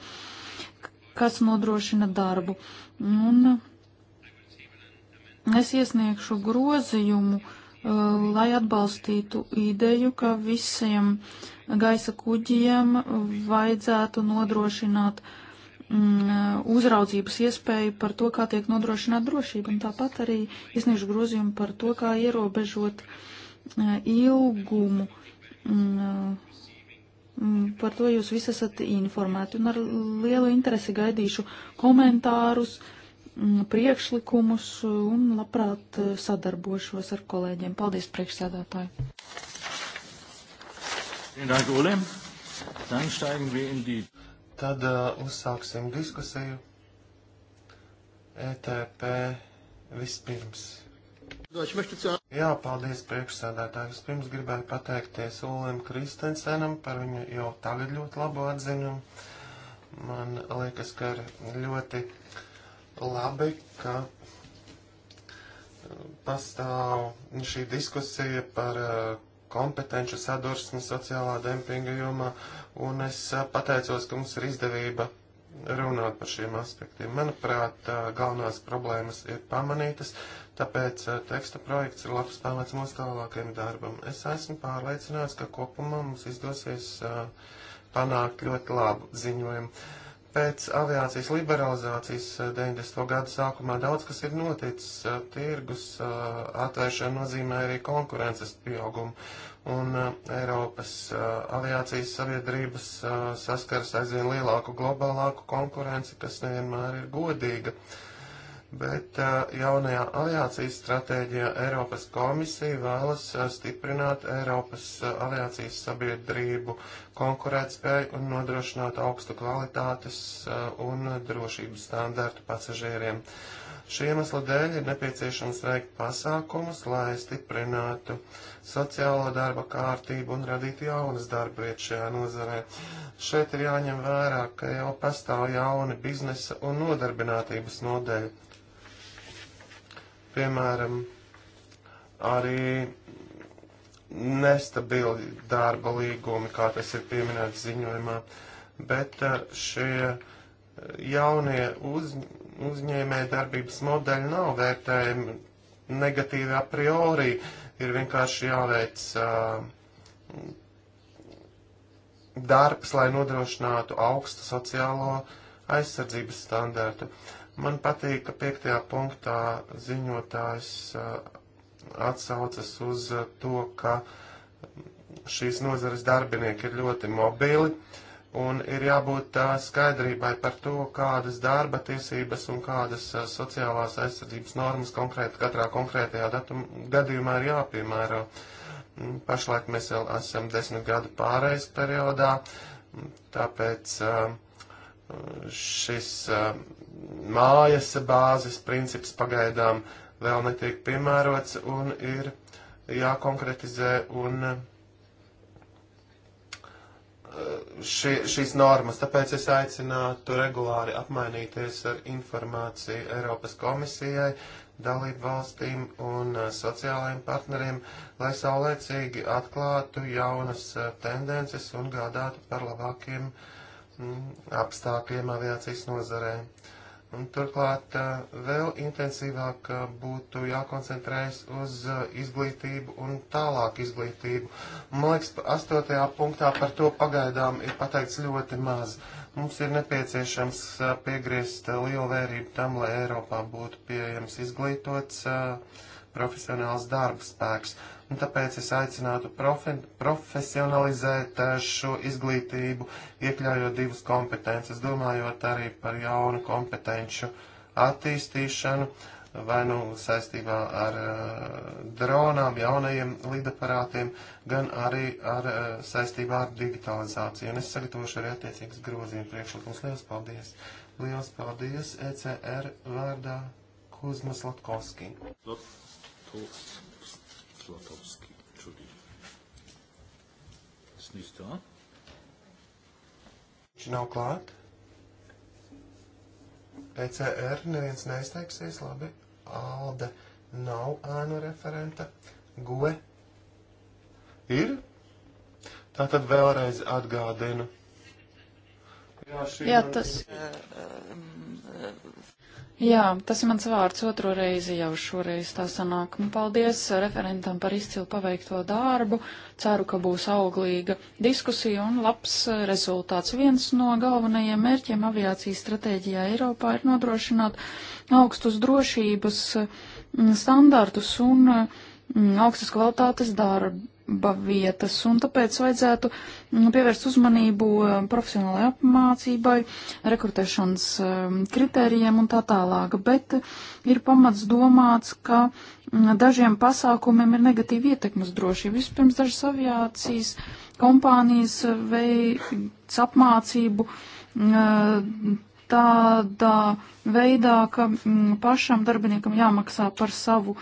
kas nodrošina darbu. Un es iesniegšu grozījumu, uh, lai atbalstītu ideju, ka visiem gaisa kuģiem vajadzētu nodrošināt uh, Mm, eh, uzraudzības iespēju par to, kā tiek nodrošināta drošība, un tāpat arī iesniegšu grozījumu par to, kā ierobežot eh, ilgumu. Mm, eh, mm, par to jūs visi esat informēti, un ar lielu interesi gaidīšu komentārus, priekšlikumus, un labprāt sadarbošos ar kolēģiem. Paldies, priekšsēdētāji! Vielen Dank, Ole. Dann steigen wir in die Tad uh, uzsāksim diskusiju. ETP vispirms. Jā, paldies priekšsēdētāji. Vispirms gribēju pateikties Ulim Kristensenam par viņa jau tagad ļoti labo atziņumu. Man liekas, ka ir ļoti labi, ka uh, pastāv šī diskusija par uh, kompetenču sadursmi sociālā dempinga jomā, un es pateicos, ka mums ir izdevība runāt par šiem aspektiem. Manuprāt, galvenās problēmas ir pamanītas, tāpēc teksta projekts ir labs pamats mūsu tālākajam darbam. Es esmu pārliecināts, ka kopumā mums izdosies panākt ļoti labu ziņojumu. Pēc aviācijas liberalizācijas 90. Eh, gadu sākumā daudz kas ir noticis. Eh, tirgus eh, atvēršana nozīmē arī konkurences pieaugumu, un Eiropas aviācijas sabiedrības saskaras aizvien lielāku globālāku konkurenci, kas nevienmēr ir godīga. Uh, bet jaunajā aviācijas stratēģijā Eiropas komisija vēlas stiprināt Eiropas aviācijas sabiedrību konkurētspēju un nodrošināt augstu kvalitātes un drošības standārtu pasažieriem. Šī iemesla dēļ ir nepieciešams veikt pasākumus, lai stiprinātu sociālo darba kārtību un radītu jaunas darba vietas šajā nozarē. Šeit ir jāņem vērā, ka jau pastāv jauni biznesa un nodarbinātības nodeļi Piemēram, arī nestabili darba līgumi, kā tas ir pieminēts ziņojumā, bet uh, šie uh, jaunie uz, uzņēmē darbības modeļi nav vērtējumi negatīvi a priori, ir vienkārši jāveic uh, darbs, lai nodrošinātu augstu sociālo aizsardzības standārtu. Uh, Man patīk, ka piektajā punktā ziņotājs uh, atsaucas uz uh, to, ka šīs nozares darbinieki ir ļoti mobili un ir jābūt uh, skaidrībai par to, kādas darba tiesības un kādas sociālās aizsardzības normas konkrēti katrā konkrētajā datum, gadījumā ir jāpiemēro. Mm, pašlaik mēs vēl esam desmit gadu pārejas periodā, mm, tāpēc šis mājas bāzes princips pagaidām vēl netiek piemērots un ir jākonkretizē un eh, ši, šīs normas. Tāpēc es aicinātu regulāri apmainīties ar informāciju Eiropas komisijai, dalību valstīm un eh, sociālajiem partneriem, lai saulēcīgi atklātu jaunas eh, tendences un gādātu par labākiem mm, apstākļiem aviācijas nozarē. Uh, Un turklāt eh, vēl intensīvāk eh, būtu jākoncentrējas uz eh, izglītību un tālāk izglītību. Man liekas, astotajā punktā par to pagaidām ir pateikts ļoti maz. Mums ir nepieciešams piegriezt lielu vērību tam, lai Eiropā būtu pieejams izglītots profesionāls darba spēks. Un tāpēc es aicinātu profe profesionalizēt eh, šo izglītību, iekļaujot divas kompetences, domājot arī par jaunu kompetenču attīstīšanu, vai nu saistībā ar uh, dronām, jaunajiem lidaparātiem, gan arī ar, uh, saistībā ar digitalizāciju. Un es sagatavošu arī attiecīgas grozījuma priekšlikumus. Lielas paldies! Lielas paldies ECR vārdā Kuzmas Latkovski. Lot, to, to, to. ist nicht da. Viņš nav klāt. ECR neviens neizteiksies, labi. Alde nav ēnu referenta. Goe ir. Tātad vēlreiz atgādinu. Jā, šī Jā tas. Ir... Jā, tas ir mans vārds otro reizi jau šoreiz tā sanāk. Un paldies referentam par izcilu paveikto darbu. Ceru, ka būs auglīga diskusija un labs rezultāts. Viens no galvenajiem mērķiem aviācijas stratēģijā Eiropā ir nodrošināt augstus drošības standartus un augstas kvalitātes darbu darba vietas, un tāpēc vajadzētu mm, pievērst uzmanību mm, profesionālajai apmācībai, rekrutēšanas mm, kritērijiem un tā tālāk. Bet ir pamats domāts, ka dažiem pasākumiem ir negatīva ietekmes drošība. Vispirms dažas aviācijas kompānijas veids apmācību tādā veidā, ka m, mm, pašam darbiniekam jāmaksā par savu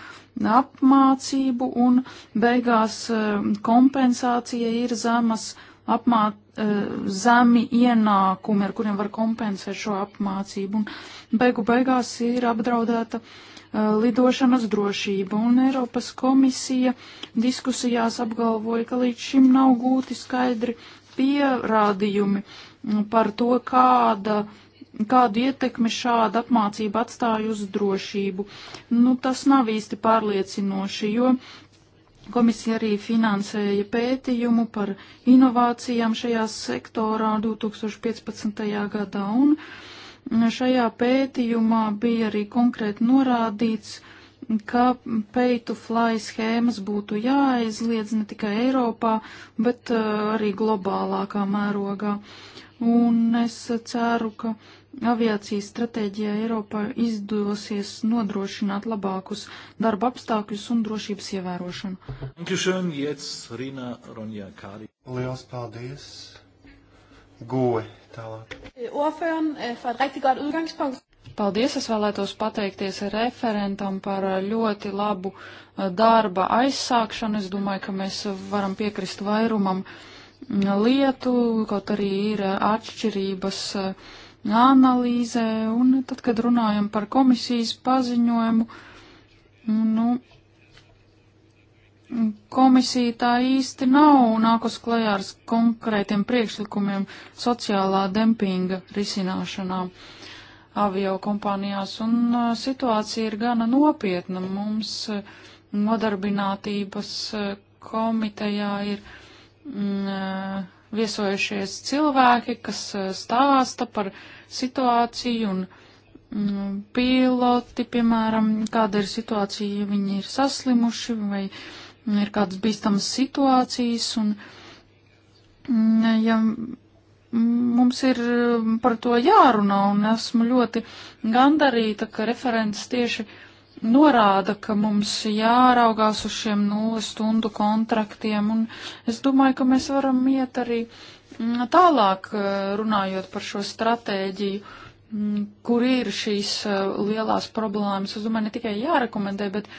apmācību un beigās eh, kompensācija ir zemas apmā, eh, zemi ienākumi, ar kuriem var kompensēt šo apmācību. Un beigu beigās ir apdraudēta eh, lidošanas drošība, un Eiropas komisija diskusijās apgalvoja, ka līdz šim nav gūti skaidri pierādījumi mm, par to, kāda kādu ietekmi šāda apmācība atstāja uz drošību. Nu, tas nav īsti pārliecinoši, jo komisija arī finansēja pētījumu par inovācijām šajā sektorā 2015. gadā, un šajā pētījumā bija arī konkrēti norādīts, ka peitu fly schēmas būtu jāaizliedz ne tikai Eiropā, bet uh, arī globālākā mērogā. Un es ceru, ka aviācijas stratēģijā Eiropā izdosies nodrošināt labākus darba apstākļus un drošības ievērošanu. Lielas paldies! Goe tālāk. Eh, paldies, es vēlētos pateikties referentam par ļoti labu eh, darba aizsākšanu. Es domāju, ka mēs varam piekrist vairumam lietu, kaut arī ir eh, atšķirības uh, analīzē, un tad, kad runājam par komisijas paziņojumu, nu, Komisija tā īsti nav nākus klajā ar konkrētiem priekšlikumiem sociālā dempinga risināšanā avio kompānijās, un situācija ir gana nopietna. Mums nodarbinātības komitejā ir mm, viesojušies cilvēki, kas eh, stāsta par situāciju un mm, piloti, piemēram, kāda ir situācija, ja viņi ir saslimuši vai ir kādas bīstamas situācijas un, mm, ja mums ir mm, par to jārunā un esmu ļoti gandarīta, ka referents tieši uh, norāda, ka mums jāraugās uz šiem nulles stundu kontraktiem, un es domāju, ka mēs varam iet arī mm, tālāk eh, runājot par šo stratēģiju, mm, kur ir šīs eh, lielās problēmas. Es domāju, ne tikai jārekomendē, bet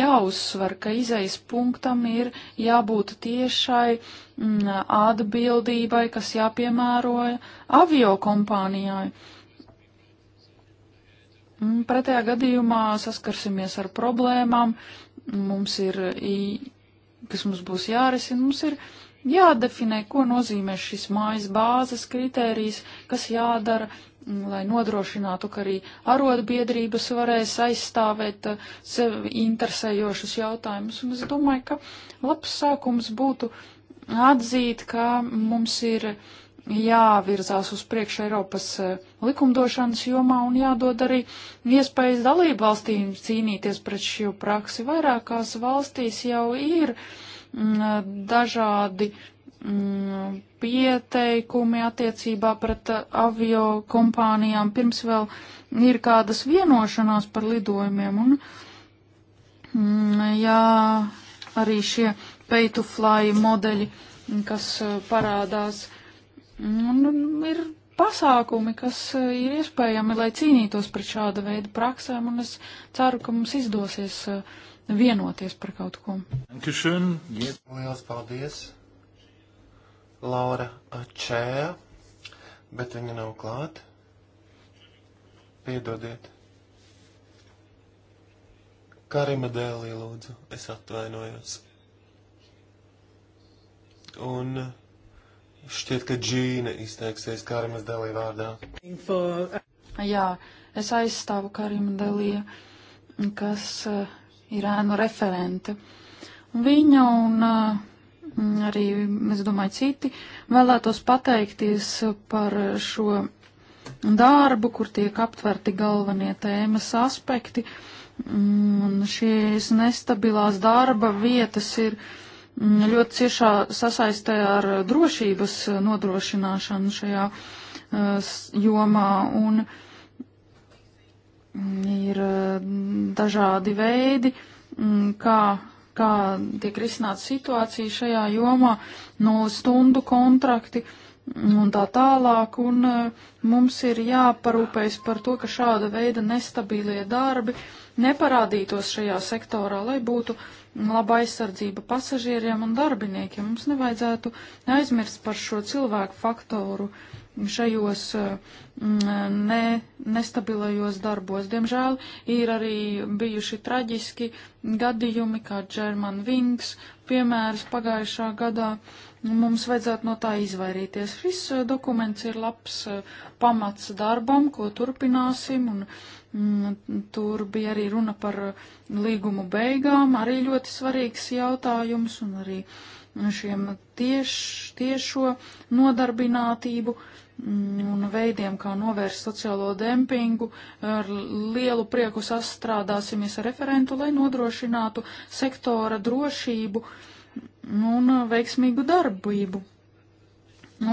jāuzsver, ka izejas punktam ir jābūt tiešai mm, atbildībai, kas jāpiemēroja avio kompānijai. Mm, pretējā gadījumā saskarsimies ar problēmām, mums ir, kas mums būs jārisina, mums ir jādefinē, ko nozīmē šis mājas bāzes kritērijs, kas jādara, mm, lai nodrošinātu, ka arī arotbiedrības varēs aizstāvēt uh, sev interesējošus jautājumus. Un es domāju, ka labs sākums būtu atzīt, ka mums ir jāvirzās uz priekšu Eiropas e, likumdošanas jomā un jādod arī iespējas dalību valstīm cīnīties pret šo praksi. Vairākās valstīs jau ir m, mm, e, dažādi m, mm, pieteikumi attiecībā pret e, avio kompānijām, pirms vēl ir kādas vienošanās par lidojumiem. Un, m, mm, jā, arī šie pay to fly modeļi, kas parādās uh, Un, un ir pasākumi, kas eh, ir iespējami, lai cīnītos pret šāda veida praksēm, un es ceru, ka mums izdosies eh, vienoties par kaut ko. Lielas paldies! Laura Čēja, bet viņa nav klāt. Piedodiet. Karima dēlī lūdzu, es atvainojos. Un Šķiet, ka Džīna izteiksies Karimas Delī vārdā. Jā, es aizstāvu Karima Delija, kas eh, ir ēnu referente. Viņa un eh, arī, es domāju, citi vēlētos pateikties par šo darbu, kur tiek aptverti galvenie tēmas aspekti. Mm, un šīs nestabilās darba vietas ir ļoti ciešā sasaistē ar drošības nodrošināšanu šajā eh, jomā. Un ir eh, dažādi veidi, mm, kā, kā tiek risināta situācija šajā jomā, no stundu kontrakti un tā tālāk, un eh, mums ir jāparūpējas par to, ka šāda veida nestabilie darbi neparādītos šajā sektorā, lai būtu uh, laba aizsardzība pasažieriem un darbiniekiem. Mums nevajadzētu aizmirst par šo cilvēku faktoru šajos mm, ne, nestabilajos darbos. Diemžēl ir arī bijuši traģiski gadījumi, kā German Wings piemērs pagājušā gadā. Mums vajadzētu no tā izvairīties. Šis eh, dokuments ir labs eh, pamats darbam, ko turpināsim, un Mm, tur bija arī runa par līgumu beigām, arī ļoti svarīgs jautājums, un arī šiem tieš, tiešo nodarbinātību mm, un veidiem, kā novērst sociālo dempingu. Ar lielu prieku sastrādāsimies ar referentu, lai nodrošinātu sektora drošību un veiksmīgu darbību.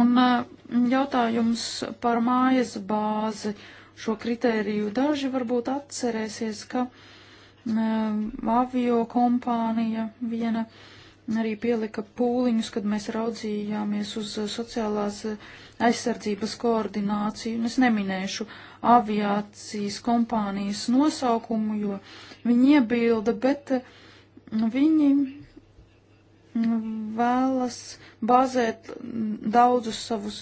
Un mm, jautājums par mājas bāzi šo kritēriju. Daži varbūt atcerēsies, ka um, avio kompānija viena arī pielika pūliņus, kad mēs raudzījāmies uz sociālās aizsardzības koordināciju. Es neminēšu aviācijas kompānijas nosaukumu, jo viņi iebilda, bet viņi vēlas bāzēt daudzus savus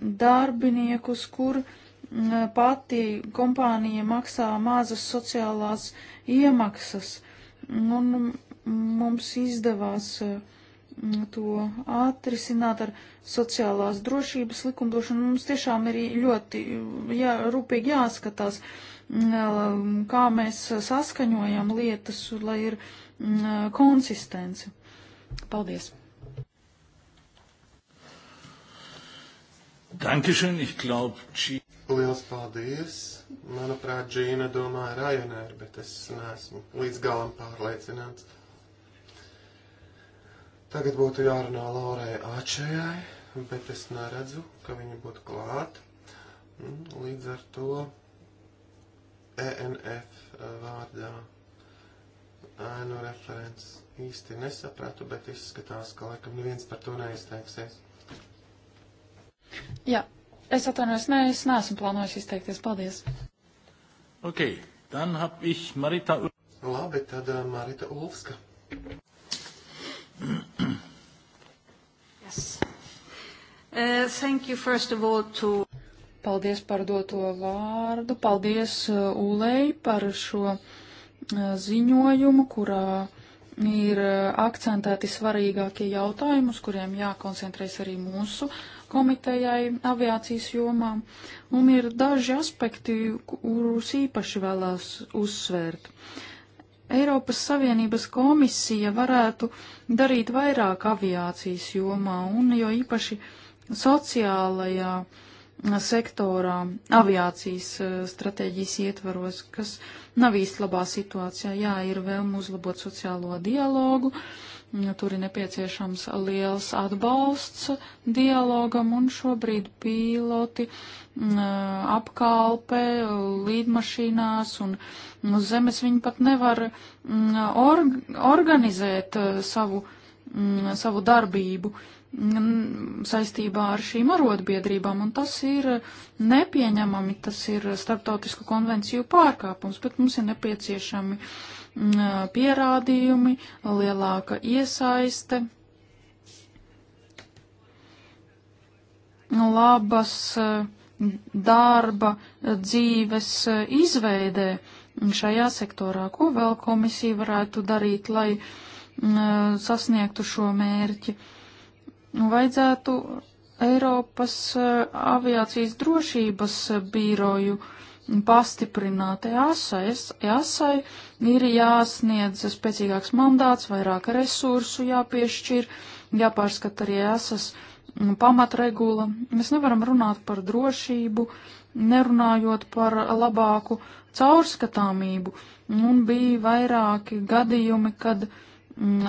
darbiniekus, kur uh, Mm, pati kompānija maksā mazas sociālās iemaksas, un mums izdevās eh, mm, to atrisināt ar sociālās drošības likumdošanu. Mums tiešām ir ļoti jā, rūpīgi jāskatās, mm, eh, kā mēs saskaņojam lietas, lai ir konsistence. Paldies! Dankeschön, ich glaube, G... Liels paldies! Manuprāt, Džīna domā Ryanair, bet es neesmu līdz galam pārliecināts. Tagad būtu jārunā Laurai Āčējai, bet es neredzu, ka viņa būtu klāt. Mm, līdz ar to ENF eh, vārdā ēnu referents īsti nesapratu, bet izskatās, ka laikam neviens par to neizteiksies. Jā, es atvainojos, nē, es neesmu plānojis izteikties. Paldies. Ok, dann hab ich Marita. Labi, tad uh, Marita Ulfska. yes. Uh, thank you first of all to. Paldies par doto vārdu, paldies uh, Ulei par šo uh, ziņojumu, kurā ir akcentēti svarīgākie jautājumi, uz kuriem jākoncentrēs arī mūsu uh, komitejai aviācijas jomā, un ir daži aspekti, kurus īpaši vēlās uzsvērt. Eiropas Savienības komisija varētu darīt vairāk aviācijas jomā, un jo īpaši sociālajā sektorā aviācijas e, stratēģijas ietvaros, kas nav īsti labā situācijā. Jā, ir vēlme uzlabot sociālo dialogu, uh, Tur ir nepieciešams liels atbalsts dialogam, un šobrīd piloti mm, apkalpe līdmašīnās un mm, uz zemes viņi pat nevar mm, or organizēt savu, savu darbību saistībā ar šīm arotbiedrībām, un tas ir nepieņemami, tas ir starptautisku konvenciju pārkāpums, bet mums ir nepieciešami Mm, pierādījumi, lielāka iesaiste, labas darba dzīves izveidē šajā sektorā. Ko vēl komisija varētu darīt, lai sasniegtu šo mērķi? Vajadzētu Eiropas aviācijas drošības bīroju uh, pastiprināt EASA. EASAI e ir jāsniedz spēcīgāks mandāts, vairāk resursu jāpiešķir, jāpārskata arī EASAS pamatregula. Mēs nevaram runāt par drošību, nerunājot par labāku caurskatāmību. Un bija vairāki gadījumi, kad mm,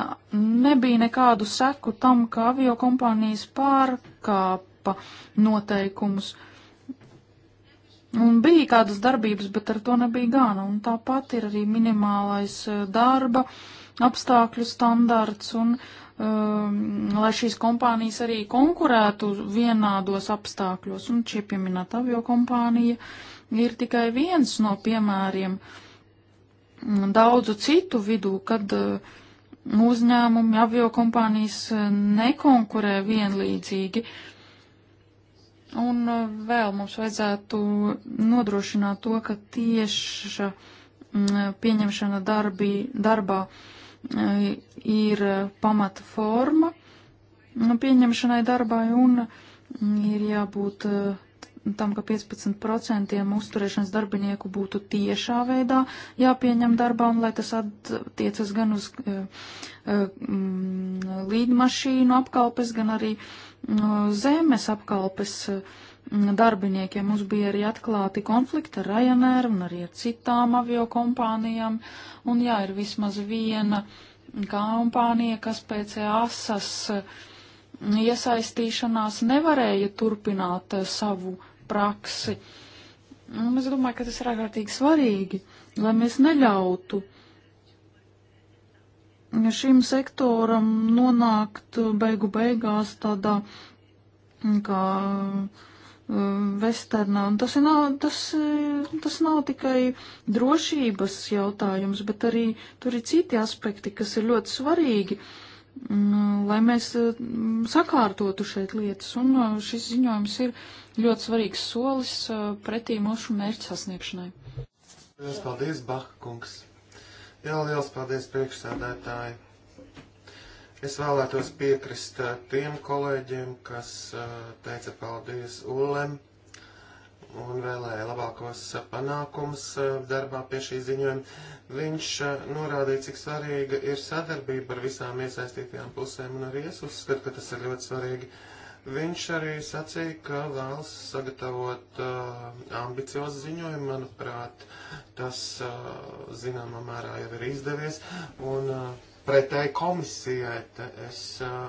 nebija nekādu seku tam, ka avio kompānijas pārkāpa noteikumus. Un bija kādas darbības, bet ar to nebija gana. Un tāpat ir arī minimālais e, darba apstākļu standarts un, um, lai šīs kompānijas arī konkurētu vienādos apstākļos. Un šie pieminēta avio kompānija ir tikai viens no piemēriem daudzu citu vidū, kad uh, uzņēmumi avio kompānijas nekonkurē vienlīdzīgi. Uh, Un uh, vēl mums vajadzētu nodrošināt to, ka tieša mm, pieņemšana darbi, darbā uh, ir uh, pamata forma mm, pieņemšanai darbai un mm, ir jābūt uh, tam, ka 15% uzturēšanas darbinieku būtu tiešā veidā jāpieņem darbā, un lai tas attiecas gan uz uh, uh, līdmašīnu apkalpes, gan arī uh, zemes apkalpes mm, darbiniekiem. Mums bija arī atklāti konflikti ar Ryanair un arī ar citām avio kompānijām, un jā, ir vismaz viena kompānija, kas pēc e asas iesaistīšanās nevarēja turpināt eh, savu praksi. Un es domāju, ka tas ir ārkārtīgi svarīgi, lai mēs neļautu šim sektoram nonākt beigu beigās tādā kā e, vesternā. Un tas, nav, tas, e, tas nav tikai drošības jautājums, bet arī tur ir citi aspekti, kas ir ļoti svarīgi. Uh, Uh, lai mēs uh, sakārtotu šeit lietas, un uh, šis ziņojums ir ļoti svarīgs solis pretī mūsu mērķu sasniegšanai. Lielas paldies, Baha kungs! Jā, liels paldies priekšsēdētāji! Es vēlētos piekrist tiem kolēģiem, kas teica paldies Ulem un vēlēja labākos eh, panākumus eh, darbā pie šī ziņojuma. Viņš eh, norādīja, cik svarīga ir sadarbība ar visām iesaistītajām pusēm, un arī es uzskatu, ka tas ir ļoti svarīgi. Viņš arī sacīja, ka vēlas sagatavot uh, ambiciozu ziņojumu. Manuprāt, tas uh, zināmā mērā jau ir izdevies. Un uh, pretēji komisijai es uh,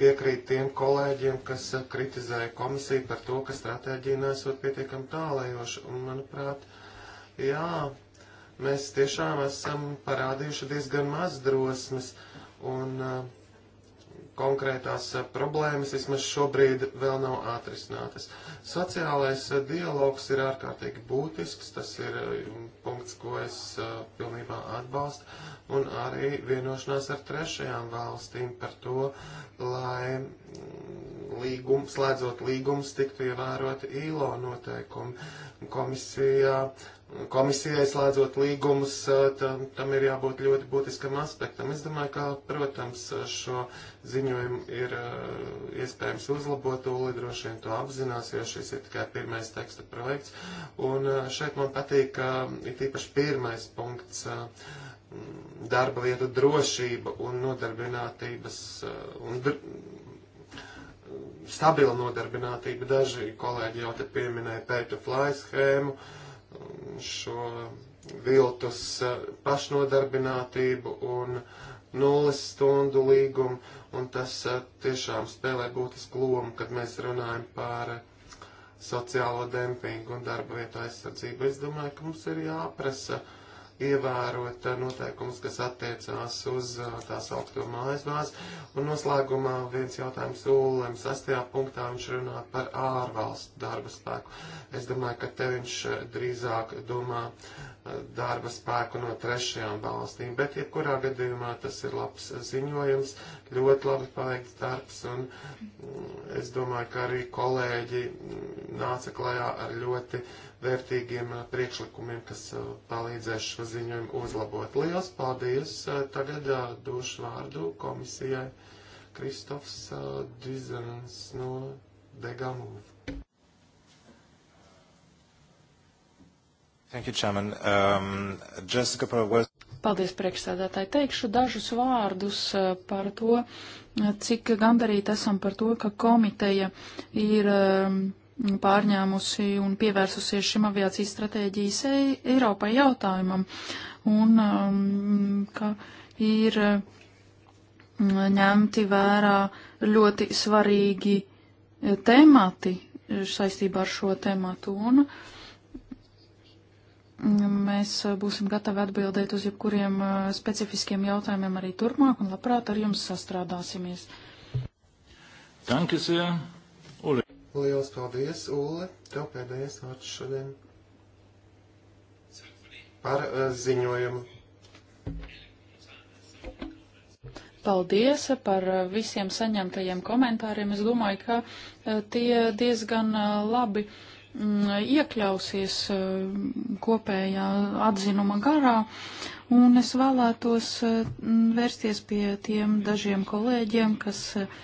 piekrīt tiem kolēģiem, kas eh, kritizēja komisiju par to, ka stratēģija nesot pietiekam tālējoša. Un, manuprāt, jā, mēs tiešām esam parādījuši diezgan maz drosmes un eh, konkrētās eh, problēmas vismaz šobrīd vēl nav atrisinātas. Sociālais dialogs ir ārkārtīgi būtisks, tas ir punkts, ko es pilnībā atbalstu un arī vienošanās ar trešajām valstīm par to, lai mm, līgum, slēdzot līgums tiktu ievēroti ILO noteikumi komisijā. Komisijai slēdzot līgumus, eh, tam, tam ir jābūt ļoti būtiskam aspektam. Es domāju, ka, protams, šo ziņojumu ir eh, iespējams uzlabot, Uli droši vien to apzinās, jo šis ir tikai pirmais teksta projekts. Un eh, šeit man patīk, ka ir tīpaši pirmais punkts. Uh, Mm, darba vietu drošība un nodarbinātības eh, un dr mm, stabila nodarbinātība. Daži kolēģi jau te pieminēja pētu fly schēmu, mm, šo viltus eh, pašnodarbinātību un nulles stundu līgumu, un tas eh, tiešām spēlē būtisku lomu, kad mēs runājam par sociālo dempingu un darba vietu aizsardzību. Es domāju, ka mums ir jāprasa uh, ievērot noteikumus, kas attiecās uz uh, tās augsto mājas bāzi. Un noslēgumā viens jautājums Ullim. Sastajā punktā viņš runā par ārvalstu darba spēku. Es domāju, ka te viņš uh, drīzāk domā darba spēku no trešajām valstīm, bet jebkurā gadījumā tas ir labs ziņojums, ļoti labi paveikts darbs, un mm, es domāju, ka arī kolēģi mm, nāca klajā ar ļoti vērtīgiem uh, priekšlikumiem, kas uh, palīdzēs šo ziņojumu uzlabot. Liels paldies! Uh, tagad došu vārdu komisijai Kristofs Dizens no Degamūva. Thank you, Chairman. Um, just a couple of words. Paldies, priekšsēdētāji. Teikšu dažus vārdus uh, par to, uh, cik gandarīti esam par to, ka komiteja ir um, pārņēmusi un pievērsusies šim aviācijas stratēģijas e, Eiropai jautājumam, un um, ka ir uh, ņemti vērā ļoti svarīgi temati saistībā ar šo tematu. Un, Mēs eh, būsim gatavi atbildēt uz jebkuriem eh, specifiskiem jautājumiem arī turpmāk un labprāt ar jums sastrādāsimies. Dankas, jā. Uli. Lielas paldies, Uli. Tev pēdējais vārds šodien par eh, ziņojumu. Paldies par visiem saņemtajiem komentāriem. Es domāju, ka tie diezgan labi uh, Mm, iekļausies eh, kopējā atzinuma garā, un es vēlētos eh, mm, vērsties pie tiem dažiem kolēģiem, kas eh,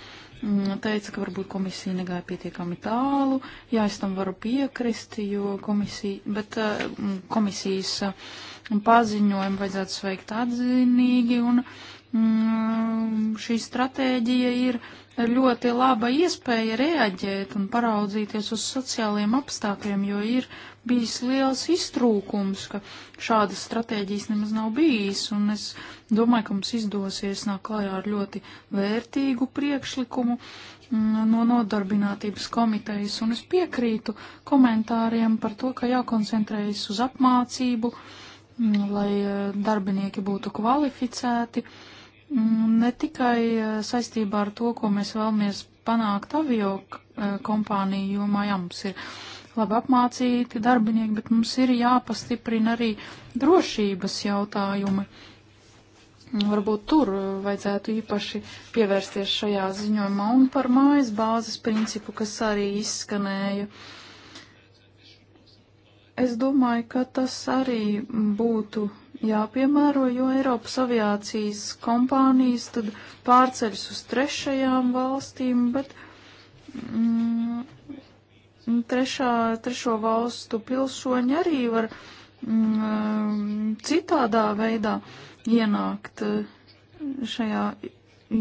mm, teica, ka varbūt komisija negāja pietiekami tālu. Jā, es tam varu piekrist, jo komisija, bet komisijas paziņojumu vajadzētu sveikt atzinīgi, un šī stratēģija ir ļoti laba iespēja reaģēt un paraudzīties uz sociāliem apstākļiem, jo ir bijis liels iztrūkums, ka šādas stratēģijas nemaz nav bijis, un es domāju, ka mums izdosies nāk klājā ar ļoti vērtīgu priekšlikumu mm, no nodarbinātības komitejas, un es piekrītu komentāriem par to, ka jākoncentrējas uz apmācību, mm, lai eh, darbinieki būtu kvalificēti. Uh, Mm, ne tikai eh, saistībā ar to, ko mēs vēlamies panākt avio eh, kompāniju jomā, jā, mums ir labi apmācīti darbinieki, bet mums ir jāpastiprina arī drošības jautājumi. Mm, varbūt tur eh, vajadzētu īpaši pievērsties šajā ziņojumā un par mājas bāzes principu, kas arī izskanēja. Es domāju, ka tas arī būtu jāpiemēro, jo Eiropas aviācijas kompānijas tad pārceļas uz trešajām valstīm, bet mm, trešā, trešo valstu pilsoņi arī var mm, citādā veidā ienākt eh, šajā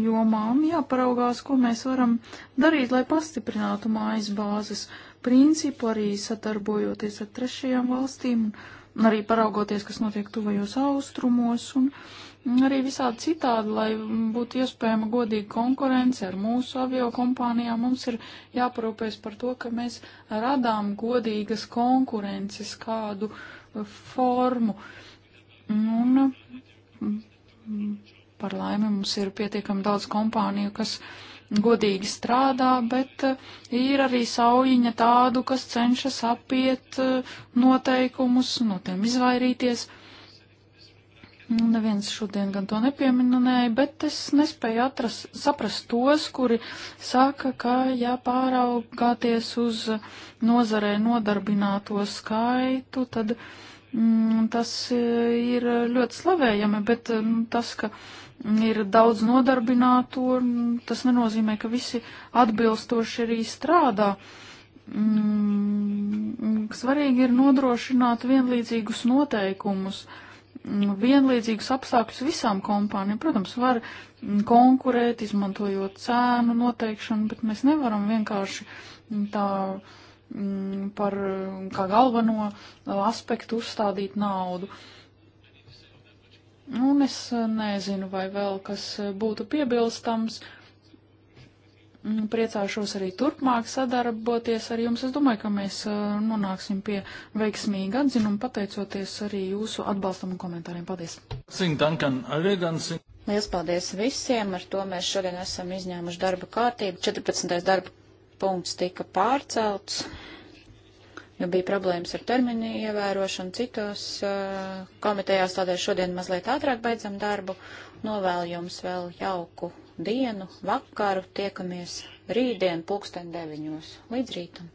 jomā un jāparaugās, ko mēs varam darīt, lai pastiprinātu mājas bāzes principu, arī satarbojoties ar trešajām valstīm. Un, arī paraugoties, kas notiek tuvajos austrumos un arī visādi citādi, lai būtu iespējama godīga konkurence ar mūsu avio kompānijām. Mums ir jāparūpēs par to, ka mēs radām godīgas konkurences kādu formu. Un mm, par laimi mums ir pietiekami daudz kompāniju, kas uh, godīgi strādā, bet eh, ir arī saujiņa tādu, kas cenšas apiet eh, noteikumus, no tiem izvairīties. Nu, neviens šodien gan to nepieminēja, bet es nespēju atrast, saprast tos, kuri saka, ka jāpāraugāties uz nozarē nodarbināto skaitu, tad mm, tas eh, ir ļoti slavējami, bet mm, tas, ka. Uh, ir daudz nodarbināto, tas nenozīmē, ka visi atbilstoši arī strādā. Mm, svarīgi ir nodrošināt vienlīdzīgus noteikumus, mm, vienlīdzīgus apstākļus visām kompānijām. Protams, var konkurēt, izmantojot cēnu noteikšanu, bet mēs nevaram vienkārši tā mm, par kā galveno aspektu uzstādīt naudu. Uh, Un es eh, nezinu, vai vēl kas eh, būtu piebilstams. Mm, priecāšos arī turpmāk sadarboties ar jums. Es domāju, ka mēs eh, nonāksim pie veiksmīga atzinuma, pateicoties arī jūsu atbalstam un komentāriem. Paldies! Lielas paldies visiem! Ar to mēs šodien esam izņēmuši darba kārtību. 14. darba punkts tika pārcelts jo bija problēmas ar terminu ievērošanu citos uh, komitejās, tādēļ šodien mazliet ātrāk beidzam darbu. Novēlu jums vēl jauku dienu, vakaru, tiekamies rītdien pulksten deviņos. Līdz rītam!